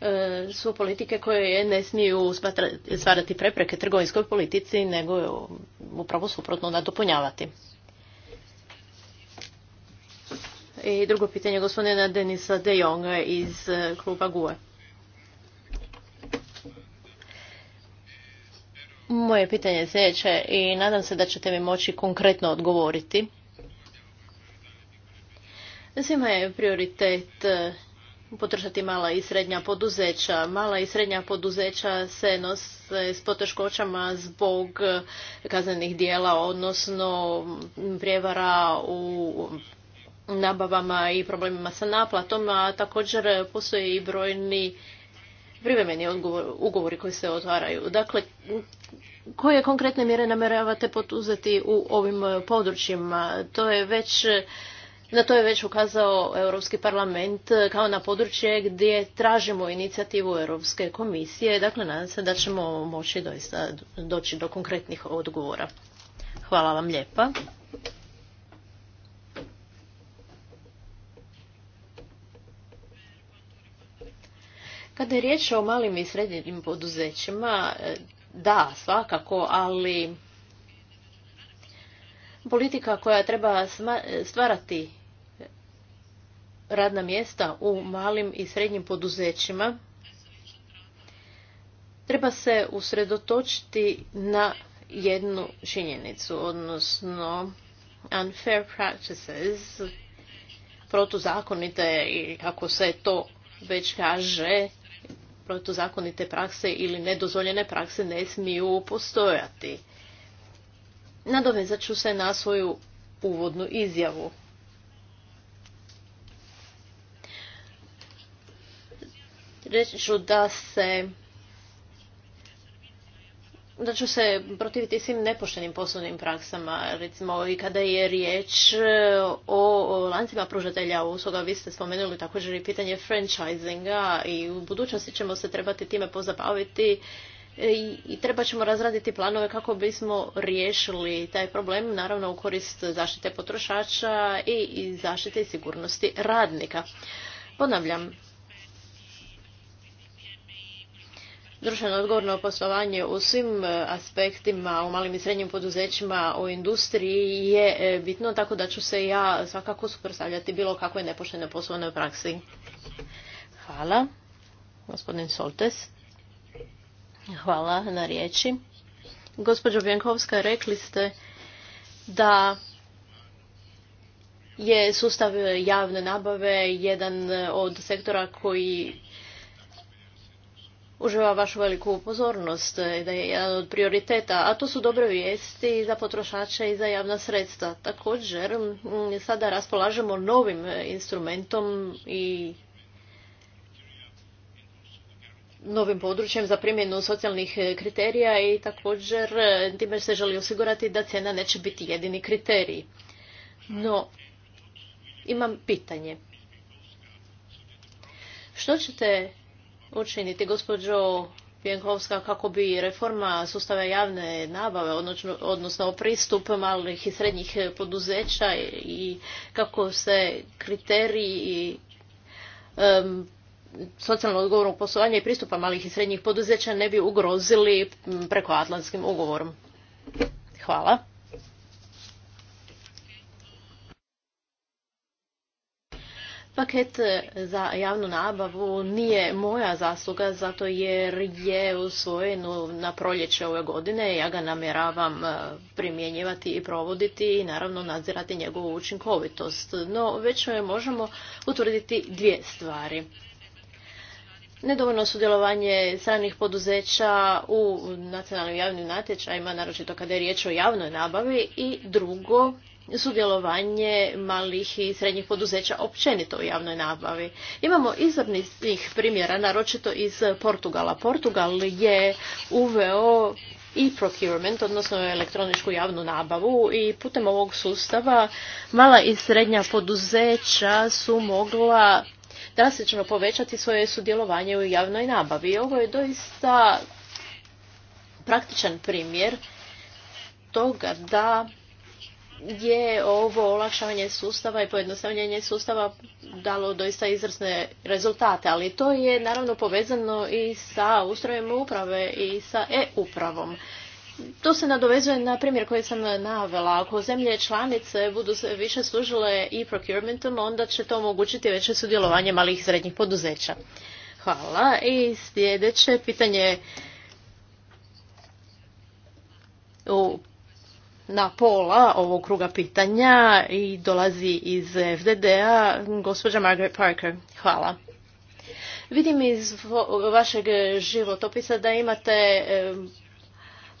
e, su politike koje ne smiju stvarati prepreke trgovinskoj politici, nego upravo suprotno nadopunjavati. I drugo pitanje gospodina Denisa De Jonga iz e, kluba GUE. Moje pitanje je sljedeće i nadam se da ćete mi moći konkretno odgovoriti. Svima je prioritet e, podržati mala i srednja poduzeća. Mala i srednja poduzeća se nose s poteškoćama zbog e, kaznenih dijela, odnosno prijevara u nabavama i problemima sa naplatom, a također postoje i brojni privremeni ugovori koji se otvaraju. Dakle, koje konkretne mjere namjeravate potuzeti u ovim područjima? To je već na to je već ukazao Europski parlament kao na područje gdje tražimo inicijativu Europske komisije. Dakle, nadam se da ćemo moći doista doći do konkretnih odgovora. Hvala vam lijepa. Kada je riječ o malim i srednjim poduzećima, e, da, svakako, ali politika koja treba stvarati radna mjesta u malim i srednjim poduzećima treba se usredotočiti na jednu činjenicu, odnosno unfair practices, protuzakonite, i ako se to već kaže, protuzakonite prakse ili nedozvoljene prakse ne smiju postojati. Nadovezat ću se na svoju uvodnu izjavu. Reći ću da se da ću se protiviti svim nepoštenim poslovnim praksama, recimo i kada je riječ e, o lancima pružatelja usluga, vi ste spomenuli također i pitanje franchisinga i u budućnosti ćemo se trebati time pozabaviti i treba ćemo razraditi planove kako bismo riješili taj problem, naravno u korist zaštite potrošača i zaštite i sigurnosti radnika. Ponavljam, društveno odgovorno poslovanje u svim e, aspektima, u malim i srednjim poduzećima, u industriji je e, bitno, tako da ću se ja svakako suprotstavljati bilo kakve nepoštene poslovne praksi. Hvala, gospodin Soltes. Hvala na riječi. Gospođo Bjankovska, rekli ste da je sustav javne nabave jedan od sektora koji uživa vašu veliku pozornost i da je jedan od prioriteta, a to su dobre vijesti za potrošače i za javna sredstva. Također, sada raspolažemo novim e, instrumentom i novim područjem za primjenu socijalnih e, kriterija i također e, time se želi osigurati da cijena neće biti jedini kriterij. No, imam pitanje. Što ćete učiniti, gospođo Pjenkovska, kako bi reforma sustava javne nabave, odnosno pristup malih i srednjih poduzeća i kako se kriteriji um, socijalno odgovornog poslovanja i pristupa malih i srednjih poduzeća ne bi ugrozili atlantskim ugovorom. Hvala. Paket e, za javnu nabavu nije moja zasluga zato jer je usvojen na proljeće ove godine. Ja ga namjeravam e, primjenjivati i provoditi i naravno nadzirati njegovu učinkovitost. No već možemo utvrditi dvije stvari. Nedovoljno sudjelovanje stranih poduzeća u nacionalnim javnim natječajima, naročito kada je riječ o javnoj nabavi i drugo, sudjelovanje malih i srednjih poduzeća općenito u javnoj nabavi. Imamo izvrnih primjera, naročito iz Portugala. Portugal je uveo i procurement odnosno elektroničku javnu nabavu i putem ovog sustava mala i srednja poduzeća su mogla drastično povećati svoje sudjelovanje u javnoj nabavi. Ovo je doista praktičan primjer toga da je ovo olakšavanje sustava i pojednostavljanje sustava dalo doista izvrsne rezultate, ali to je naravno povezano i sa ustrojem uprave i sa e-upravom. To se nadovezuje na primjer koji sam navela. Ako zemlje članice budu više služile i e procurementom, onda će to omogućiti veće sudjelovanje malih i srednjih poduzeća. Hvala. I sljedeće pitanje u na pola ovog kruga pitanja i dolazi iz FDD-a gospođa Margaret Parker. Hvala. Vidim iz vašeg životopisa da imate e,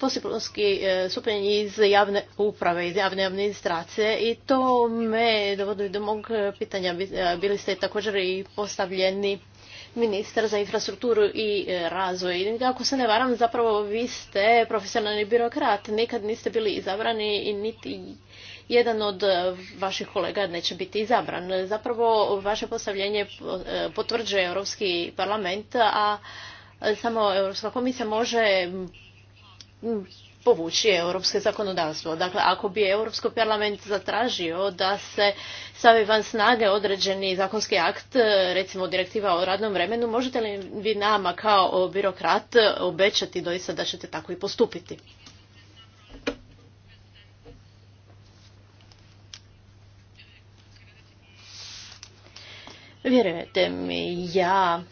posipulski e, stupanj iz javne uprave, iz javne administracije i to me dovodi do mog pitanja. E, bili ste također i postavljeni ministar za infrastrukturu i e, razvoj. Ako se ne varam, zapravo vi ste profesionalni birokrat. Nikad niste bili izabrani i niti jedan od e, vaših kolega neće biti izabran. Zapravo vaše postavljenje e, potvrđuje Europski parlament, a samo Europska komisija može povući europske zakonodavstvo. Dakle, ako bi Europski parlament zatražio da se stavi van snage određeni zakonski akt, recimo direktiva o radnom vremenu, možete li vi nama kao birokrat obećati doista da ćete tako i postupiti? Vjerujete mi, ja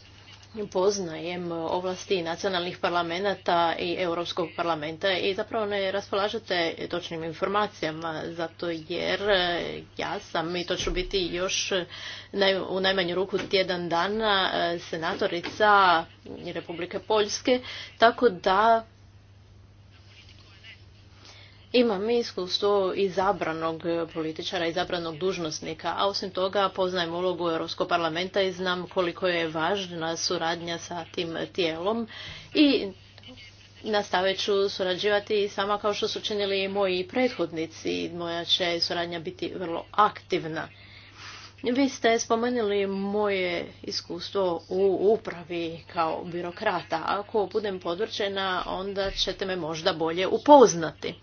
poznajem e, ovlasti nacionalnih parlamenta i Europskog parlamenta i zapravo ne raspolažete točnim informacijama zato jer e, ja sam i to ću biti još u najmanju ruku tjedan dana e, senatorica Republike Poljske tako da imam iskustvo izabranog političara, izabranog dužnosnika, a osim toga poznajem ulogu Europskog parlamenta i znam koliko je važna suradnja sa tim tijelom i nastavit ću surađivati sama kao što su činili i moji prethodnici. Moja će suradnja biti vrlo aktivna. Vi ste spomenuli moje iskustvo u upravi kao birokrata. Ako budem podvrčena, onda ćete me možda bolje upoznati.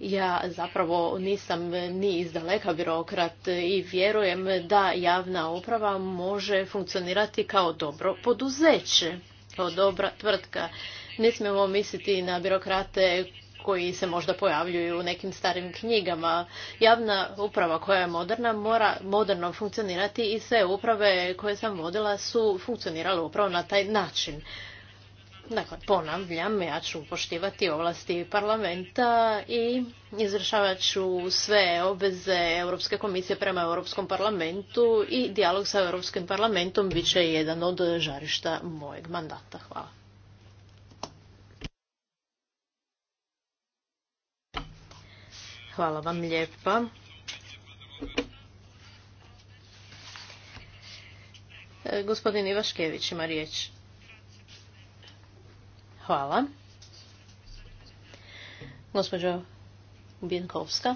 Ja zapravo nisam ni izdaleka birokrat i vjerujem da javna uprava može funkcionirati kao dobro poduzeće, kao dobra tvrtka. Ne smijemo misliti na birokrate koji se možda pojavljuju u nekim starim knjigama. Javna uprava koja je moderna mora moderno funkcionirati i sve uprave koje sam vodila su funkcionirale upravo na taj način. Dakle, ponavljam, ja ću poštivati ovlasti parlamenta i izvršavat ću sve obveze Europske komisije prema Europskom parlamentu i dijalog sa Europskim parlamentom bit će jedan od žarišta mojeg mandata. Hvala. Hvala vam lijepa. E, gospodin Ivaškević ima riječ. Hvala. Gospođo Binkovska.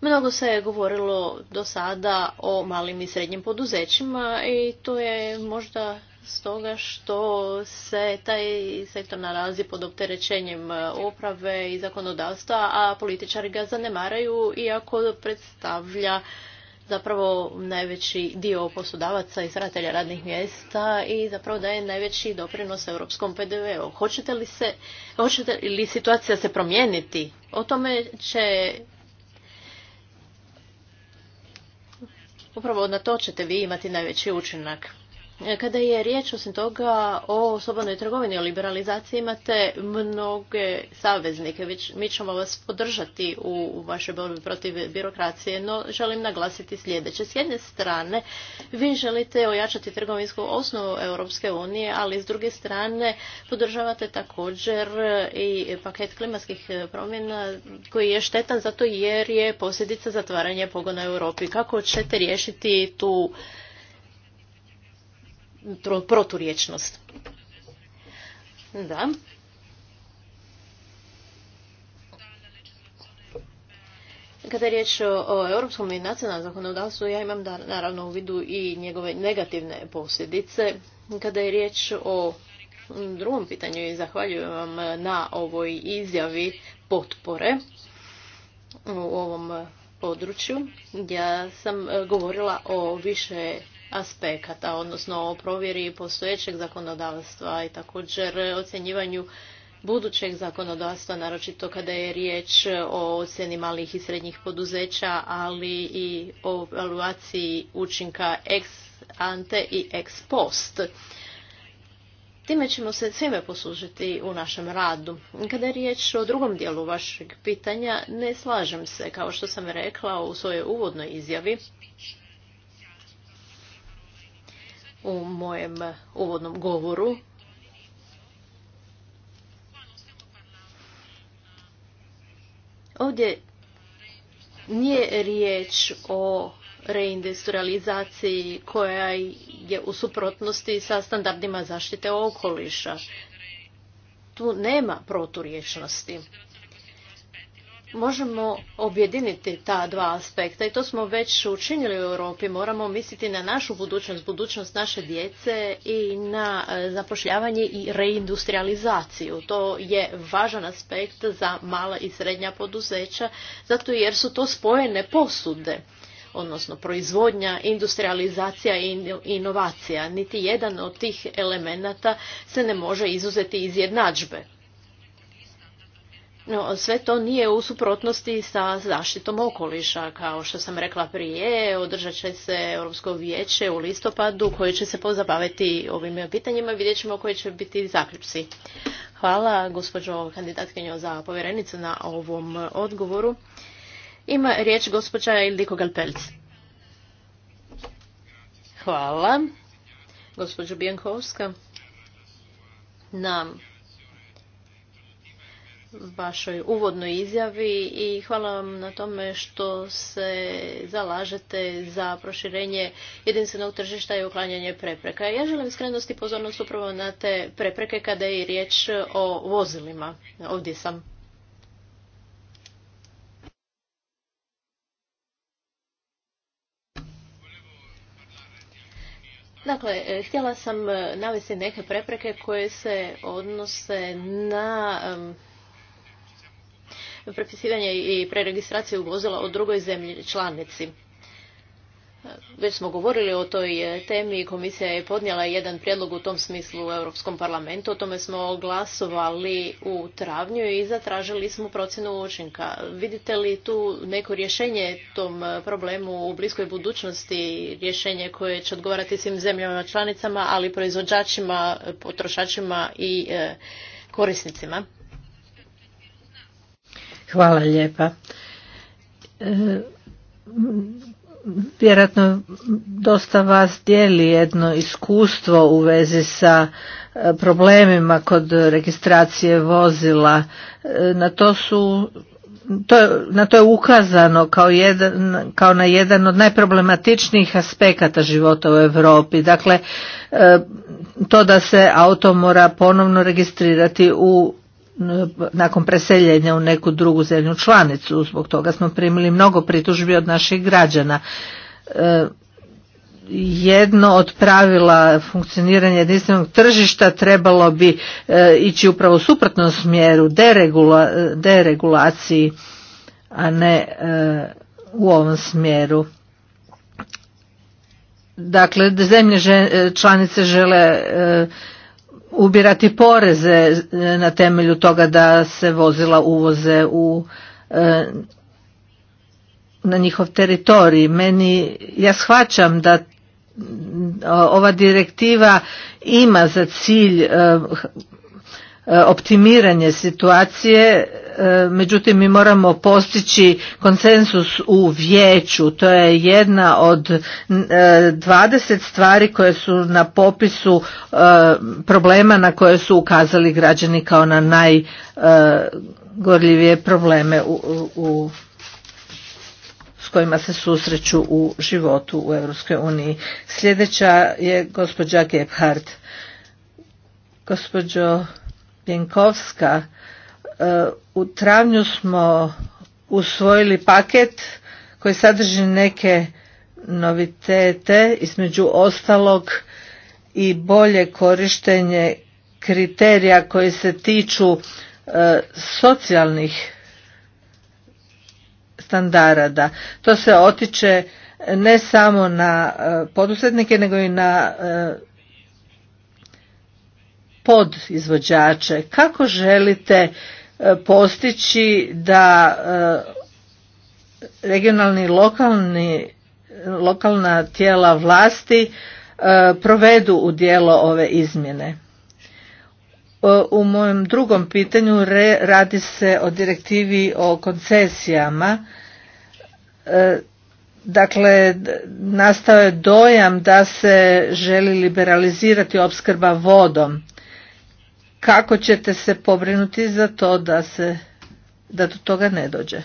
Mnogo se je govorilo do sada o malim i srednjim poduzećima i to je možda stoga što se taj sektor nalazi pod opterećenjem oprave i zakonodavstva, a političari ga zanemaraju iako predstavlja zapravo najveći dio poslodavaca i stvaratelja radnih mjesta i zapravo daje najveći doprinos europskom PDV-u. Hoćete li hoćete li situacija se promijeniti? O tome će upravo na to ćete vi imati najveći učinak. Kada je riječ osim toga o slobodnoj trgovini, o liberalizaciji, imate mnoge saveznike. Mi ćemo vas podržati u vašoj borbi protiv birokracije, no želim naglasiti sljedeće. S jedne strane, vi želite ojačati trgovinsku osnovu Europske unije, ali s druge strane podržavate također i paket klimatskih promjena koji je štetan zato jer je posljedica zatvaranja pogona u Europi. Kako ćete riješiti tu proturječnost. Da. Kada je riječ o europskom i nacionalnom zakonodavstvu, ja imam da, naravno u vidu i njegove negativne posljedice. Kada je riječ o drugom pitanju i zahvaljujem vam na ovoj izjavi potpore u ovom području. Ja sam govorila o više aspekata, odnosno o provjeri postojećeg zakonodavstva i također ocjenjivanju budućeg zakonodavstva, naročito kada je riječ o ocjeni malih i srednjih poduzeća, ali i o evaluaciji učinka ex ante i ex post. Time ćemo se svime poslužiti u našem radu. Kada je riječ o drugom dijelu vašeg pitanja, ne slažem se, kao što sam rekla u svojoj uvodnoj izjavi, u mojem uvodnom govoru. Ovdje nije riječ o reindustrializaciji koja je u suprotnosti sa standardima zaštite okoliša. Tu nema proturječnosti možemo objediniti ta dva aspekta i to smo već učinili u Europi. Moramo misliti na našu budućnost, budućnost naše djece i na e, zapošljavanje i reindustrializaciju. To je važan aspekt za mala i srednja poduzeća, zato jer su to spojene posude odnosno proizvodnja, industrializacija i inovacija. Niti jedan od tih elemenata se ne može izuzeti iz jednadžbe. No, sve to nije u suprotnosti sa zaštitom okoliša. Kao što sam rekla prije, održat će se Europsko vijeće u listopadu koje će se pozabaviti ovim pitanjima i vidjet ćemo koji će biti zaključci. Hvala gospođo kandidatkinjo za povjerenicu na ovom odgovoru. Ima riječ gospođa Ildiko Galpelc. Hvala. Gospođo Bijankovska na vašoj uvodnoj izjavi i hvala vam na tome što se zalažete za proširenje jedinstvenog tržišta i uklanjanje prepreka. Ja želim skrenuti pozornost upravo na te prepreke kada je riječ o vozilima. Ovdje sam. Dakle, htjela sam navesti neke prepreke koje se odnose na prepisivanje i preregistraciju vozila u drugoj zemlji članici. Već smo govorili o toj temi i komisija je podnijela jedan prijedlog u tom smislu u Europskom parlamentu. O tome smo glasovali u travnju i zatražili smo procjenu učinka. Vidite li tu neko rješenje tom problemu u bliskoj budućnosti, rješenje koje će odgovarati svim zemljama članicama, ali proizvođačima, potrošačima i e, korisnicima?
Hvala lijepa. E, vjerojatno dosta vas dijeli jedno iskustvo u vezi sa e, problemima kod registracije vozila. E, na to su to, na to je ukazano kao, jedan, kao na jedan od najproblematičnijih aspekata života u Europi. Dakle, to da se auto mora ponovno registrirati u nakon preseljenja u neku drugu zemlju članicu. Zbog toga smo primili mnogo pritužbi od naših građana. E, jedno od pravila funkcioniranja jedinstvenog tržišta trebalo bi e, ići upravo u suprotnom smjeru, deregulaciji, a ne e, u ovom smjeru. Dakle, zemlje članice žele ubirati poreze e, na temelju toga da se vozila uvoze u e, na njihov teritorij. Meni, ja shvaćam da e, ova direktiva ima za cilj E, optimiranje situacije e, međutim mi moramo postići konsensus u vijeću to je jedna od 20 e, stvari koje su na popisu problema na koje su ukazali građani kao na najgorljivije probleme u, s kojima se susreću u životu u EU. uniji. Sljedeća je gospođa Gebhardt. Gospođo Pjenkovska. E, u travnju smo usvojili paket koji sadrži neke novitete, između ostalog i bolje korištenje kriterija koji se tiču e, socijalnih standarda. To se otiče ne samo na e, poduzetnike nego i na podizvođače. Kako želite e, postići da e, regionalni lokalni, lokalna tijela vlasti e, provedu u dijelo ove izmjene? U mojem drugom pitanju radi se o direktivi o koncesijama. Dakle, nastao je dojam da se želi liberalizirati opskrba vodom kako ćete se pobrinuti za to da se da do toga ne dođe.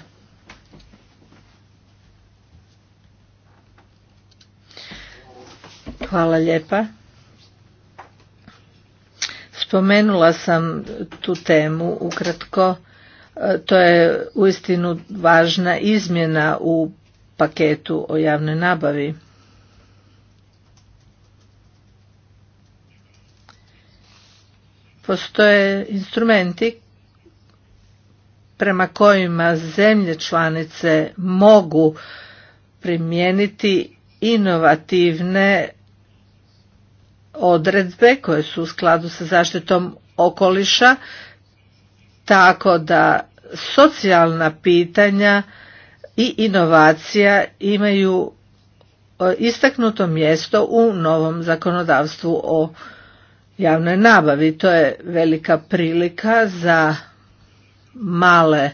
Hvala lijepa. Spomenula sam tu temu ukratko. E, to je uistinu važna izmjena u paketu o javnoj nabavi. Postoje instrumenti prema kojima zemlje članice mogu primijeniti inovativne odredbe koje su u skladu sa zaštitom okoliša tako da socijalna pitanja i inovacija imaju e, istaknuto mjesto u novom zakonodavstvu o javnoj nabavi. To je velika prilika za male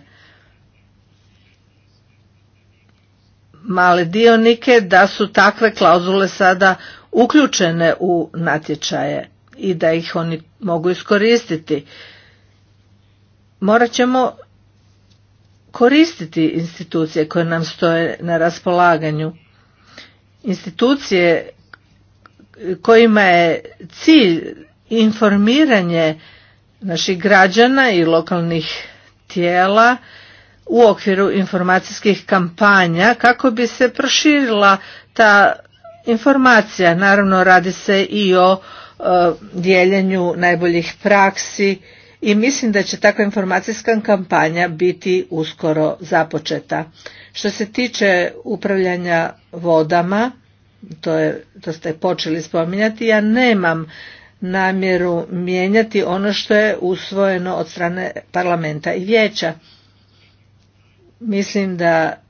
male dionike da su takve klauzule sada uključene u natječaje i da ih oni mogu iskoristiti. Morat ćemo koristiti institucije koje nam stoje na raspolaganju. Institucije kojima je cilj informiranje naših građana i lokalnih tijela u okviru informacijskih kampanja kako bi se proširila ta informacija. Naravno radi se i o e, dijeljenju najboljih praksi i mislim da će takva informacijska kampanja biti uskoro započeta. Što se tiče upravljanja vodama, to, je, to ste počeli spominjati, ja nemam namjeru mijenjati ono što je usvojeno od strane parlamenta i vijeća. Mislim da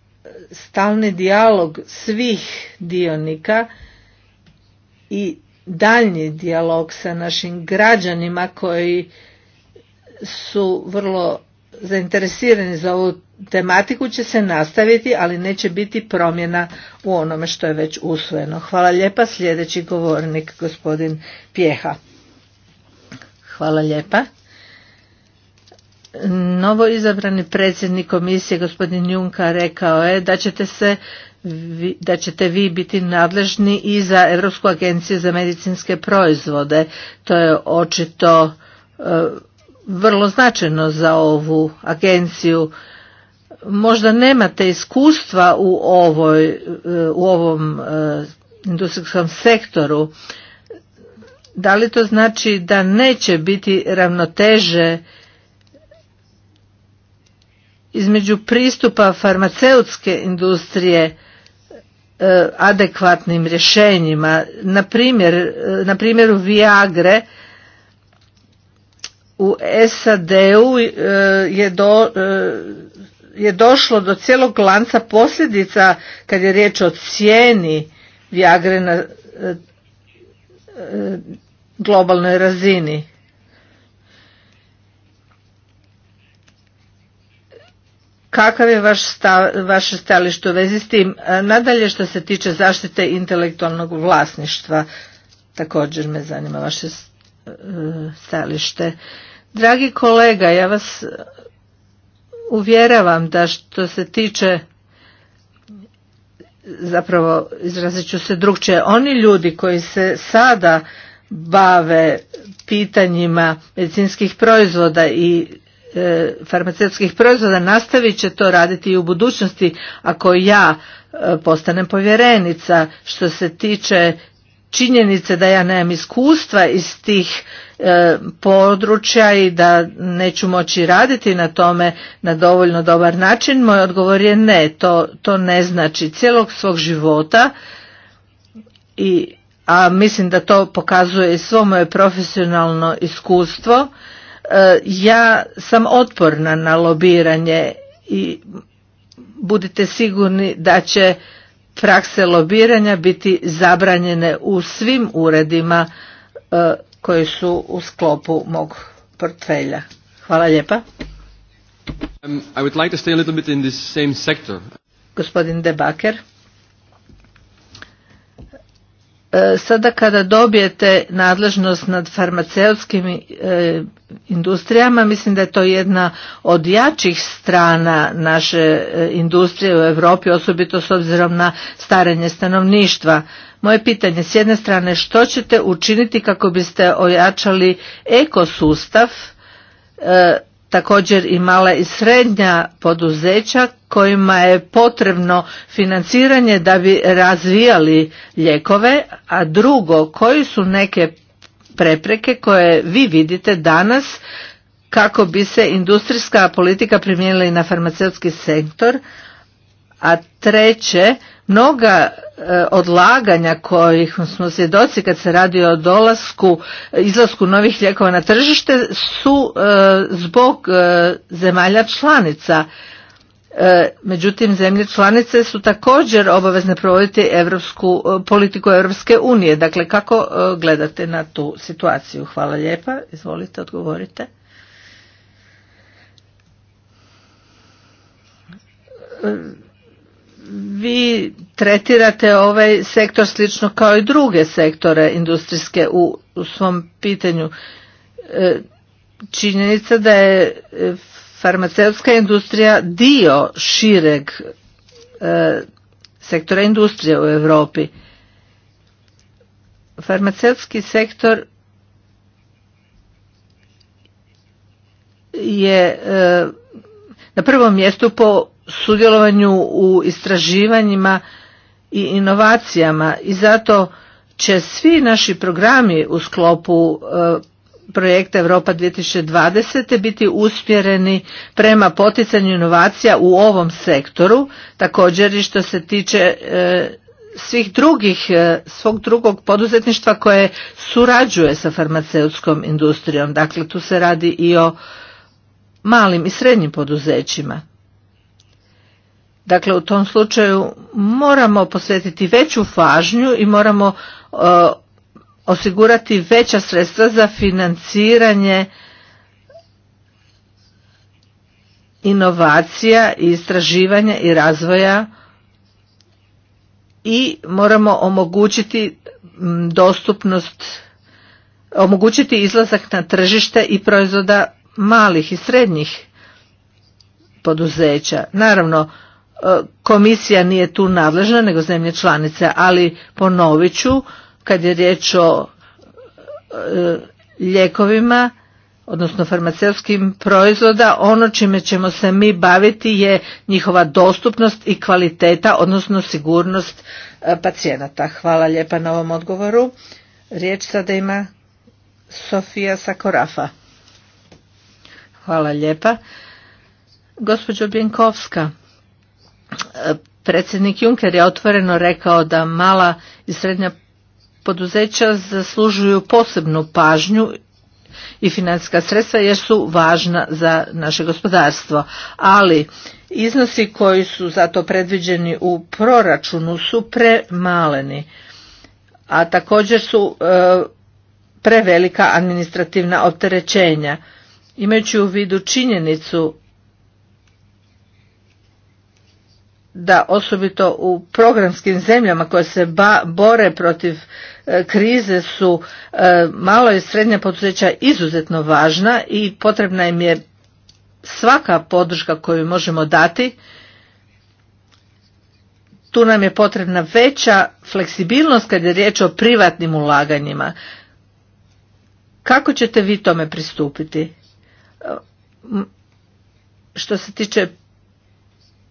stalni dijalog svih dionika i daljnji dijalog sa našim građanima koji su vrlo zainteresirani za ovu tematiku će se nastaviti, ali neće biti promjena u onome što je već usvojeno. Hvala lijepa, sljedeći govornik, gospodin Pjeha. Hvala lijepa. Novo izabrani predsjednik komisije, gospodin Junka, rekao je da ćete se da ćete vi biti nadležni i za Europsku agenciju za medicinske proizvode. To je očito e, vrlo značajno za ovu agenciju možda nemate iskustva u, ovoj, e, u ovom e, industrijskom sektoru, da li to znači da neće biti ravnoteže između pristupa farmaceutske industrije e, adekvatnim rješenjima. Na, primjer, na primjeru Viagre u SAD-u je do, je došlo do cijelog lanca posljedica kad je riječ o cijeni Viagre na e, e, globalnoj razini. Kakav je vaš vaše stajalište u vezi s tim? E, nadalje što se tiče zaštite intelektualnog vlasništva, također me zanima vaše stajalište. Dragi kolega, ja vas uvjeravam da što se tiče zapravo izrazit ću se drugčije, oni ljudi koji se sada bave pitanjima medicinskih proizvoda i e, farmaceutskih proizvoda nastavit će to raditi i u budućnosti ako ja e, postanem povjerenica što se tiče činjenice da ja nemam iskustva iz tih E, područja i da neću moći raditi na tome na dovoljno dobar način, moj odgovor je ne, to, to ne znači cijelog svog života i a mislim da to pokazuje i svo moje profesionalno iskustvo. E, ja sam otporna na lobiranje i budite sigurni da će prakse lobiranja biti zabranjene u svim uredima e, koji su u sklopu mog portfelja. Hvala lijepa.
Um, I would like to stay a little bit in this same sector.
Gospodin e, Sada kada dobijete nadležnost nad farmaceutskim e, industrijama, mislim da je to jedna od jačih strana naše e, industrije u Europi, osobito s obzirom na starenje stanovništva. Moje pitanje s jedne strane što ćete učiniti kako biste ojačali ekosustav e, također i mala i srednja poduzeća kojima je potrebno financiranje da bi razvijali ljekove, a drugo koji su neke prepreke koje vi vidite danas kako bi se industrijska politika primijenila i na farmaceutski sektor, a treće mnoga e, odlaganja kojih smo svjedoci kad se radi o dolasku, izlasku novih lijekova na tržište su e, zbog e, zemalja članica. Međutim, zemlje članice su također obavezne provoditi evropsku, politiku Europske unije. Dakle, kako gledate na tu situaciju? Hvala lijepa. Izvolite, odgovorite vi tretirate ovaj sektor slično kao i druge sektore industrijske u, svom pitanju. E, činjenica da je e, farmaceutska industrija dio šireg e, sektora industrije u Europi. Farmaceutski sektor je na prvom mjestu po sudjelovanju u istraživanjima i inovacijama i zato će svi naši programi u sklopu e, projekta Europa 2020. biti usmjereni prema poticanju inovacija u ovom sektoru, također i što se tiče e, svih drugih, e, svog drugog poduzetništva koje surađuje sa farmaceutskom industrijom. Dakle, tu se radi i o malim i srednjim poduzećima. Dakle, u tom slučaju moramo posvetiti veću važnju i moramo e, osigurati veća sredstva za financiranje inovacija i istraživanja i razvoja i moramo omogućiti dostupnost omogućiti izlazak na tržište i proizvoda malih i srednjih poduzeća. Naravno, komisija nije tu nadležna nego zemlje članice, ali ponovit ću kad je riječ o e, lijekovima odnosno farmaceutskim proizvoda, ono čime ćemo se mi baviti je njihova dostupnost i kvaliteta, odnosno sigurnost e, pacijenata. Hvala lijepa na ovom odgovoru. Riječ sada ima Sofija Sakorafa. Hvala lijepa. Gospođo Bjenkovska, predsjednik Juncker je otvoreno rekao da mala i srednja poduzeća zaslužuju posebnu pažnju i financijska sredstva jer su važna za naše gospodarstvo. Ali iznosi koji su za to predviđeni u proračunu su premaleni, a također su e, prevelika administrativna opterećenja. Imajući u vidu činjenicu da osobito u programskim zemljama koje se bore protiv e, krize su e, malo i srednja poduzeća izuzetno važna i potrebna im je svaka podrška koju možemo dati tu nam je potrebna veća fleksibilnost kad je riječ o privatnim ulaganjima kako ćete vi tome pristupiti e, što se tiče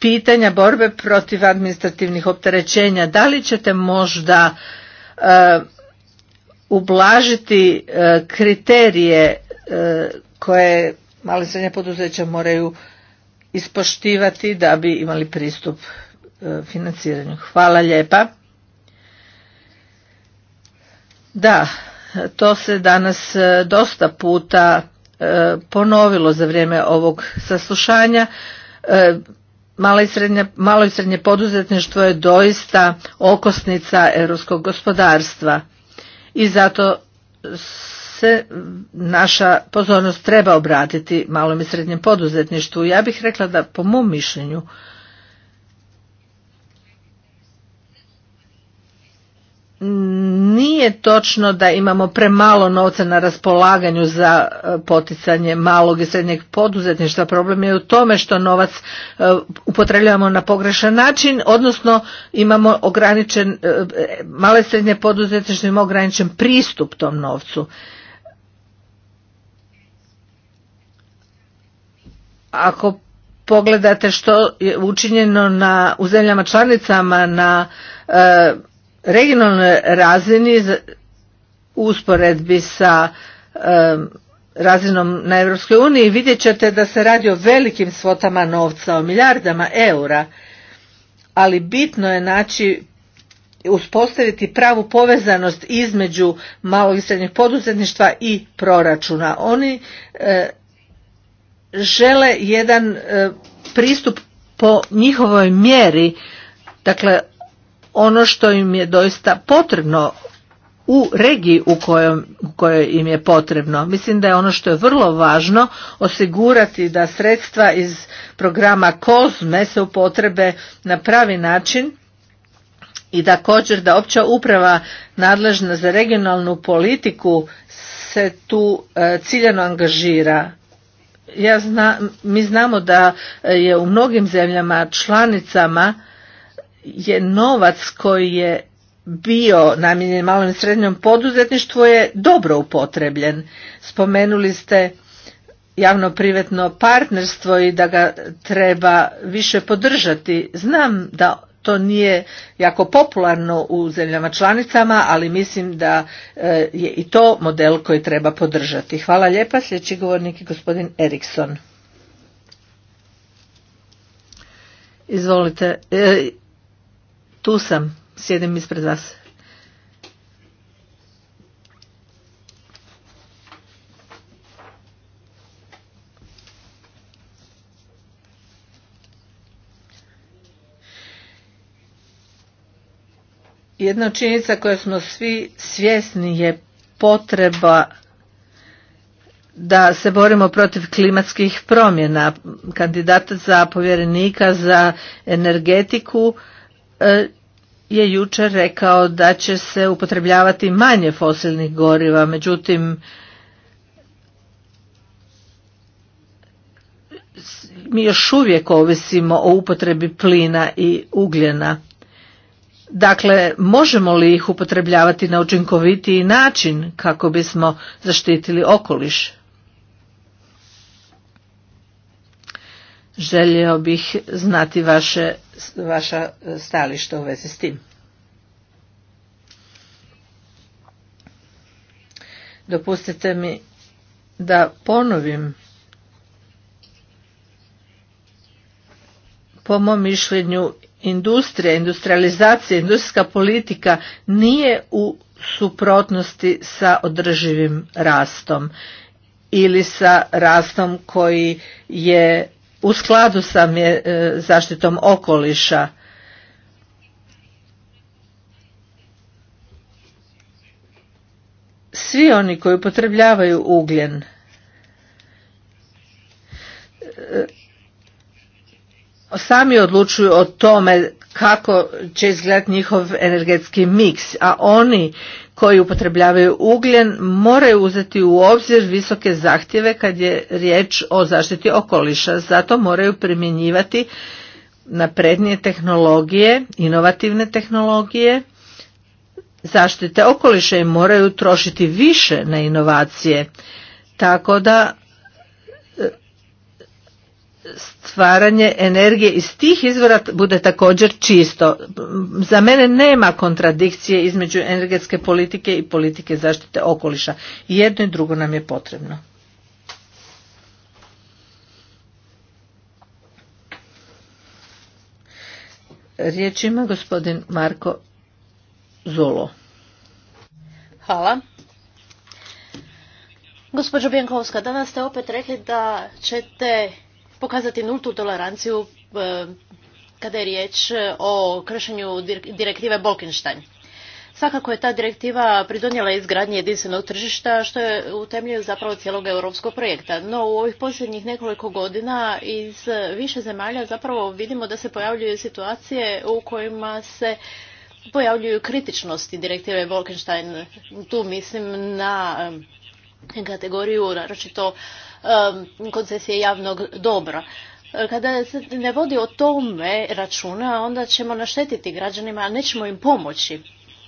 pitanja borbe protiv administrativnih opterećenja. Da li ćete možda e, ublažiti e, kriterije e, koje mali srednja poduzeća moraju ispoštivati da bi imali pristup e, financiranju. Hvala lijepa. Da, to se danas dosta puta ponovilo za vrijeme ovog saslušanja Malo i, srednje, poduzetništvo je doista okosnica europskog gospodarstva i zato se naša pozornost treba obratiti malom i srednjem poduzetništvu. Ja bih rekla da po mom mišljenju nije točno da imamo premalo novca na raspolaganju za e, poticanje malog i srednjeg poduzetništva. Problem je u tome što novac e, upotrebljavamo na pogrešan način, odnosno imamo ograničen, e, male i srednje poduzetništvo ima ograničen pristup tom novcu. Ako pogledate što je učinjeno na, u zemljama članicama na regionalnoj razini u usporedbi sa razinom na EU vidjet ćete da se radi o velikim svotama novca, o milijardama eura, ali bitno je naći uspostaviti pravu povezanost između malog i srednjih poduzetništva i proračuna. Oni e, žele jedan e, pristup po njihovoj mjeri, dakle ono što im je doista potrebno u regiji u kojoj, im je potrebno. Mislim da je ono što je vrlo važno osigurati da sredstva iz programa COSME se upotrebe na pravi način i također da opća uprava nadležna za regionalnu politiku se tu e, ciljano angažira. Ja mi znamo da je u mnogim zemljama članicama je novac koji je bio namijenjen malom i srednjom poduzetništvu je dobro upotrebljen. Spomenuli ste javno-privetno partnerstvo i da ga treba više podržati. Znam da to nije jako popularno u zemljama članicama, ali mislim da e, je i to model koji treba podržati. Hvala lijepa. Sljedeći govornik je gospodin Erikson. Izvolite, e, tu sam, sjedim ispred vas. Jedna činjenica koju smo svi svjesni je potreba da se borimo protiv klimatskih promjena. Kandidat za povjerenika za energetiku e, je jučer rekao da će se upotrebljavati manje fosilnih goriva, međutim mi još uvijek ovisimo o upotrebi plina i ugljena. Dakle, možemo li ih upotrebljavati na učinkovitiji način kako bismo zaštitili okoliš? Želio bih znati vaše vaša e, stališta u vezi s tim. Dopustite mi da ponovim po mom mišljenju industrija, industrializacija, industrijska politika nije u suprotnosti sa održivim rastom ili sa rastom koji je u skladu sa e, zaštitom okoliša. Svi oni koji upotrebljavaju ugljen e, sami odlučuju o tome kako će izgledati njihov energetski miks, a oni koji upotrebljavaju ugljen moraju uzeti u obzir visoke zahtjeve kad je riječ o zaštiti okoliša. Zato moraju primjenjivati naprednije tehnologije, inovativne tehnologije zaštite okoliša i moraju trošiti više na inovacije. Tako da stvaranje energije iz tih izvora bude također čisto. Za mene nema kontradikcije između energetske politike i politike zaštite okoliša. Jedno i drugo nam je potrebno. Riječ ima gospodin Marko zolo Hvala.
Gospođo Bjenkovska, danas ste opet rekli da ćete pokazati nultu toleranciju e, kada je riječ o kršenju direktive Bolkenstein. Svakako je ta direktiva pridonijela izgradnji jedinstvenog tržišta što je u temelju zapravo cijelog europskog projekta. No u ovih posljednjih nekoliko godina iz više zemalja zapravo vidimo da se pojavljuju situacije u kojima se pojavljuju kritičnosti direktive Wolkenstein. Tu mislim na e, kategoriju naročito koncesije javnog dobra. Kada se ne vodi o tome računa, onda ćemo naštetiti građanima, a nećemo im pomoći.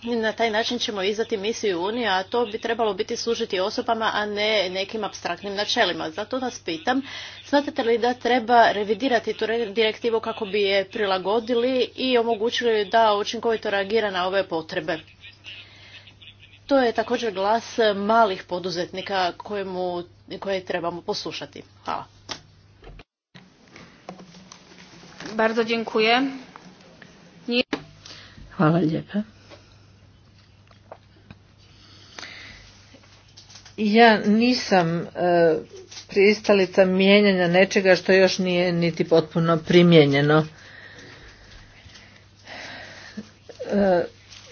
Na taj način ćemo izdati misiju Unije, a to bi trebalo biti služiti osobama, a ne nekim abstraktnim načelima. Zato vas pitam, smatrate li da treba revidirati tu direktivu kako bi je prilagodili i omogućili da učinkovito reagira na ove potrebe? To je također glas malih poduzetnika kojemu, koje trebamo poslušati. Hvala.
Bardzo dziękuję. Nie...
Hvala lijepa. Ja nisam e, pristalica mijenjanja nečega što još nije niti potpuno primijenjeno. E,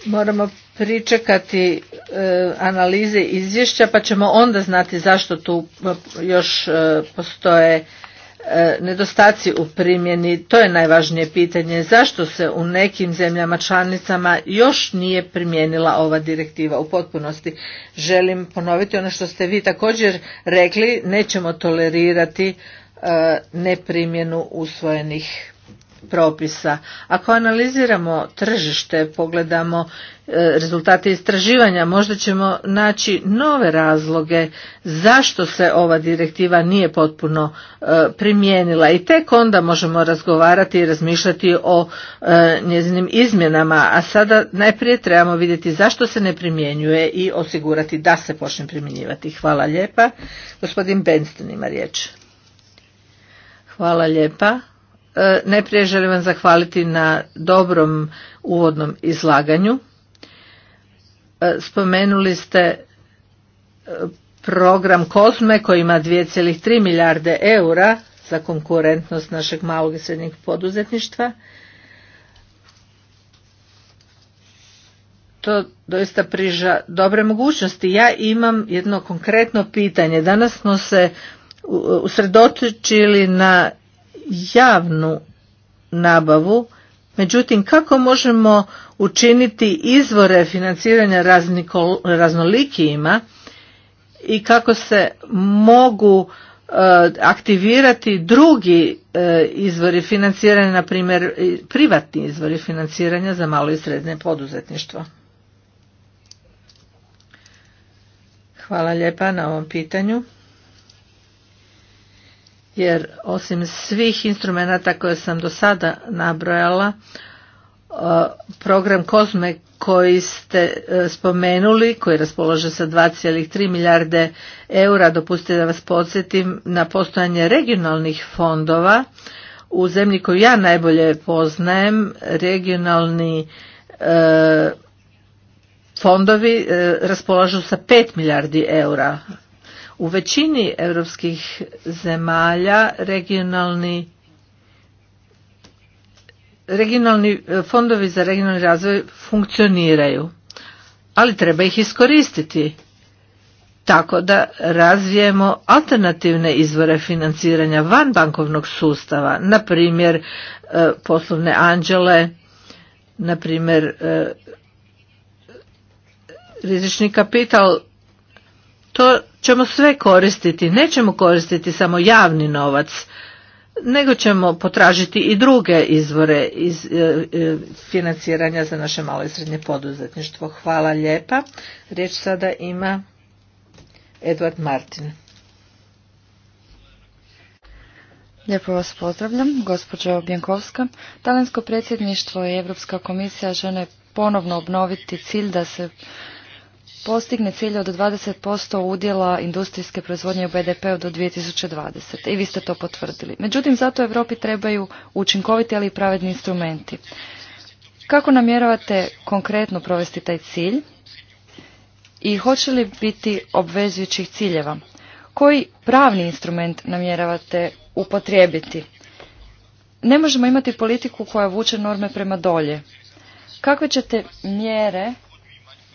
moramo pričekati E, analize izvješća pa ćemo onda znati zašto tu e, još e, postoje nedostaci u primjeni, to je najvažnije pitanje zašto se u nekim zemljama članicama još nije primijenila ova direktiva u potpunosti. Želim ponoviti ono što ste vi također rekli, nećemo tolerirati neprimjenu usvojenih propisa. Ako analiziramo tržište, pogledamo e, rezultate istraživanja, možda ćemo naći nove razloge zašto se ova direktiva nije potpuno e, primijenila i tek onda možemo razgovarati i razmišljati o e, njezinim izmjenama, a sada najprije trebamo vidjeti zašto se ne primjenjuje i osigurati da se počne primjenjivati. Hvala lijepa. Gospodin Benston ima riječ. Hvala lijepa. E, najprije želim vam zahvaliti na dobrom uvodnom izlaganju. E, spomenuli ste e, program Kozme koji ima 2,3 milijarde eura za konkurentnost našeg malog i srednjeg poduzetništva. To doista priža dobre mogućnosti. Ja imam jedno konkretno pitanje. Danas smo se usredotočili na javnu nabavu međutim kako možemo učiniti izvore financiranja raznolikijima i kako se mogu e, aktivirati drugi e, izvori financiranja na primjer privatni izvori financiranja za malo i srednje poduzetništvo hvala lijepa na ovom pitanju jer osim svih instrumenata koje sam do sada nabrojala, e, program Kozme koji ste e, spomenuli, koji raspolaže sa 2,3 milijarde eura, dopustite da vas podsjetim na postojanje regionalnih fondova u zemlji koju ja najbolje poznajem, regionalni e, fondovi raspolažu sa 5 milijardi eura u većini europskih zemalja regionalni regionalni e, fondovi za regionalni razvoj funkcioniraju ali treba ih iskoristiti tako da razvijemo alternativne izvore financiranja van bankovnog sustava na primjer e, poslovne anđele na primjer e, rizični kapital to ćemo sve koristiti, nećemo koristiti samo javni novac, nego ćemo potražiti i druge izvore iz e, e, financiranja za naše malo i srednje poduzetništvo. Hvala lijepa. Riječ sada ima
Edward Martin. Lijepo vas pozdravljam, gospođo Bjankovska. Talensko predsjedništvo i Europska komisija žele ponovno obnoviti cilj da se postigne cilj od 20% udjela industrijske proizvodnje u BDP-u do 2020. I vi ste to potvrdili. Međutim, zato Europi trebaju učinkoviti, ali i pravedni instrumenti. Kako namjeravate konkretno provesti taj cilj? I hoće li biti obvezujućih ciljeva? Koji pravni instrument namjeravate upotrijebiti? Ne možemo imati politiku koja vuče norme prema dolje. Kakve ćete mjere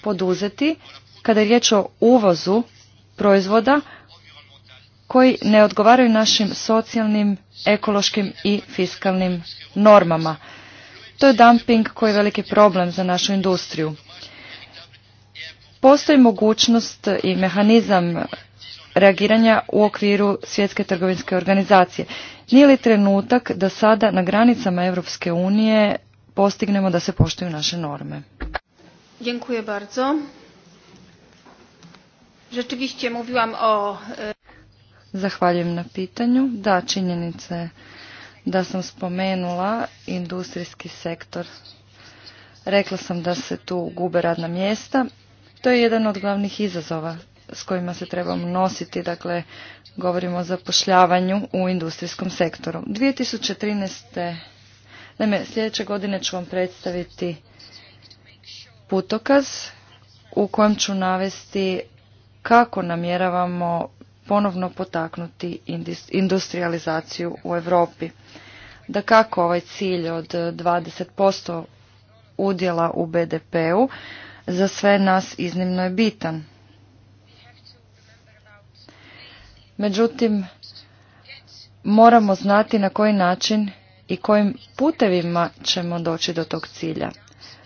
poduzeti kada je riječ o uvozu proizvoda koji ne odgovaraju našim socijalnim, ekološkim i fiskalnim normama. To je dumping koji je veliki problem za našu industriju. Postoji mogućnost i mehanizam reagiranja u okviru Svjetske trgovinske organizacije. Nije li trenutak da sada na granicama Europske unije postignemo da se poštuju naše norme? E, Zahvaljujem na pitanju. Da, činjenica je da sam spomenula industrijski sektor. Rekla sam da se tu gube radna mjesta. To je jedan od glavnih izazova s kojima se trebamo nositi, dakle govorimo o zapošljavanju u industrijskom sektoru. 2013. Naime, sljedeće godine ću vam predstaviti putokaz u kojem ću navesti kako namjeravamo ponovno potaknuti industrializaciju u Europi. Da kako ovaj cilj od 20% udjela u BDP-u za sve nas iznimno je bitan. Međutim, moramo znati na koji način i kojim putevima ćemo doći do tog cilja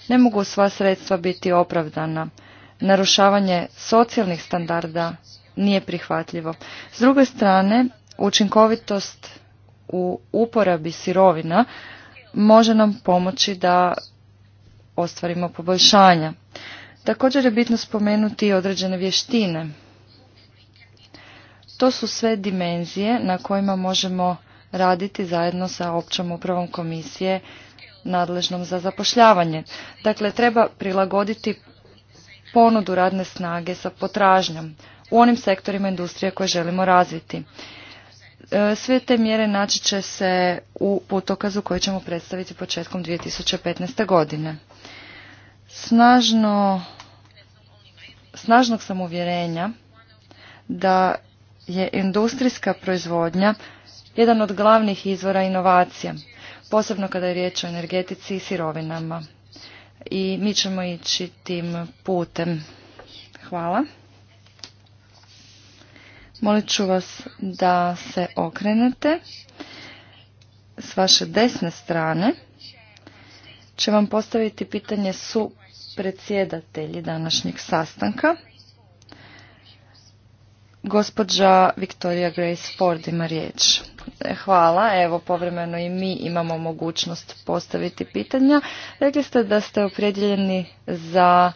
ne mogu sva sredstva biti opravdana. Narušavanje socijalnih standarda nije prihvatljivo. S druge strane, učinkovitost u uporabi sirovina može nam pomoći da ostvarimo poboljšanja. Također je bitno spomenuti i određene vještine. To su sve dimenzije na kojima možemo raditi zajedno sa općom upravom komisije nadležnom za zapošljavanje. Dakle, treba prilagoditi ponudu radne snage sa potražnjom u onim sektorima industrije koje želimo razviti. E, sve te mjere naći će se u putokazu koji ćemo predstaviti početkom 2015. godine. Snažno, snažnog sam uvjerenja da je industrijska proizvodnja jedan od glavnih izvora inovacija posebno kada je riječ o energetici i sirovinama. I mi ćemo ići tim putem. Hvala. Molit ću vas da se okrenete s vaše desne strane. Će vam postaviti pitanje su predsjedatelji današnjeg sastanka. Gospođa Victoria Grace Ford ima riječ. E, hvala. Evo, povremeno i mi imamo mogućnost postaviti pitanja. Rekli ste da ste opredjeljeni za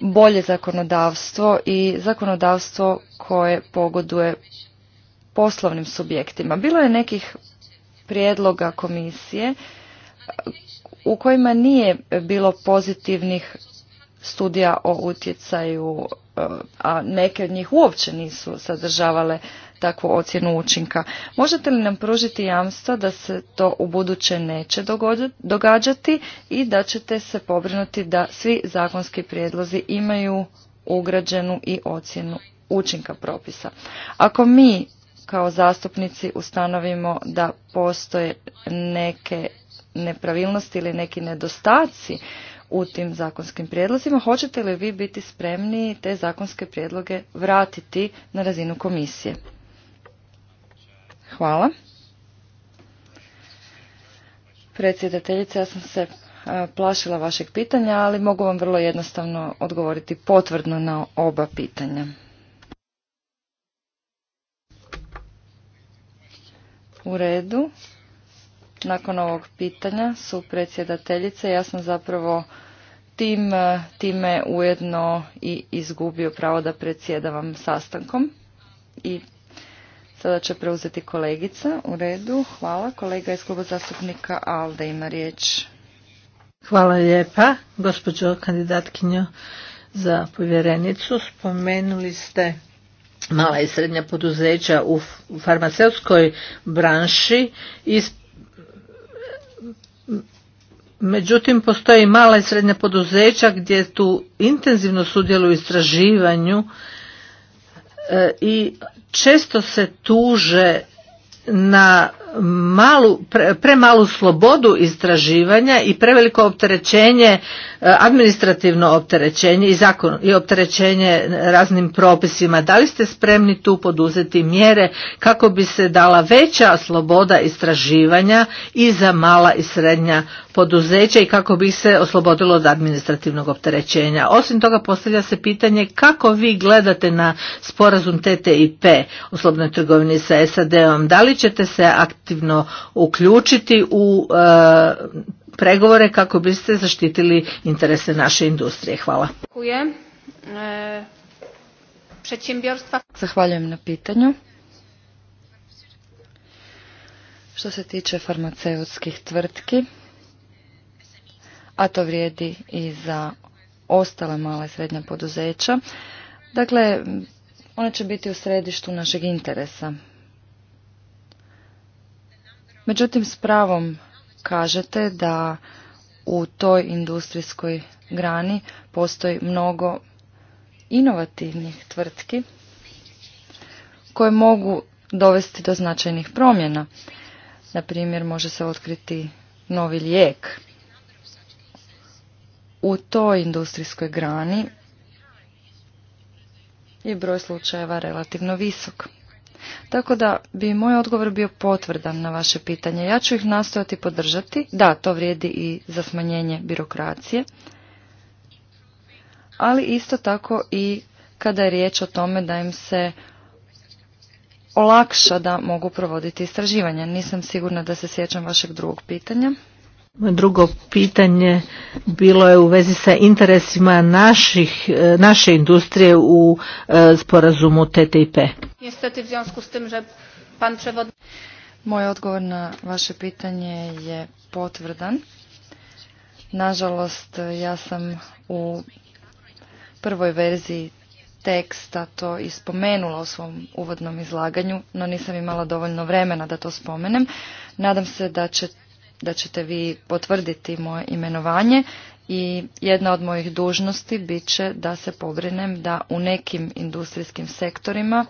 bolje zakonodavstvo i zakonodavstvo koje pogoduje poslovnim subjektima. Bilo je nekih prijedloga komisije e, u kojima nije bilo pozitivnih studija o utjecaju a neke od njih uopće nisu sadržavale takvu ocjenu učinka. Možete li nam pružiti jamstvo da se to u buduće neće događati i da ćete se pobrinuti da svi zakonski prijedlozi imaju ugrađenu i ocjenu učinka propisa. Ako mi kao zastupnici ustanovimo da postoje neke nepravilnosti ili neki nedostaci u tim zakonskim prijedlozima. Hoćete li vi biti spremni te zakonske prijedloge vratiti na razinu komisije? Hvala. Predsjedateljice, ja sam se e, plašila vašeg pitanja, ali mogu vam vrlo jednostavno odgovoriti potvrdno na oba pitanja. U redu. Nakon ovog pitanja su predsjedateljice, ja sam zapravo tim, e, time ujedno i izgubio pravo da predsjedavam sastankom. I sada će preuzeti kolegica. U redu, hvala. Kolega iz kluba zastupnika Alde ima riječ.
Hvala lijepa, gospođo kandidatkinjo za povjerenicu. Spomenuli ste mala i srednja poduzeća u farmaceutskoj branši i Međutim, postoje mala i srednja poduzeća gdje tu intenzivno sudjeluju u istraživanju e, i često se tuže na malu, pre, premalu slobodu istraživanja i preveliko opterećenje, e, administrativno opterećenje i, zakon, i opterećenje raznim propisima. Da li ste spremni tu poduzeti mjere kako bi se dala veća sloboda istraživanja i za mala i srednja poduzeća i kako bi se oslobodilo od administrativnog opterećenja. Osim toga postavlja se pitanje kako vi gledate na sporazum TTIP u slobnoj trgovini sa SAD-om. Da li ćete se aktivno aktivno uključiti u e, pregovore kako biste zaštitili interese naše industrije. Hvala.
E,
Zahvaljujem na pitanju. Što se tiče farmaceutskih tvrtki, a to vrijedi i za ostale male i srednja poduzeća, dakle, one će biti u središtu našeg interesa Međutim, s pravom kažete da u toj industrijskoj grani postoji mnogo inovativnih tvrtki koje mogu dovesti do značajnih promjena. Na primjer, može se otkriti novi lijek. U toj industrijskoj grani je broj slučajeva relativno visok. Tako da bi moj odgovor bio potvrdan na vaše pitanje. Ja ću ih nastojati podržati. Da, to vrijedi i za smanjenje birokracije. Ali isto tako i kada je riječ o tome da im se olakša da mogu provoditi istraživanja. Nisam sigurna da se sjećam vašeg drugog pitanja.
Moje drugo pitanje bilo je u vezi sa interesima naših, e, naše industrije u e, sporazumu TTIP.
Niestety w związku z tym, pan Moj odgovor na vaše pitanje je potvrdan. Nažalost, ja sam u prvoj verziji teksta to i spomenula u svom uvodnom izlaganju, no nisam imala dovoljno vremena da to spomenem. Nadam se da će da ćete vi potvrditi moje imenovanje i jedna od mojih dužnosti bit će da se pobrinem da u nekim industrijskim sektorima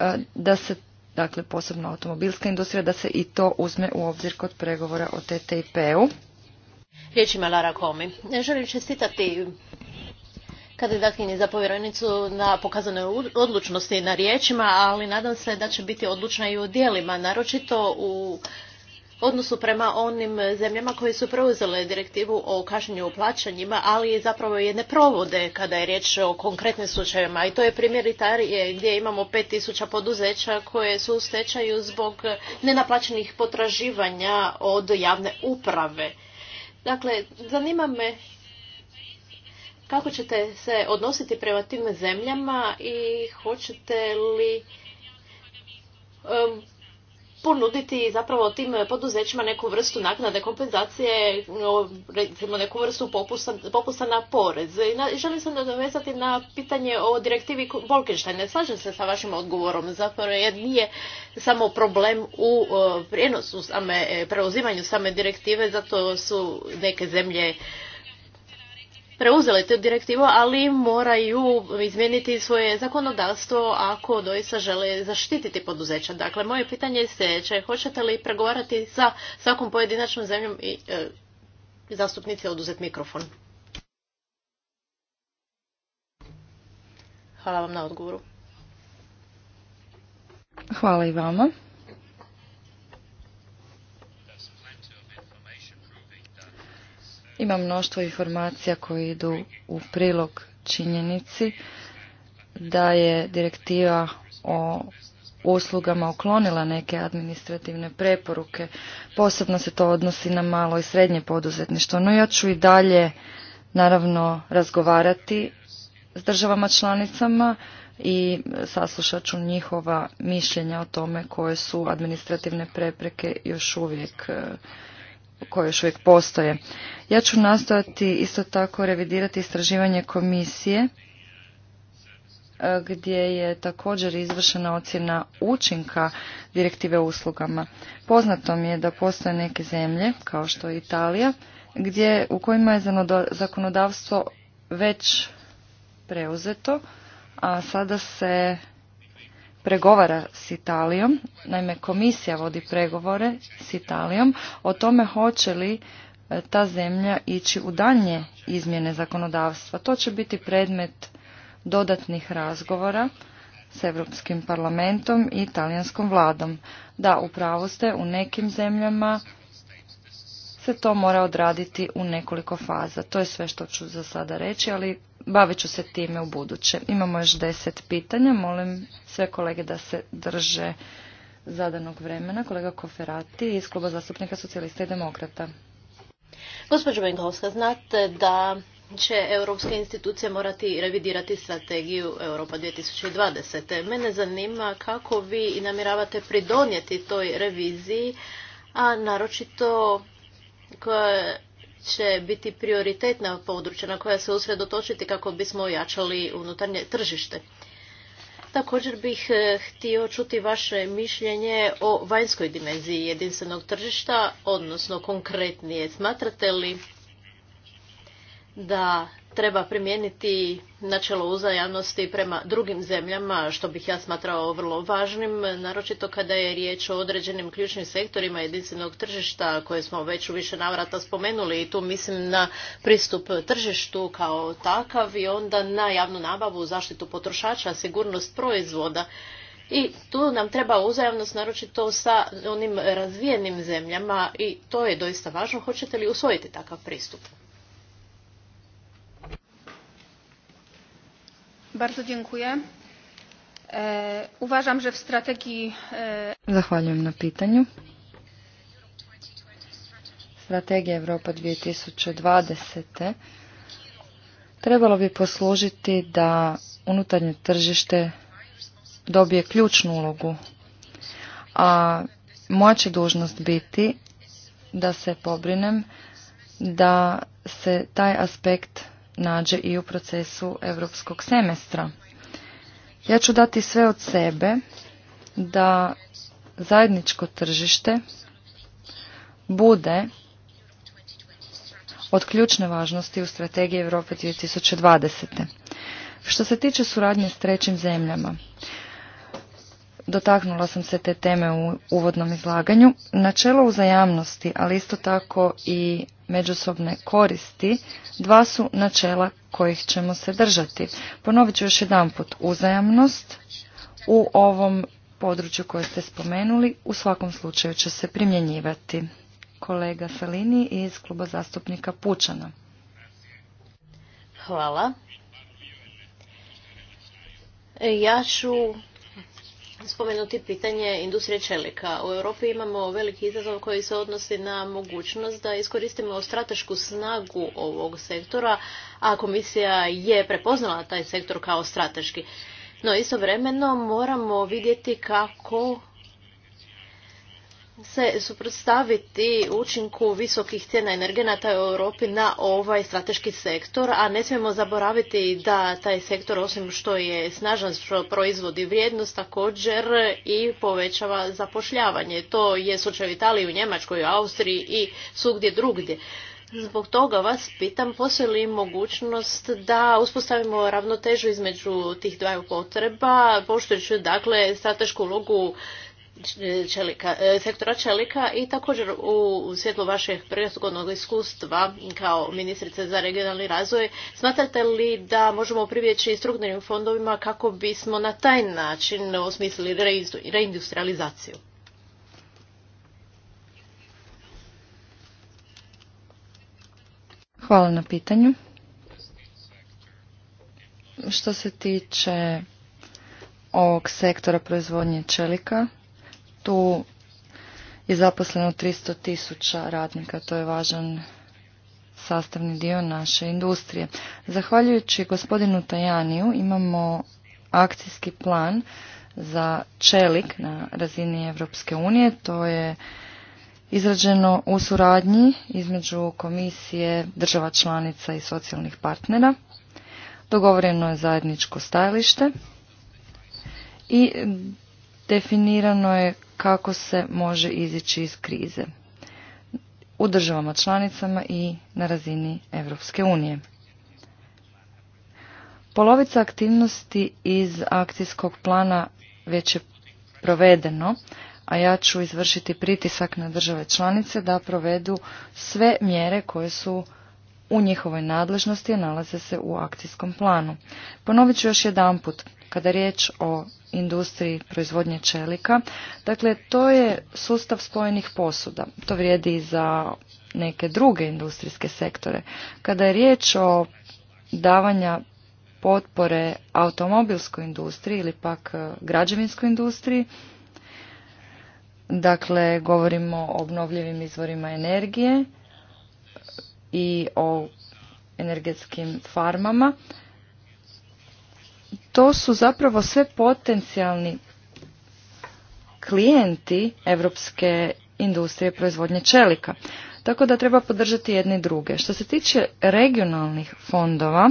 e, da se dakle posebno automobilska industrija da se i to uzme u obzir kod pregovora o TTIP-u.
Riječ ima Lara Komi. Želim čestitati kandidatkinji za povjerenicu na pokazanoj odlučnosti na riječima, ali nadam se da će biti odlučna i u dijelima, naročito u odnosu prema onim zemljama koje su preuzele direktivu o kašnjenju u plaćanjima, ali zapravo je ne provode kada je riječ o konkretnim slučajevima. I to je primjer Italije gdje imamo 5000 poduzeća koje su u stečaju zbog nenaplaćenih potraživanja od javne uprave. Dakle, zanima me kako ćete se odnositi prema tim zemljama i hoćete li ponuditi zapravo tim poduzećima neku vrstu naknade kompenzacije, recimo neku vrstu popusta, na porez. I na, želim se na pitanje o direktivi Bolkenstein. slažem se sa vašim odgovorom, zapravo jer nije samo problem u prijenosu same, e, preuzimanju same direktive, zato su neke zemlje preuzeli tu direktivu, ali moraju izmijeniti svoje zakonodavstvo ako doista žele zaštititi poduzeća. Dakle, moje pitanje je sljedeće. Hoćete li pregovarati sa svakom pojedinačnom zemljom i e, zastupnici oduzet mikrofon? Hvala vam na odgovoru.
Hvala i vama. Ima mnoštvo informacija koje idu u prilog činjenici da je direktiva o uslugama uklonila neke administrativne preporuke. Posebno se to odnosi na malo i srednje poduzetništvo. No ja ću i dalje naravno razgovarati s državama članicama i saslušat ću njihova mišljenja o tome koje su administrativne prepreke još uvijek e, koje još uvijek postoje. Ja ću nastojati isto tako revidirati istraživanje komisije e, gdje je također izvršena ocjena učinka direktive o uslugama. Poznato mi je da postoje neke zemlje, kao što je Italija, gdje, u kojima je zakonodavstvo već preuzeto, a sada se pregovara s Italijom. Naime, komisija vodi pregovore s Italijom o tome hoće li e, ta zemlja ići u daljnje izmjene zakonodavstva. To će biti predmet dodatnih razgovora s Europskim parlamentom i italijanskom vladom. Da, upravo ste, u nekim zemljama se to mora odraditi u nekoliko faza. To je sve što ću za sada reći, ali bavit ću se time u buduće. Imamo još deset pitanja, molim sve kolege da se drže zadanog vremena. Kolega Koferati iz Kluba zastupnika socijalista i demokrata.
Gospođo Benkovska, znate da će europske institucije morati revidirati strategiju Europa 2020. Mene zanima kako vi namjeravate pridonijeti toj reviziji, a naročito koje će biti prioritetna područja na koja se usredotočiti kako bismo ojačali unutarnje tržište. Također bih e, htio čuti vaše mišljenje o vanjskoj dimenziji jedinstvenog tržišta, odnosno konkretnije smatrate li da treba primijeniti načelo uzajamnosti prema drugim zemljama, što bih ja smatrao vrlo važnim, naročito kada je riječ o određenim ključnim sektorima jedinstvenog tržišta koje smo već u više navrata spomenuli i tu mislim na pristup tržištu kao takav i onda na javnu nabavu, zaštitu potrošača, sigurnost proizvoda. I tu nam treba uzajamnost, naročito sa onim razvijenim zemljama i to je doista važno. Hoćete li usvojiti takav pristup?
Bardzo e, e,
Zahvaljujem na pitanju. Strategija Europa 2020. Trebalo bi poslužiti da unutarnje tržište dobije ključnu ulogu. A moja će dužnost biti da se pobrinem da se taj aspekt nađe i u procesu europskog semestra. Ja ću dati sve od sebe da zajedničko tržište bude od ključne važnosti u strategiji Europe 2020. Što se tiče suradnje s trećim zemljama, dotaknula sam se te teme u uvodnom izlaganju. Načelo uzajamnosti, ali isto tako i međusobne koristi, dva su načela kojih ćemo se držati. Ponovit ću još jedanput uzajamnost u ovom području koje ste spomenuli u svakom slučaju će se primjenjivati. Kolega Salini iz kluba zastupnika Pučana.
Hvala. Ja ću spomenuti pitanje industrije čelika. U Europi imamo veliki izazov koji se odnosi na mogućnost da iskoristimo stratešku snagu ovog sektora, a komisija je prepoznala taj sektor kao strateški. No istovremeno moramo vidjeti kako se suprotstaviti učinku visokih cijena energenata u Europi na ovaj strateški sektor, a ne smijemo zaboraviti da taj sektor, osim što je snažan što proizvodi vrijednost, također i povećava zapošljavanje. To je slučaj u Italiji, u Njemačkoj, u Austriji i svugdje drugdje. Zbog toga vas pitam, postoji li mogućnost da uspostavimo ravnotežu između tih dvaju potreba, poštujući dakle stratešku ulogu čelika, e, sektora čelika i također u svjetlu vašeg prethodnog iskustva kao ministrice za regionalni razvoj, smatrate li da možemo privjeći strukturnim fondovima kako bismo na taj način osmislili reindustrializaciju?
Hvala na pitanju. Što se tiče ovog sektora proizvodnje čelika, tu je zaposleno 300 tisuća radnika, to je važan sastavni dio naše industrije. Zahvaljujući gospodinu Tajaniju imamo akcijski plan za čelik na razini Evropske unije, to je izrađeno u suradnji između komisije država članica i socijalnih partnera. Dogovoreno je zajedničko stajalište i definirano je kako se može izići iz krize u državama članicama i na razini Europske unije. Polovica aktivnosti iz akcijskog plana već je provedeno, a ja ću izvršiti pritisak na države članice da provedu sve mjere koje su u njihovoj nadležnosti nalaze se u akcijskom planu. Ponovit ću još jedanput, kada je riječ o industriji proizvodnje čelika. Dakle, to je sustav spojenih posuda. To vrijedi i za neke druge industrijske sektore. Kada je riječ o davanja potpore automobilskoj industriji ili pak e, građevinskoj industriji, dakle, govorimo o obnovljivim izvorima energije i o energetskim farmama to su zapravo sve potencijalni klijenti europske industrije proizvodnje čelika. Tako da treba podržati jedni druge. Što se tiče regionalnih fondova,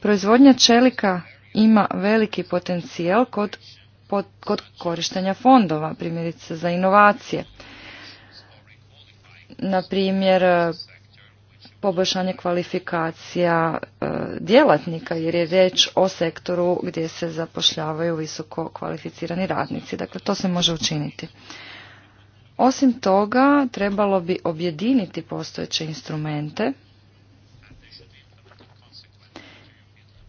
proizvodnja čelika ima veliki potencijal kod, kod korištenja fondova, primjerice za inovacije. Na primjer, poboljšanje kvalifikacija e, djelatnika jer je riječ o sektoru gdje se zapošljavaju visoko kvalificirani radnici. Dakle, to se može učiniti. Osim toga, trebalo bi objediniti postojeće instrumente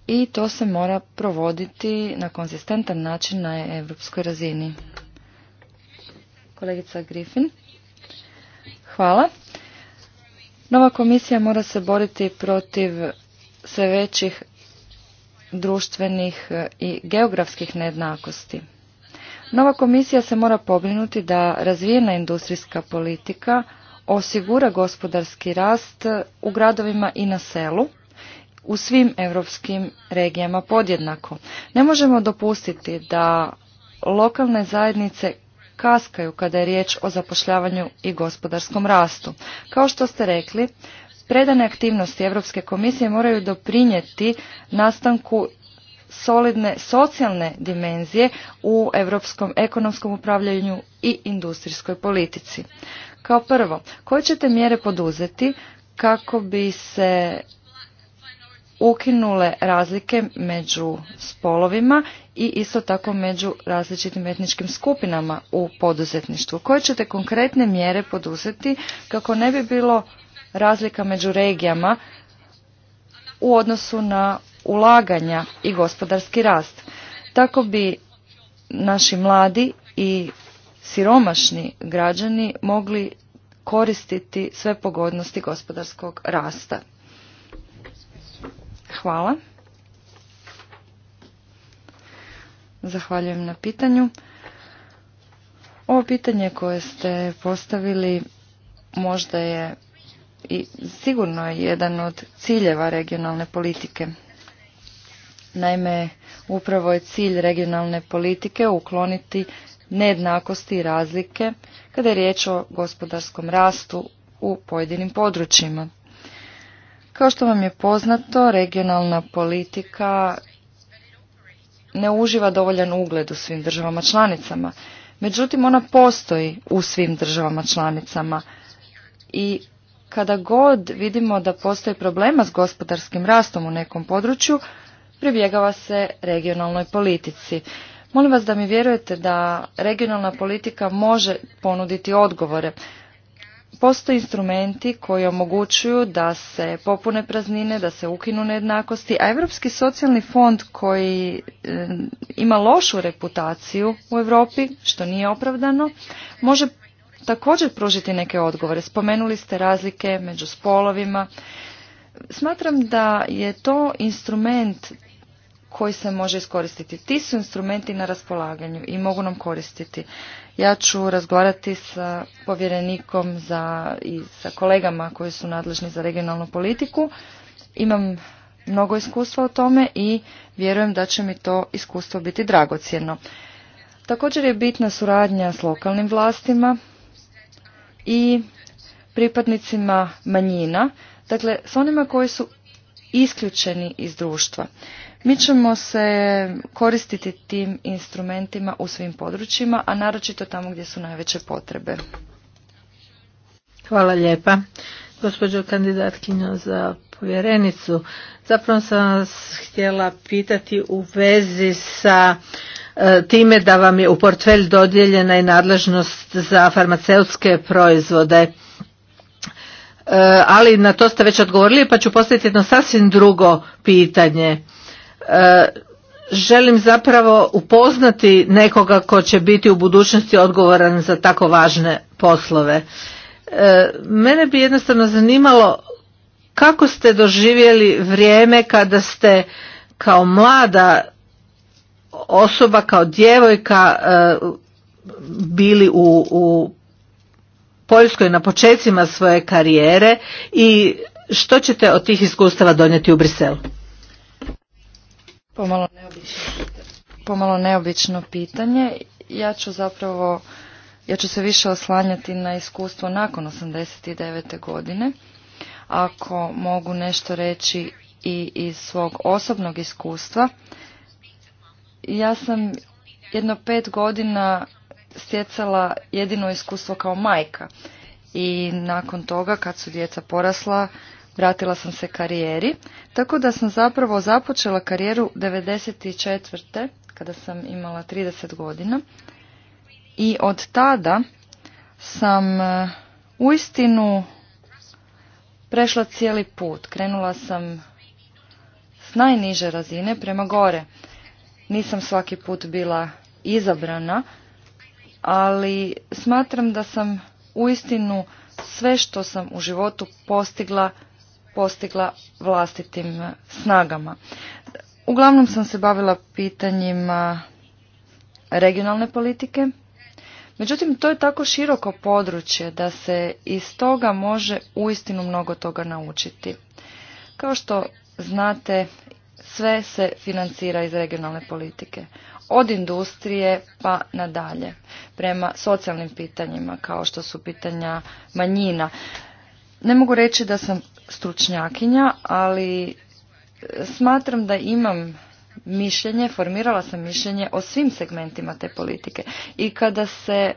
i to se mora provoditi na konzistentan način na evropskoj razini. Kolegica Griffin. Hvala. Nova komisija mora se boriti protiv sve većih društvenih e, i geografskih nejednakosti. Nova komisija se mora pobrinuti da razvijena industrijska politika osigura gospodarski rast u gradovima i na selu u svim europskim regijama podjednako. Ne možemo dopustiti da lokalne zajednice kaskaju kada je riječ o zapošljavanju i gospodarskom rastu. Kao što ste rekli, predane aktivnosti Europske komisije moraju doprinijeti nastanku solidne socijalne dimenzije u europskom ekonomskom upravljanju i industrijskoj politici. Kao prvo, koje ćete mjere poduzeti kako bi se ukinule razlike među spolovima i isto tako među različitim etničkim skupinama u poduzetništvu. Koje ćete konkretne mjere poduzeti kako ne bi bilo razlika među regijama u odnosu na ulaganja i gospodarski rast? Tako bi naši mladi i siromašni građani mogli koristiti sve pogodnosti gospodarskog rasta. Hvala. Zahvaljujem na pitanju. Ovo pitanje koje ste postavili možda je i sigurno je jedan od ciljeva regionalne politike. Naime, upravo je cilj regionalne politike ukloniti nejednakosti i razlike kada je riječ o gospodarskom rastu u pojedinim područjima. Kao što vam je poznato, regionalna politika ne uživa dovoljan ugled u svim državama članicama. Međutim, ona postoji u svim državama članicama i kada god vidimo da postoji problema s gospodarskim rastom u nekom području, pribjegava se regionalnoj politici. Molim vas da mi vjerujete da regionalna politika može ponuditi odgovore. Postoje instrumenti koji omogućuju da se popune praznine, da se ukinu nejednakosti, a Europski socijalni fond koji eh, ima lošu reputaciju u Europi, što nije opravdano, može također pružiti neke odgovore. Spomenuli ste razlike među spolovima. Smatram da je to instrument koji se može iskoristiti. Ti su instrumenti na raspolaganju i mogu nam koristiti. Ja ću razgovarati sa povjerenikom za, i sa kolegama koji su nadležni za regionalnu politiku. Imam mnogo iskustva o tome i vjerujem da će mi to iskustvo biti dragocjeno. Također je bitna suradnja s lokalnim vlastima i pripadnicima manjina, dakle s onima koji su isključeni iz društva. Mi ćemo se koristiti tim instrumentima u svim područjima, a naročito tamo gdje su najveće potrebe.
Hvala lijepa. Gospođo kandidatkinjo za povjerenicu, zapravo sam vas htjela pitati u vezi sa e, time da vam je u portfelj dodijeljena i nadležnost za farmaceutske proizvode. E, ali na to ste već odgovorili, pa ću postaviti jedno sasvim drugo pitanje. E, želim zapravo upoznati nekoga ko će biti u budućnosti odgovoran za tako važne poslove. E, mene bi jednostavno zanimalo kako ste doživjeli vrijeme kada ste kao mlada osoba, kao djevojka e, bili u, u Poljskoj na počecima svoje karijere i što ćete od tih iskustava donijeti u Briselu?
pomalo neobično, pomalo neobično pitanje. Ja ću zapravo, ja ću se više oslanjati na iskustvo nakon 89. godine. Ako mogu nešto reći i iz svog osobnog iskustva, ja sam jedno pet godina stjecala jedino iskustvo kao majka. I nakon toga, kad su djeca porasla, vratila sam se karijeri, tako da sam zapravo započela karijeru 1994. kada sam imala 30 godina i od tada sam e, uistinu prešla cijeli put. Krenula sam s najniže razine prema gore. Nisam svaki put bila izabrana, ali smatram da sam uistinu sve što sam u životu postigla postigla vlastitim snagama. Uglavnom sam se bavila pitanjima regionalne politike. Međutim, to je tako široko područje da se iz toga može uistinu mnogo toga naučiti. Kao što znate, sve se financira iz regionalne politike. Od industrije pa nadalje. Prema socijalnim pitanjima, kao što su pitanja manjina. Ne mogu reći da sam stručnjakinja, ali e, smatram da imam mišljenje, formirala sam mišljenje o svim segmentima te politike. I kada se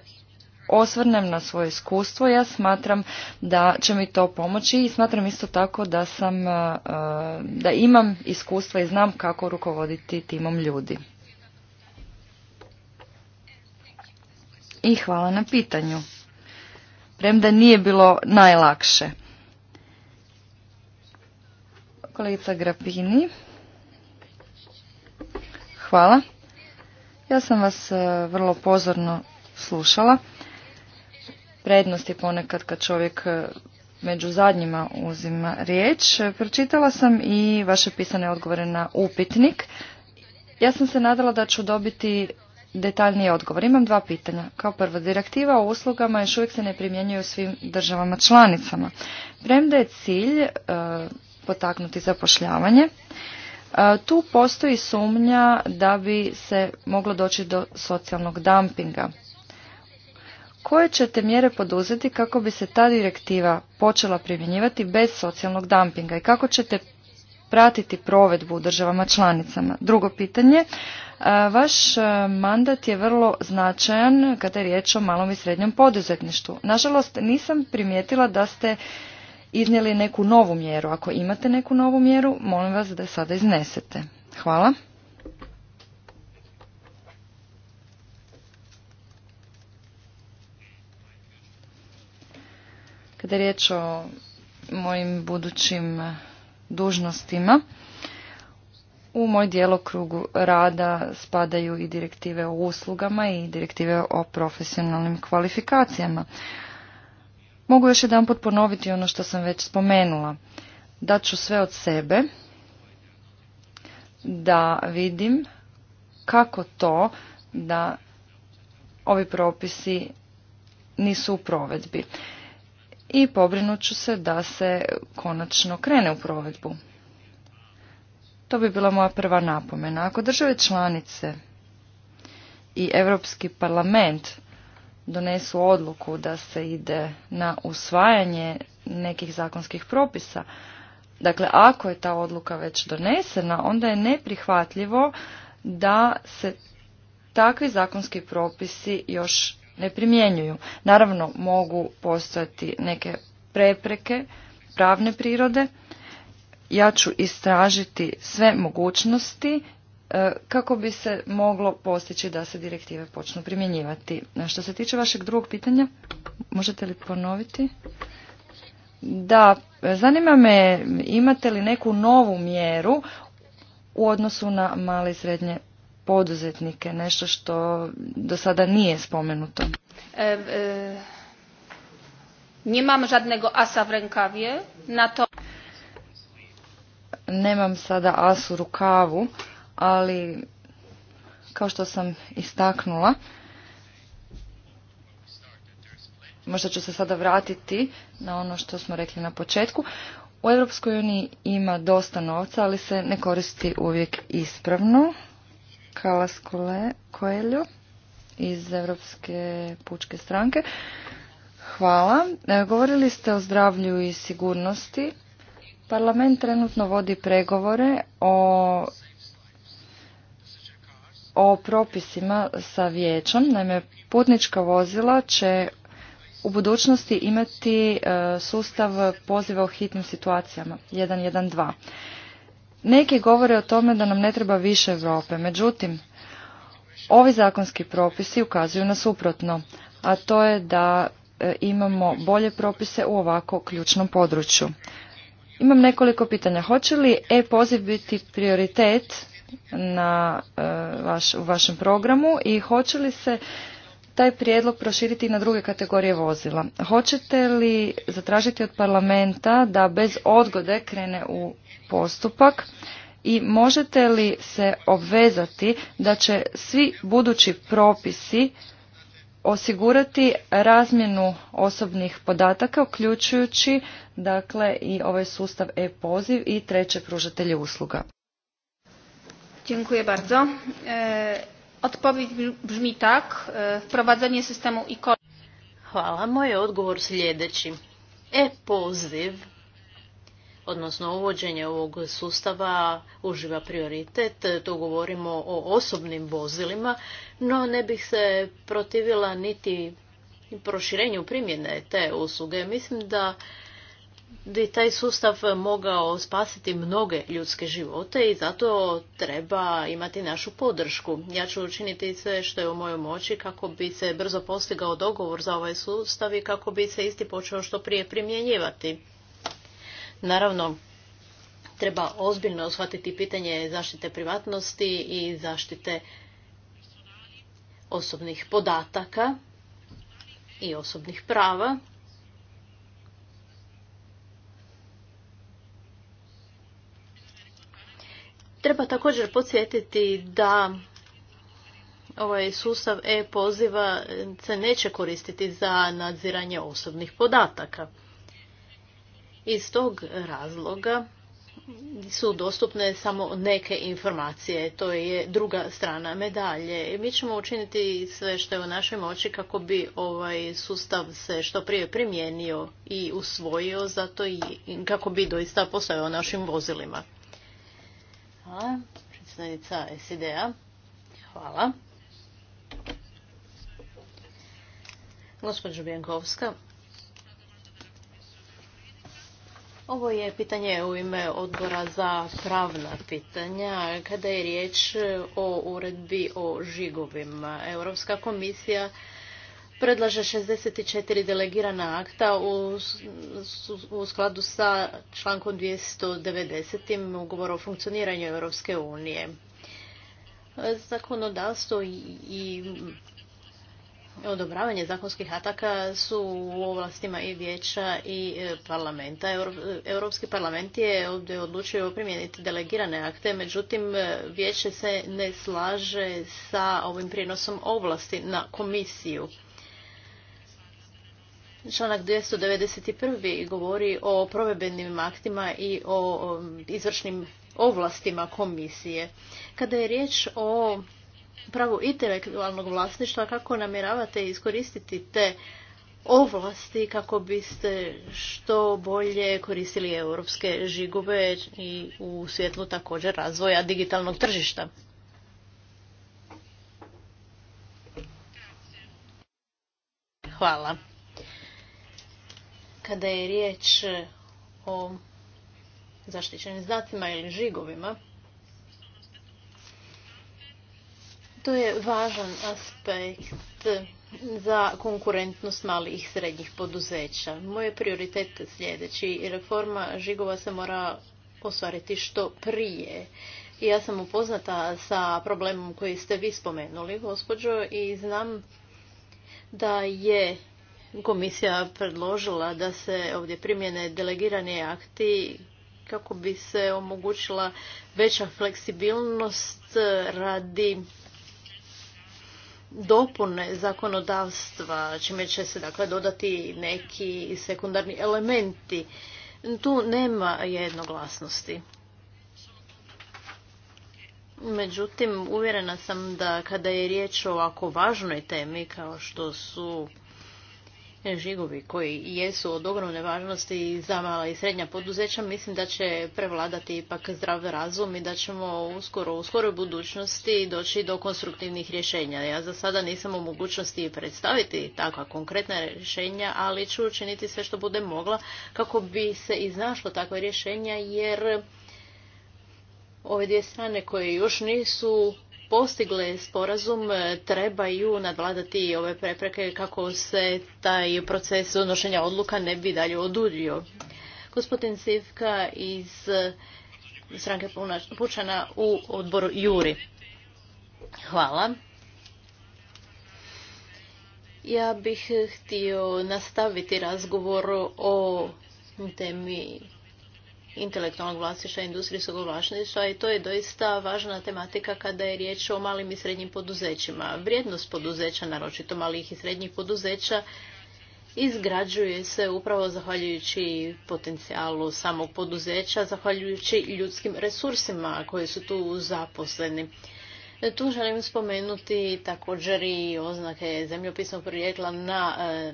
osvrnem na svoje iskustvo, ja smatram da će mi to pomoći i smatram isto tako da sam, e, e, da imam iskustva i znam kako rukovoditi timom ljudi. I hvala na pitanju. Premda nije bilo najlakše. Kolegica Grapini. Hvala. Ja sam vas e, vrlo pozorno slušala. Prednost je ponekad kad čovjek e, među zadnjima uzima riječ. E, pročitala sam i vaše pisane odgovore na upitnik. Ja sam se nadala da ću dobiti detaljniji odgovor. Imam dva pitanja. Kao prvo, direktiva o uslugama još uvijek se ne primjenjuje u svim državama članicama. Premda je cilj potaknuti zapošljavanje. E, tu postoji sumnja da bi se moglo doći do socijalnog dumpinga. Koje ćete mjere poduzeti kako bi se ta direktiva počela primjenjivati bez socijalnog dumpinga i kako ćete pratiti provedbu u državama članicama? Drugo pitanje, e, vaš e, mandat je vrlo značajan kada je riječ o malom i srednjem poduzetništvu. Nažalost, nisam primijetila da ste iznijeli neku novu mjeru. Ako imate neku novu mjeru, molim vas da je sada iznesete. Hvala. Kada je riječ o mojim budućim dužnostima, u moj djelokrugu rada spadaju i direktive o uslugama i direktive o profesionalnim kvalifikacijama. Mogu još jedanput ponoviti ono što sam već spomenula. da ću sve od sebe da vidim kako to da ovi propisi nisu u provedbi. I pobrinuću ću se da se konačno krene u provedbu. To bi bila moja prva napomena. Ako države članice i Europski parlament donesu odluku da se ide na usvajanje nekih zakonskih propisa. Dakle, ako je ta odluka već donesena, onda je neprihvatljivo da se takvi zakonski propisi još ne primjenjuju. Naravno, mogu postojati neke prepreke pravne prirode. Ja ću istražiti sve mogućnosti E, kako bi se moglo postići da se direktive počnu primjenjivati. E, što se tiče vašeg drugog pitanja, možete li ponoviti? Da, zanima me imate li neku novu mjeru u odnosu na male i srednje poduzetnike, nešto što do sada nije spomenuto.
E, e, asa w rękawie, na to...
Nemam sada asu rukavu, ali kao što sam istaknula, možda ću se sada vratiti na ono što smo rekli na početku. U Europskoj uniji ima dosta novca, ali se ne koristi uvijek ispravno. Kalas Koeljo iz Europske pučke stranke. Hvala. E, govorili ste o zdravlju i sigurnosti. Parlament trenutno vodi pregovore o o propisima sa vijećom. Naime, putnička vozila će u budućnosti imati e, sustav poziva u hitnim situacijama 112. Neki govore o tome da nam ne treba više Europe, međutim, ovi zakonski propisi ukazuju na suprotno, a to je da e, imamo bolje propise u ovako ključnom području. Imam nekoliko pitanja. Hoće li e-poziv biti prioritet na e, vaš, u vašem programu i hoće li se taj prijedlog proširiti na druge kategorije vozila. Hoćete li zatražiti od parlamenta da bez odgode krene u postupak i možete li se obvezati da će svi budući propisi osigurati razmjenu osobnih podataka uključujući dakle i ovaj sustav e-poziv i treće pružatelje usluga.
Dziękuję bardzo. E, odpowiedź brzmi tak. E, wprowadzenie systemu i Hvala. Moj odgovor sljedeći.
E-poziv, odnosno uvođenje ovog sustava, uživa prioritet. Tu govorimo o osobnim vozilima, no ne bih se protivila niti proširenju primjene te usluge. Mislim da bi taj sustav mogao spasiti mnoge ljudske živote i zato treba imati našu podršku. Ja ću učiniti sve što je u mojoj moći kako bi se brzo postigao dogovor za ovaj sustav i kako bi se isti počeo što prije primjenjivati. Naravno, treba ozbiljno shvatiti pitanje zaštite privatnosti i zaštite osobnih podataka i osobnih prava Treba također podsjetiti da ovaj sustav e-poziva se neće koristiti za nadziranje osobnih podataka. Iz tog razloga su dostupne samo neke informacije, to je druga strana medalje. Mi ćemo učiniti sve što je u našoj moći kako bi ovaj sustav se što prije primijenio i usvojio zato i kako bi doista postao našim vozilima. Hvala. Predstavnica SID-a. Hvala. Gospođo Bjankovska, Ovo je pitanje u ime odbora za pravna pitanja. Kada je riječ o uredbi o žigovima, Europska komisija predlaže 64 delegirana akta u, skladu sa člankom 290. ugovora o funkcioniranju Europske unije. Zakonodavstvo i, i odobravanje zakonskih ataka su u ovlastima i vijeća i e, parlamenta. Europski parlament je ovdje odlučio primijeniti delegirane akte, međutim e, vijeće se ne slaže sa ovim prijenosom ovlasti na komisiju. Članak 291. govori o provedbenim aktima i o izvršnim ovlastima komisije. Kada je riječ o pravu intelektualnog vlasništva, kako namjeravate iskoristiti te ovlasti kako biste što bolje koristili europske žigove i u svijetlu također razvoja digitalnog tržišta? Hvala kada je riječ o zaštićenim znacima ili žigovima, to je važan aspekt za konkurentnost malih i srednjih poduzeća. Moj je prioritet sljedeći. Reforma žigova se mora ostvariti što prije. Ja sam upoznata sa problemom koji ste vi spomenuli, gospođo, i znam da je komisija predložila da se ovdje primjene delegirani akti kako bi se omogućila veća fleksibilnost radi dopune zakonodavstva, čime će se dakle dodati neki sekundarni elementi. Tu nema jednoglasnosti. Međutim, uvjerena sam da kada je riječ o ovako važnoj temi kao što su žigovi koji jesu od ogromne važnosti za mala i srednja poduzeća, mislim da će prevladati ipak zdrav razum i da ćemo uskoro, u skoroj budućnosti doći do konstruktivnih rješenja. Ja za sada nisam u mogućnosti predstaviti takva konkretna rješenja, ali ću učiniti sve što bude mogla kako bi se iznašlo takva rješenja, jer ove dvije strane koje još nisu postigle sporazum e, trebaju nadvladati ove prepreke kako se taj proces donošenja odluka ne bi dalje odudio. Gospodin Sivka iz e, stranke Pučana u odboru Juri. Hvala. Ja bih htio nastaviti razgovor o temi intelektualnog vlasništva, industrijskog vlasništva i to je doista važna tematika kada je riječ o malim i srednjim poduzećima. Vrijednost poduzeća, naročito malih i srednjih poduzeća, izgrađuje se upravo zahvaljujući potencijalu samog poduzeća, zahvaljujući ljudskim resursima koji su tu zaposleni. Tu želim spomenuti također i oznake zemljopisnog porijekla na e,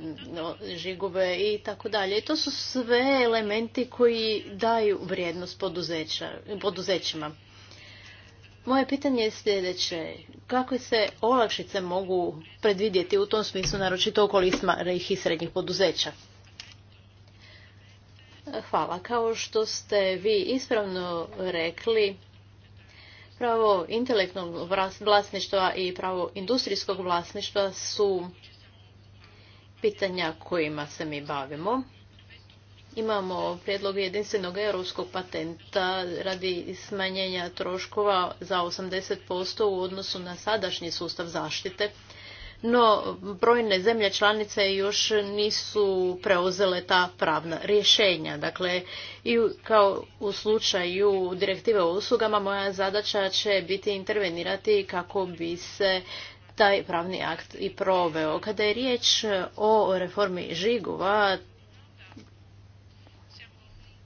žigube i tako dalje. I to su sve elementi koji daju vrijednost poduzećima. Moje pitanje je sljedeće. Kako se olakšice mogu predvidjeti u tom smislu, naročito okolisma rejih i srednjih poduzeća? Hvala. Kao što ste vi ispravno rekli, Pravo intelektnog vlasništva i pravo industrijskog vlasništva su pitanja kojima se mi bavimo. Imamo prijedlog jedinstvenog europskog patenta radi smanjenja troškova za 80% u odnosu na sadašnji sustav zaštite no brojne zemlje članice još nisu preuzele ta pravna rješenja. Dakle, i kao u slučaju direktive o uslugama, moja zadaća će biti intervenirati kako bi se taj pravni akt i proveo. Kada je riječ o reformi žigova,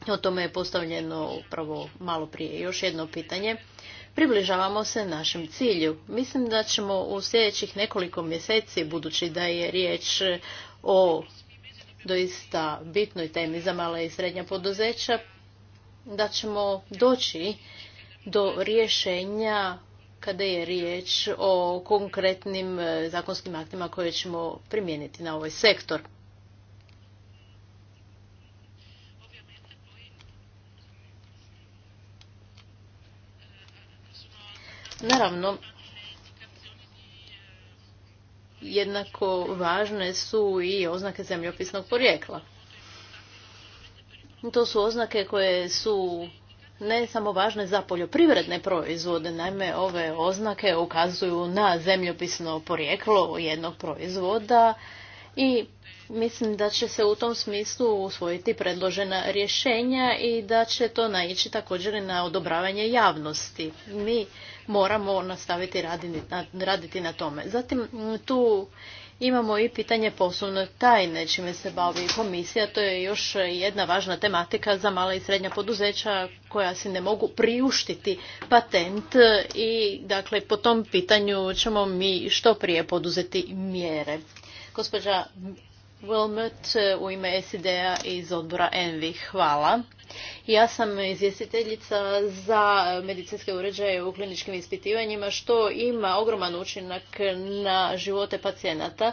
o tome je postavljeno upravo malo prije još jedno pitanje približavamo se našem cilju. Mislim da ćemo u sljedećih nekoliko mjeseci, budući da je riječ o doista bitnoj temi za mala i srednja poduzeća, da ćemo doći do rješenja kada je riječ o konkretnim zakonskim aktima koje ćemo primijeniti na ovaj sektor. Naravno, jednako važne su i oznake zemljopisnog porijekla. To su oznake koje su ne samo važne za poljoprivredne proizvode, naime ove oznake ukazuju na zemljopisno porijeklo jednog proizvoda i mislim da će se u tom smislu usvojiti predložena rješenja i da će to naići također na odobravanje javnosti. Mi moramo nastaviti raditi na tome. Zatim tu imamo i pitanje poslovne tajne čime se bavi komisija. To je još jedna važna tematika za mala i srednja poduzeća koja si ne mogu priuštiti patent i dakle po tom pitanju ćemo mi što prije poduzeti mjere. Gospođa Wilmot u ime SID-a iz odbora Envi. Hvala. Ja sam izvjestiteljica za medicinske uređaje u kliničkim ispitivanjima što ima ogroman učinak na živote pacijenata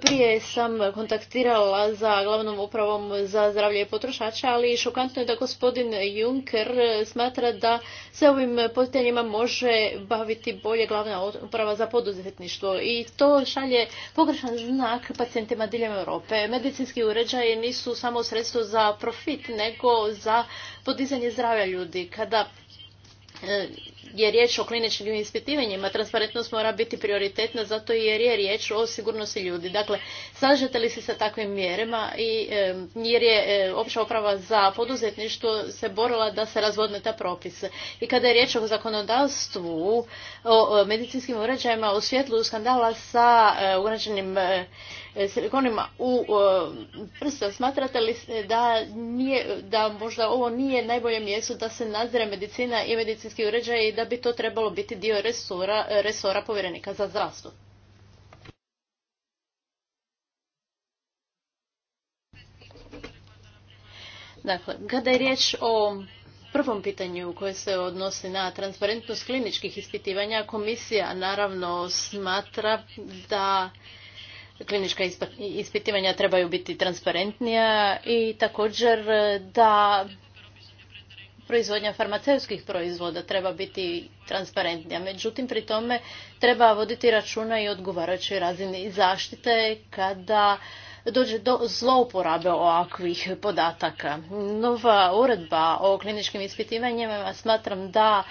prije sam kontaktirala za glavnom upravom za zdravlje potrošača, ali šokantno je da gospodin Juncker smatra da se ovim pitanjima može baviti bolje glavna uprava za poduzetništvo i to šalje pogrešan znak pacijentima diljem Europe. Medicinski uređaji nisu samo sredstvo za profit, nego za podizanje zdravlja ljudi. Kada e, je riječ o kliničkim ispitivanjima, transparentnost mora biti prioritetna zato jer je riječ o sigurnosti ljudi. Dakle, slažete li se sa takvim mjerama i jer je opća oprava za poduzetništvo se borila da se razvodne ta propise. I kada je riječ o zakonodavstvu, o medicinskim uređajima, u svjetlu skandala sa e, ugrađenim e, E, silikonima u e, prsa. Smatrate li da, nije, da možda ovo nije najbolje mjesto da se nadzire medicina i medicinski uređaj i da bi to trebalo biti dio resora, resora povjerenika za zdravstvo? Dakle, kada je riječ o prvom pitanju koje se odnosi na transparentnost kliničkih ispitivanja, komisija naravno smatra da klinička ispitivanja trebaju biti transparentnija i također da proizvodnja farmaceutskih proizvoda treba biti transparentnija. Međutim, pri tome treba voditi računa i odgovarajućoj razini zaštite kada dođe do zlouporabe ovakvih podataka. Nova uredba o kliničkim ispitivanjima smatram da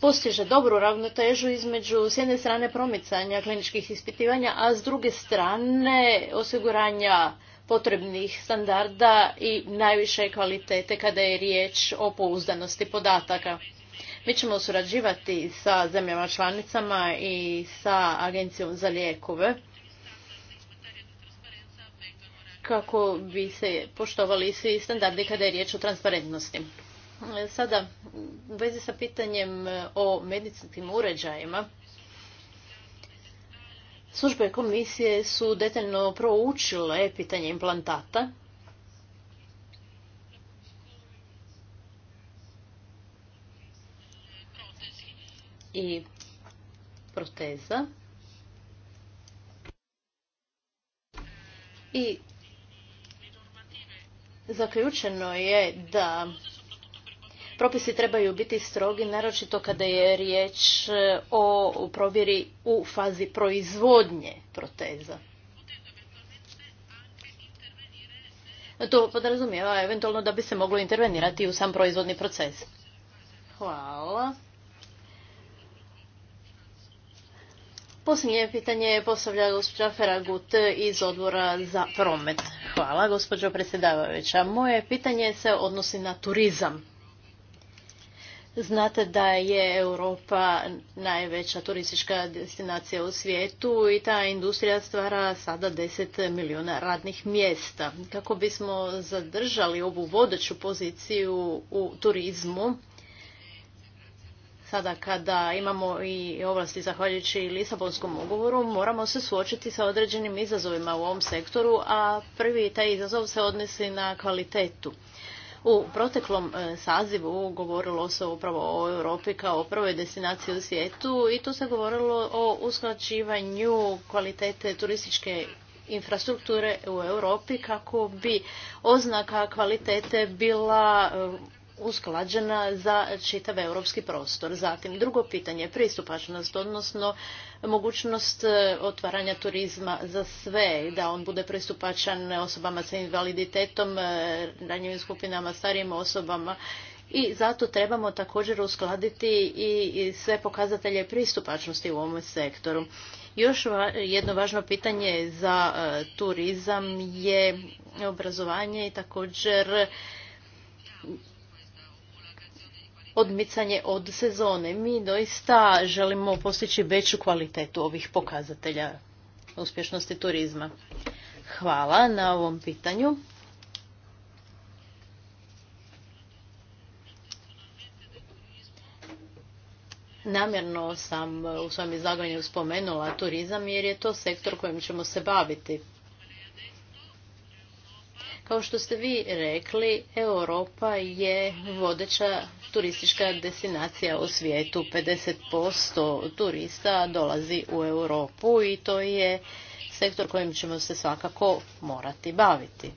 postiže dobru ravnotežu između s jedne strane promicanja kliničkih ispitivanja, a s druge strane osiguranja potrebnih standarda i najviše kvalitete kada je riječ o pouzdanosti podataka. Mi ćemo surađivati sa zemljama članicama i sa Agencijom za lijekove kako bi se poštovali svi standardi kada je riječ o transparentnosti. Sada, u vezi sa pitanjem e, o medicinskim uređajima, službe komisije su detaljno proučile pitanje implantata. I proteza. I zaključeno je da propisi trebaju biti strogi, naročito kada je riječ e, o provjeri u fazi proizvodnje proteza. To podrazumijeva eventualno da bi se moglo intervenirati u sam proizvodni proces. Hvala. Posljednje pitanje postavlja gospođa Feragut iz odbora za promet. Hvala gospođo predsjedavajuća. Moje pitanje se odnosi na turizam. Znate da je Europa najveća turistička destinacija u svijetu i ta industrija stvara sada 10 milijuna radnih mjesta. Kako bismo zadržali ovu vodeću poziciju u turizmu, sada kada imamo i ovlasti zahvaljujući Lisabonskom ugovoru, moramo se suočiti sa određenim izazovima u ovom sektoru, a prvi taj izazov se odnosi na kvalitetu. U proteklom e, sazivu govorilo se upravo o Europi kao prvoj destinaciji u svijetu i tu se govorilo o usklađivanju kvalitete turističke infrastrukture u Europi kako bi oznaka kvalitete bila e, usklađena za čitav europski prostor. Zatim drugo pitanje, je pristupačnost, odnosno mogućnost e, otvaranja turizma za sve, da on bude pristupačan osobama sa invaliditetom, e, ranjivim skupinama, starijim osobama i zato trebamo također uskladiti i sve pokazatelje pristupačnosti u ovom sektoru. Još jedno važno pitanje za e, turizam je obrazovanje i također odmicanje od sezone. Mi doista želimo postići veću kvalitetu ovih pokazatelja uspješnosti turizma. Hvala na ovom pitanju. Namjerno sam u svojom izlaganju spomenula turizam jer je to sektor kojim ćemo se baviti. Kao što ste vi rekli, Europa je vodeća turistička destinacija u svijetu. 50% turista dolazi u Europu i to je sektor kojim ćemo se svakako morati baviti.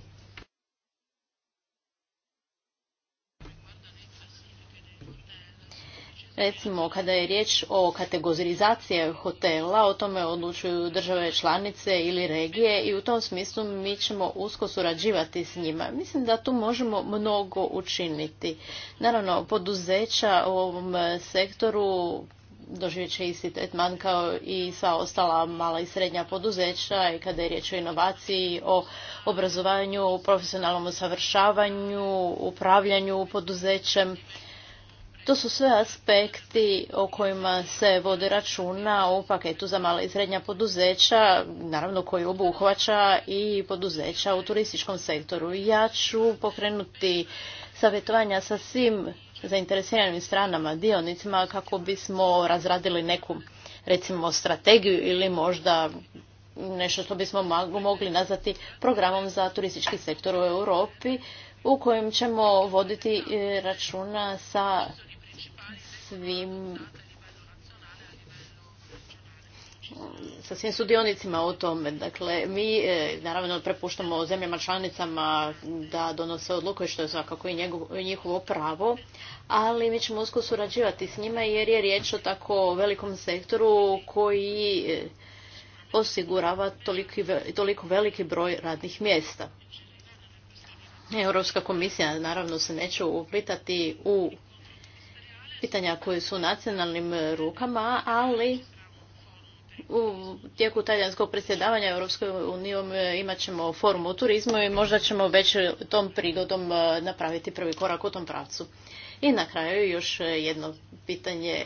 Recimo, kada je riječ o kategorizaciji hotela, o tome odlučuju države članice ili regije i u tom smislu mi ćemo usko surađivati s njima. Mislim da tu možemo mnogo učiniti. Naravno, poduzeća u ovom sektoru doživjet će isti tretman kao i sva ostala mala i srednja poduzeća i kada je riječ o inovaciji, o obrazovanju, profesionalnom usavršavanju, upravljanju poduzećem. To su sve aspekti o kojima se vode računa u paketu za mala i srednja poduzeća, naravno koji obuhvaća i poduzeća u turističkom sektoru. Ja ću pokrenuti savjetovanja sa svim zainteresiranim stranama, dionicima, kako bismo razradili neku recimo strategiju ili možda nešto što bismo mogli nazvati programom za turistički sektor u Europi u kojem ćemo voditi e, računa sa svim sa svim sudionicima o tome. Dakle, mi e, naravno prepuštamo zemljama članicama da donose odluke što je svakako i njihovo pravo, ali mi ćemo usko surađivati s njima jer je riječ o tako velikom sektoru koji e, osigurava toliko veliki broj radnih mjesta. Europska komisija naravno se neće uplitati u pitanja koje su u nacionalnim e, rukama, ali u tijeku talijanskog predsjedavanja Europskoj unijom e, imat ćemo forum o turizmu i možda ćemo već tom prigodom e, napraviti prvi korak u tom pravcu. I na kraju još jedno pitanje,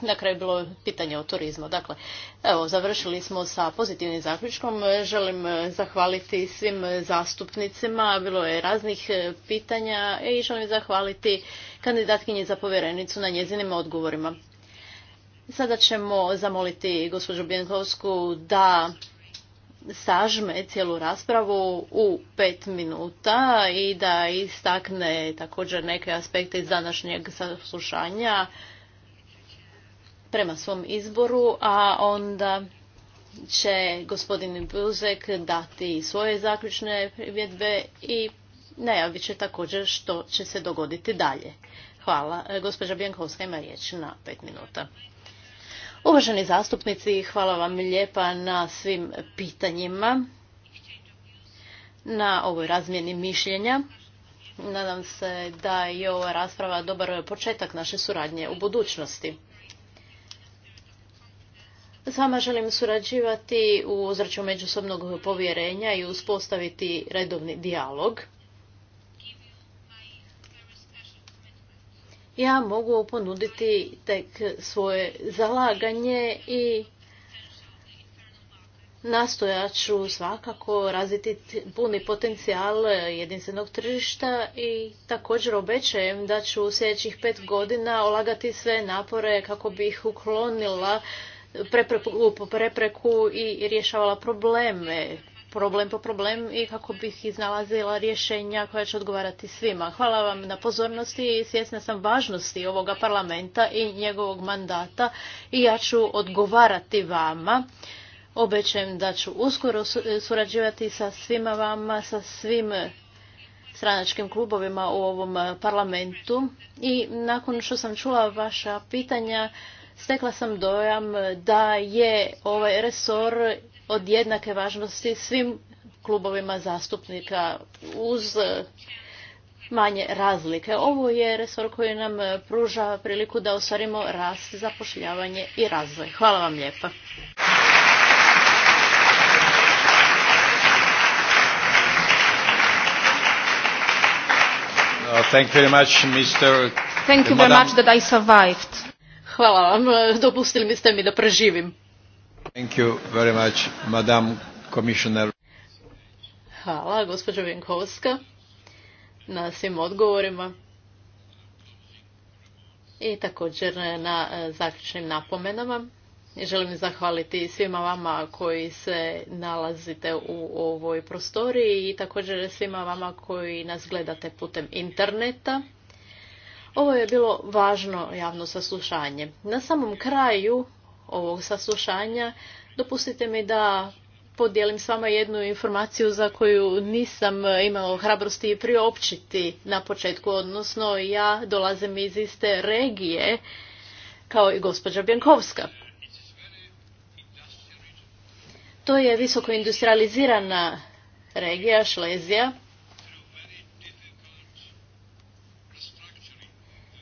na kraju bilo pitanje o turizmu. Dakle, evo, završili smo sa pozitivnim zaključkom. Želim zahvaliti svim zastupnicima, bilo je raznih pitanja i želim zahvaliti kandidatkinje za povjerenicu na njezinim odgovorima. Sada ćemo zamoliti gospođu Bjenkovsku da sažme cijelu raspravu u pet minuta i da istakne također neke aspekte iz današnjeg saslušanja prema svom izboru, a onda će gospodin Buzek dati svoje zaključne vjedbe i najavit će također što će se dogoditi dalje. Hvala. E, gospođa Bjankovska ima riječ na pet minuta. Uvaženi zastupnici, hvala vam lijepa na svim pitanjima, na ovoj razmjeni mišljenja. Nadam se da je ova rasprava dobar početak naše suradnje u budućnosti. S vama želim surađivati u ozračju međusobnog povjerenja i uspostaviti redovni dijalog. ja mogu ponuditi tek svoje zalaganje i nastojat ću svakako razviti puni potencijal jedinstvenog tržišta i također obećajem da ću u sljedećih pet godina olagati sve napore kako bih uklonila po prepreku i rješavala probleme problem po problem i kako bih iznalazila rješenja koja će odgovarati svima. Hvala vam na pozornosti i svjesna sam važnosti ovoga parlamenta i njegovog mandata i ja ću odgovarati vama. Obećajem da ću uskoro surađivati sa svima vama, sa svim stranačkim klubovima u ovom parlamentu i nakon što sam čula vaša pitanja stekla sam dojam da je ovaj resor od jednake važnosti svim klubovima zastupnika uz e, manje razlike. Ovo je resor koji nam e, pruža priliku da ostvarimo rast, zapošljavanje i razvoj. Hvala vam lijepa.
Uh, thank you very
I Hvala vam, (laughs) dopustili biste mi da preživim. Hvala, gospođo Vinkovska, na svim odgovorima i također na e, zaključnim napomenama. Želim zahvaliti svima vama koji se nalazite u ovoj prostoriji i također svima vama koji nas gledate putem interneta. Ovo je bilo važno javno saslušanje. Na samom kraju ovog saslušanja. Dopustite mi da podijelim s vama jednu informaciju za koju nisam imao hrabrosti priopćiti na početku, odnosno ja dolazim iz iste regije kao i gospođa Bjankovska. To je visoko industrializirana regija Šlezija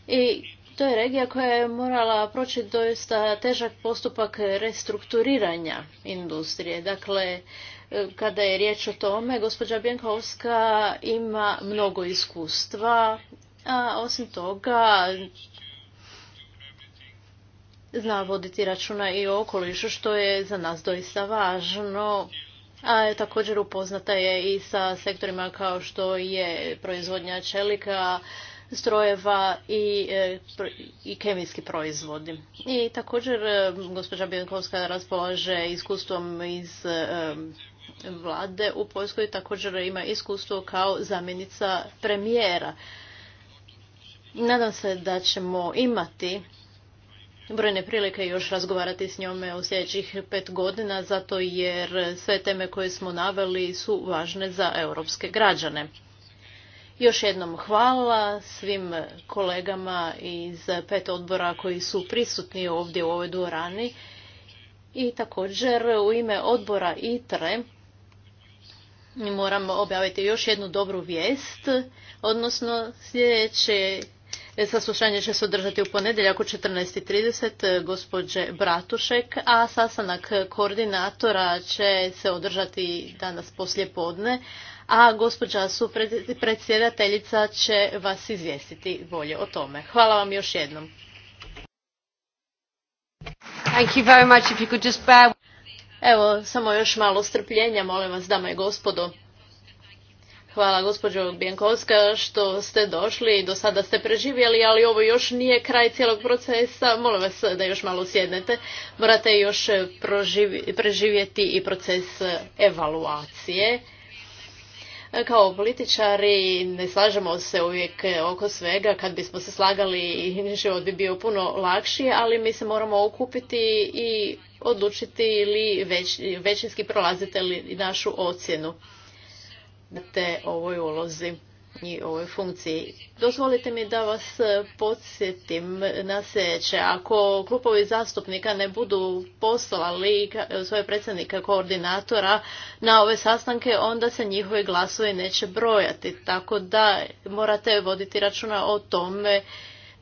i to je regija koja je morala proći doista težak postupak restrukturiranja industrije. Dakle, e, kada je riječ o tome, gospođa Bjenkovska ima mnogo iskustva, a osim toga zna voditi računa i o okolišu, što je za nas doista važno. A također upoznata je i sa sektorima kao što je proizvodnja čelika, strojeva i, e, i kemijski proizvodi. I također e, gospođa Bjenkovska raspolaže iskustvom iz e, vlade u Poljskoj također ima iskustvo kao zamjenica premijera. Nadam se da ćemo imati brojne prilike još razgovarati s njome u sljedećih pet godina, zato jer sve teme koje smo naveli su važne za europske građane. Još jednom hvala svim kolegama iz pet odbora koji su prisutni ovdje u ovoj dvorani i također u ime odbora ITRE moram objaviti još jednu dobru vijest, odnosno sljedeće saslušanje će se održati u ponedjeljak u 14.30 gospođe Bratušek, a sastanak koordinatora će se održati danas poslije podne, a gospođa su predsjedateljica će vas izvijestiti bolje o tome. Hvala vam još jednom. Evo, samo još malo strpljenja, molim vas, dame i gospodo. Hvala gospođo Bjenkovska što ste došli i do sada ste preživjeli, ali ovo još nije kraj cijelog procesa. Molim vas da još malo sjednete. Morate još preživjeti i proces evaluacije E, kao političari ne slažemo se uvijek e, oko svega. Kad bismo se slagali, (laughs) život bi bio puno lakši, ali mi se moramo okupiti i odlučiti ili većinski prolazite li našu ocjenu na te ovoj ulozi i ovoj funkciji. Dozvolite mi da vas e, podsjetim na sljedeće. Ako klubovi zastupnika ne budu poslali e, svoje predsjednika koordinatora na ove sastanke, onda se njihovi glasovi neće brojati. Tako da morate voditi računa o tome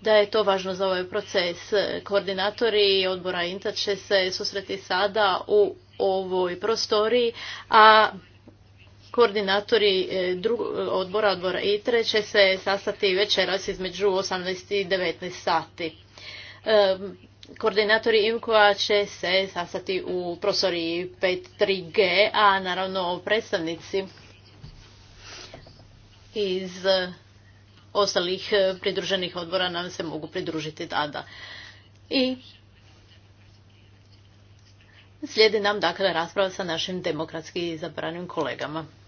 da je to važno za ovaj proces. Koordinatori odbora INTA će se susreti sada u ovoj prostoriji, a Koordinatori e, odbora odbora ITRE će se sastati večeras između 18 i 19 sati. E, koordinatori IMCO-a će se sastati u prosoriji 53G, a naravno predstavnici iz ostalih pridruženih odbora nam se mogu pridružiti tada. I slijedi nam dakle rasprava sa našim demokratski zabranim kolegama.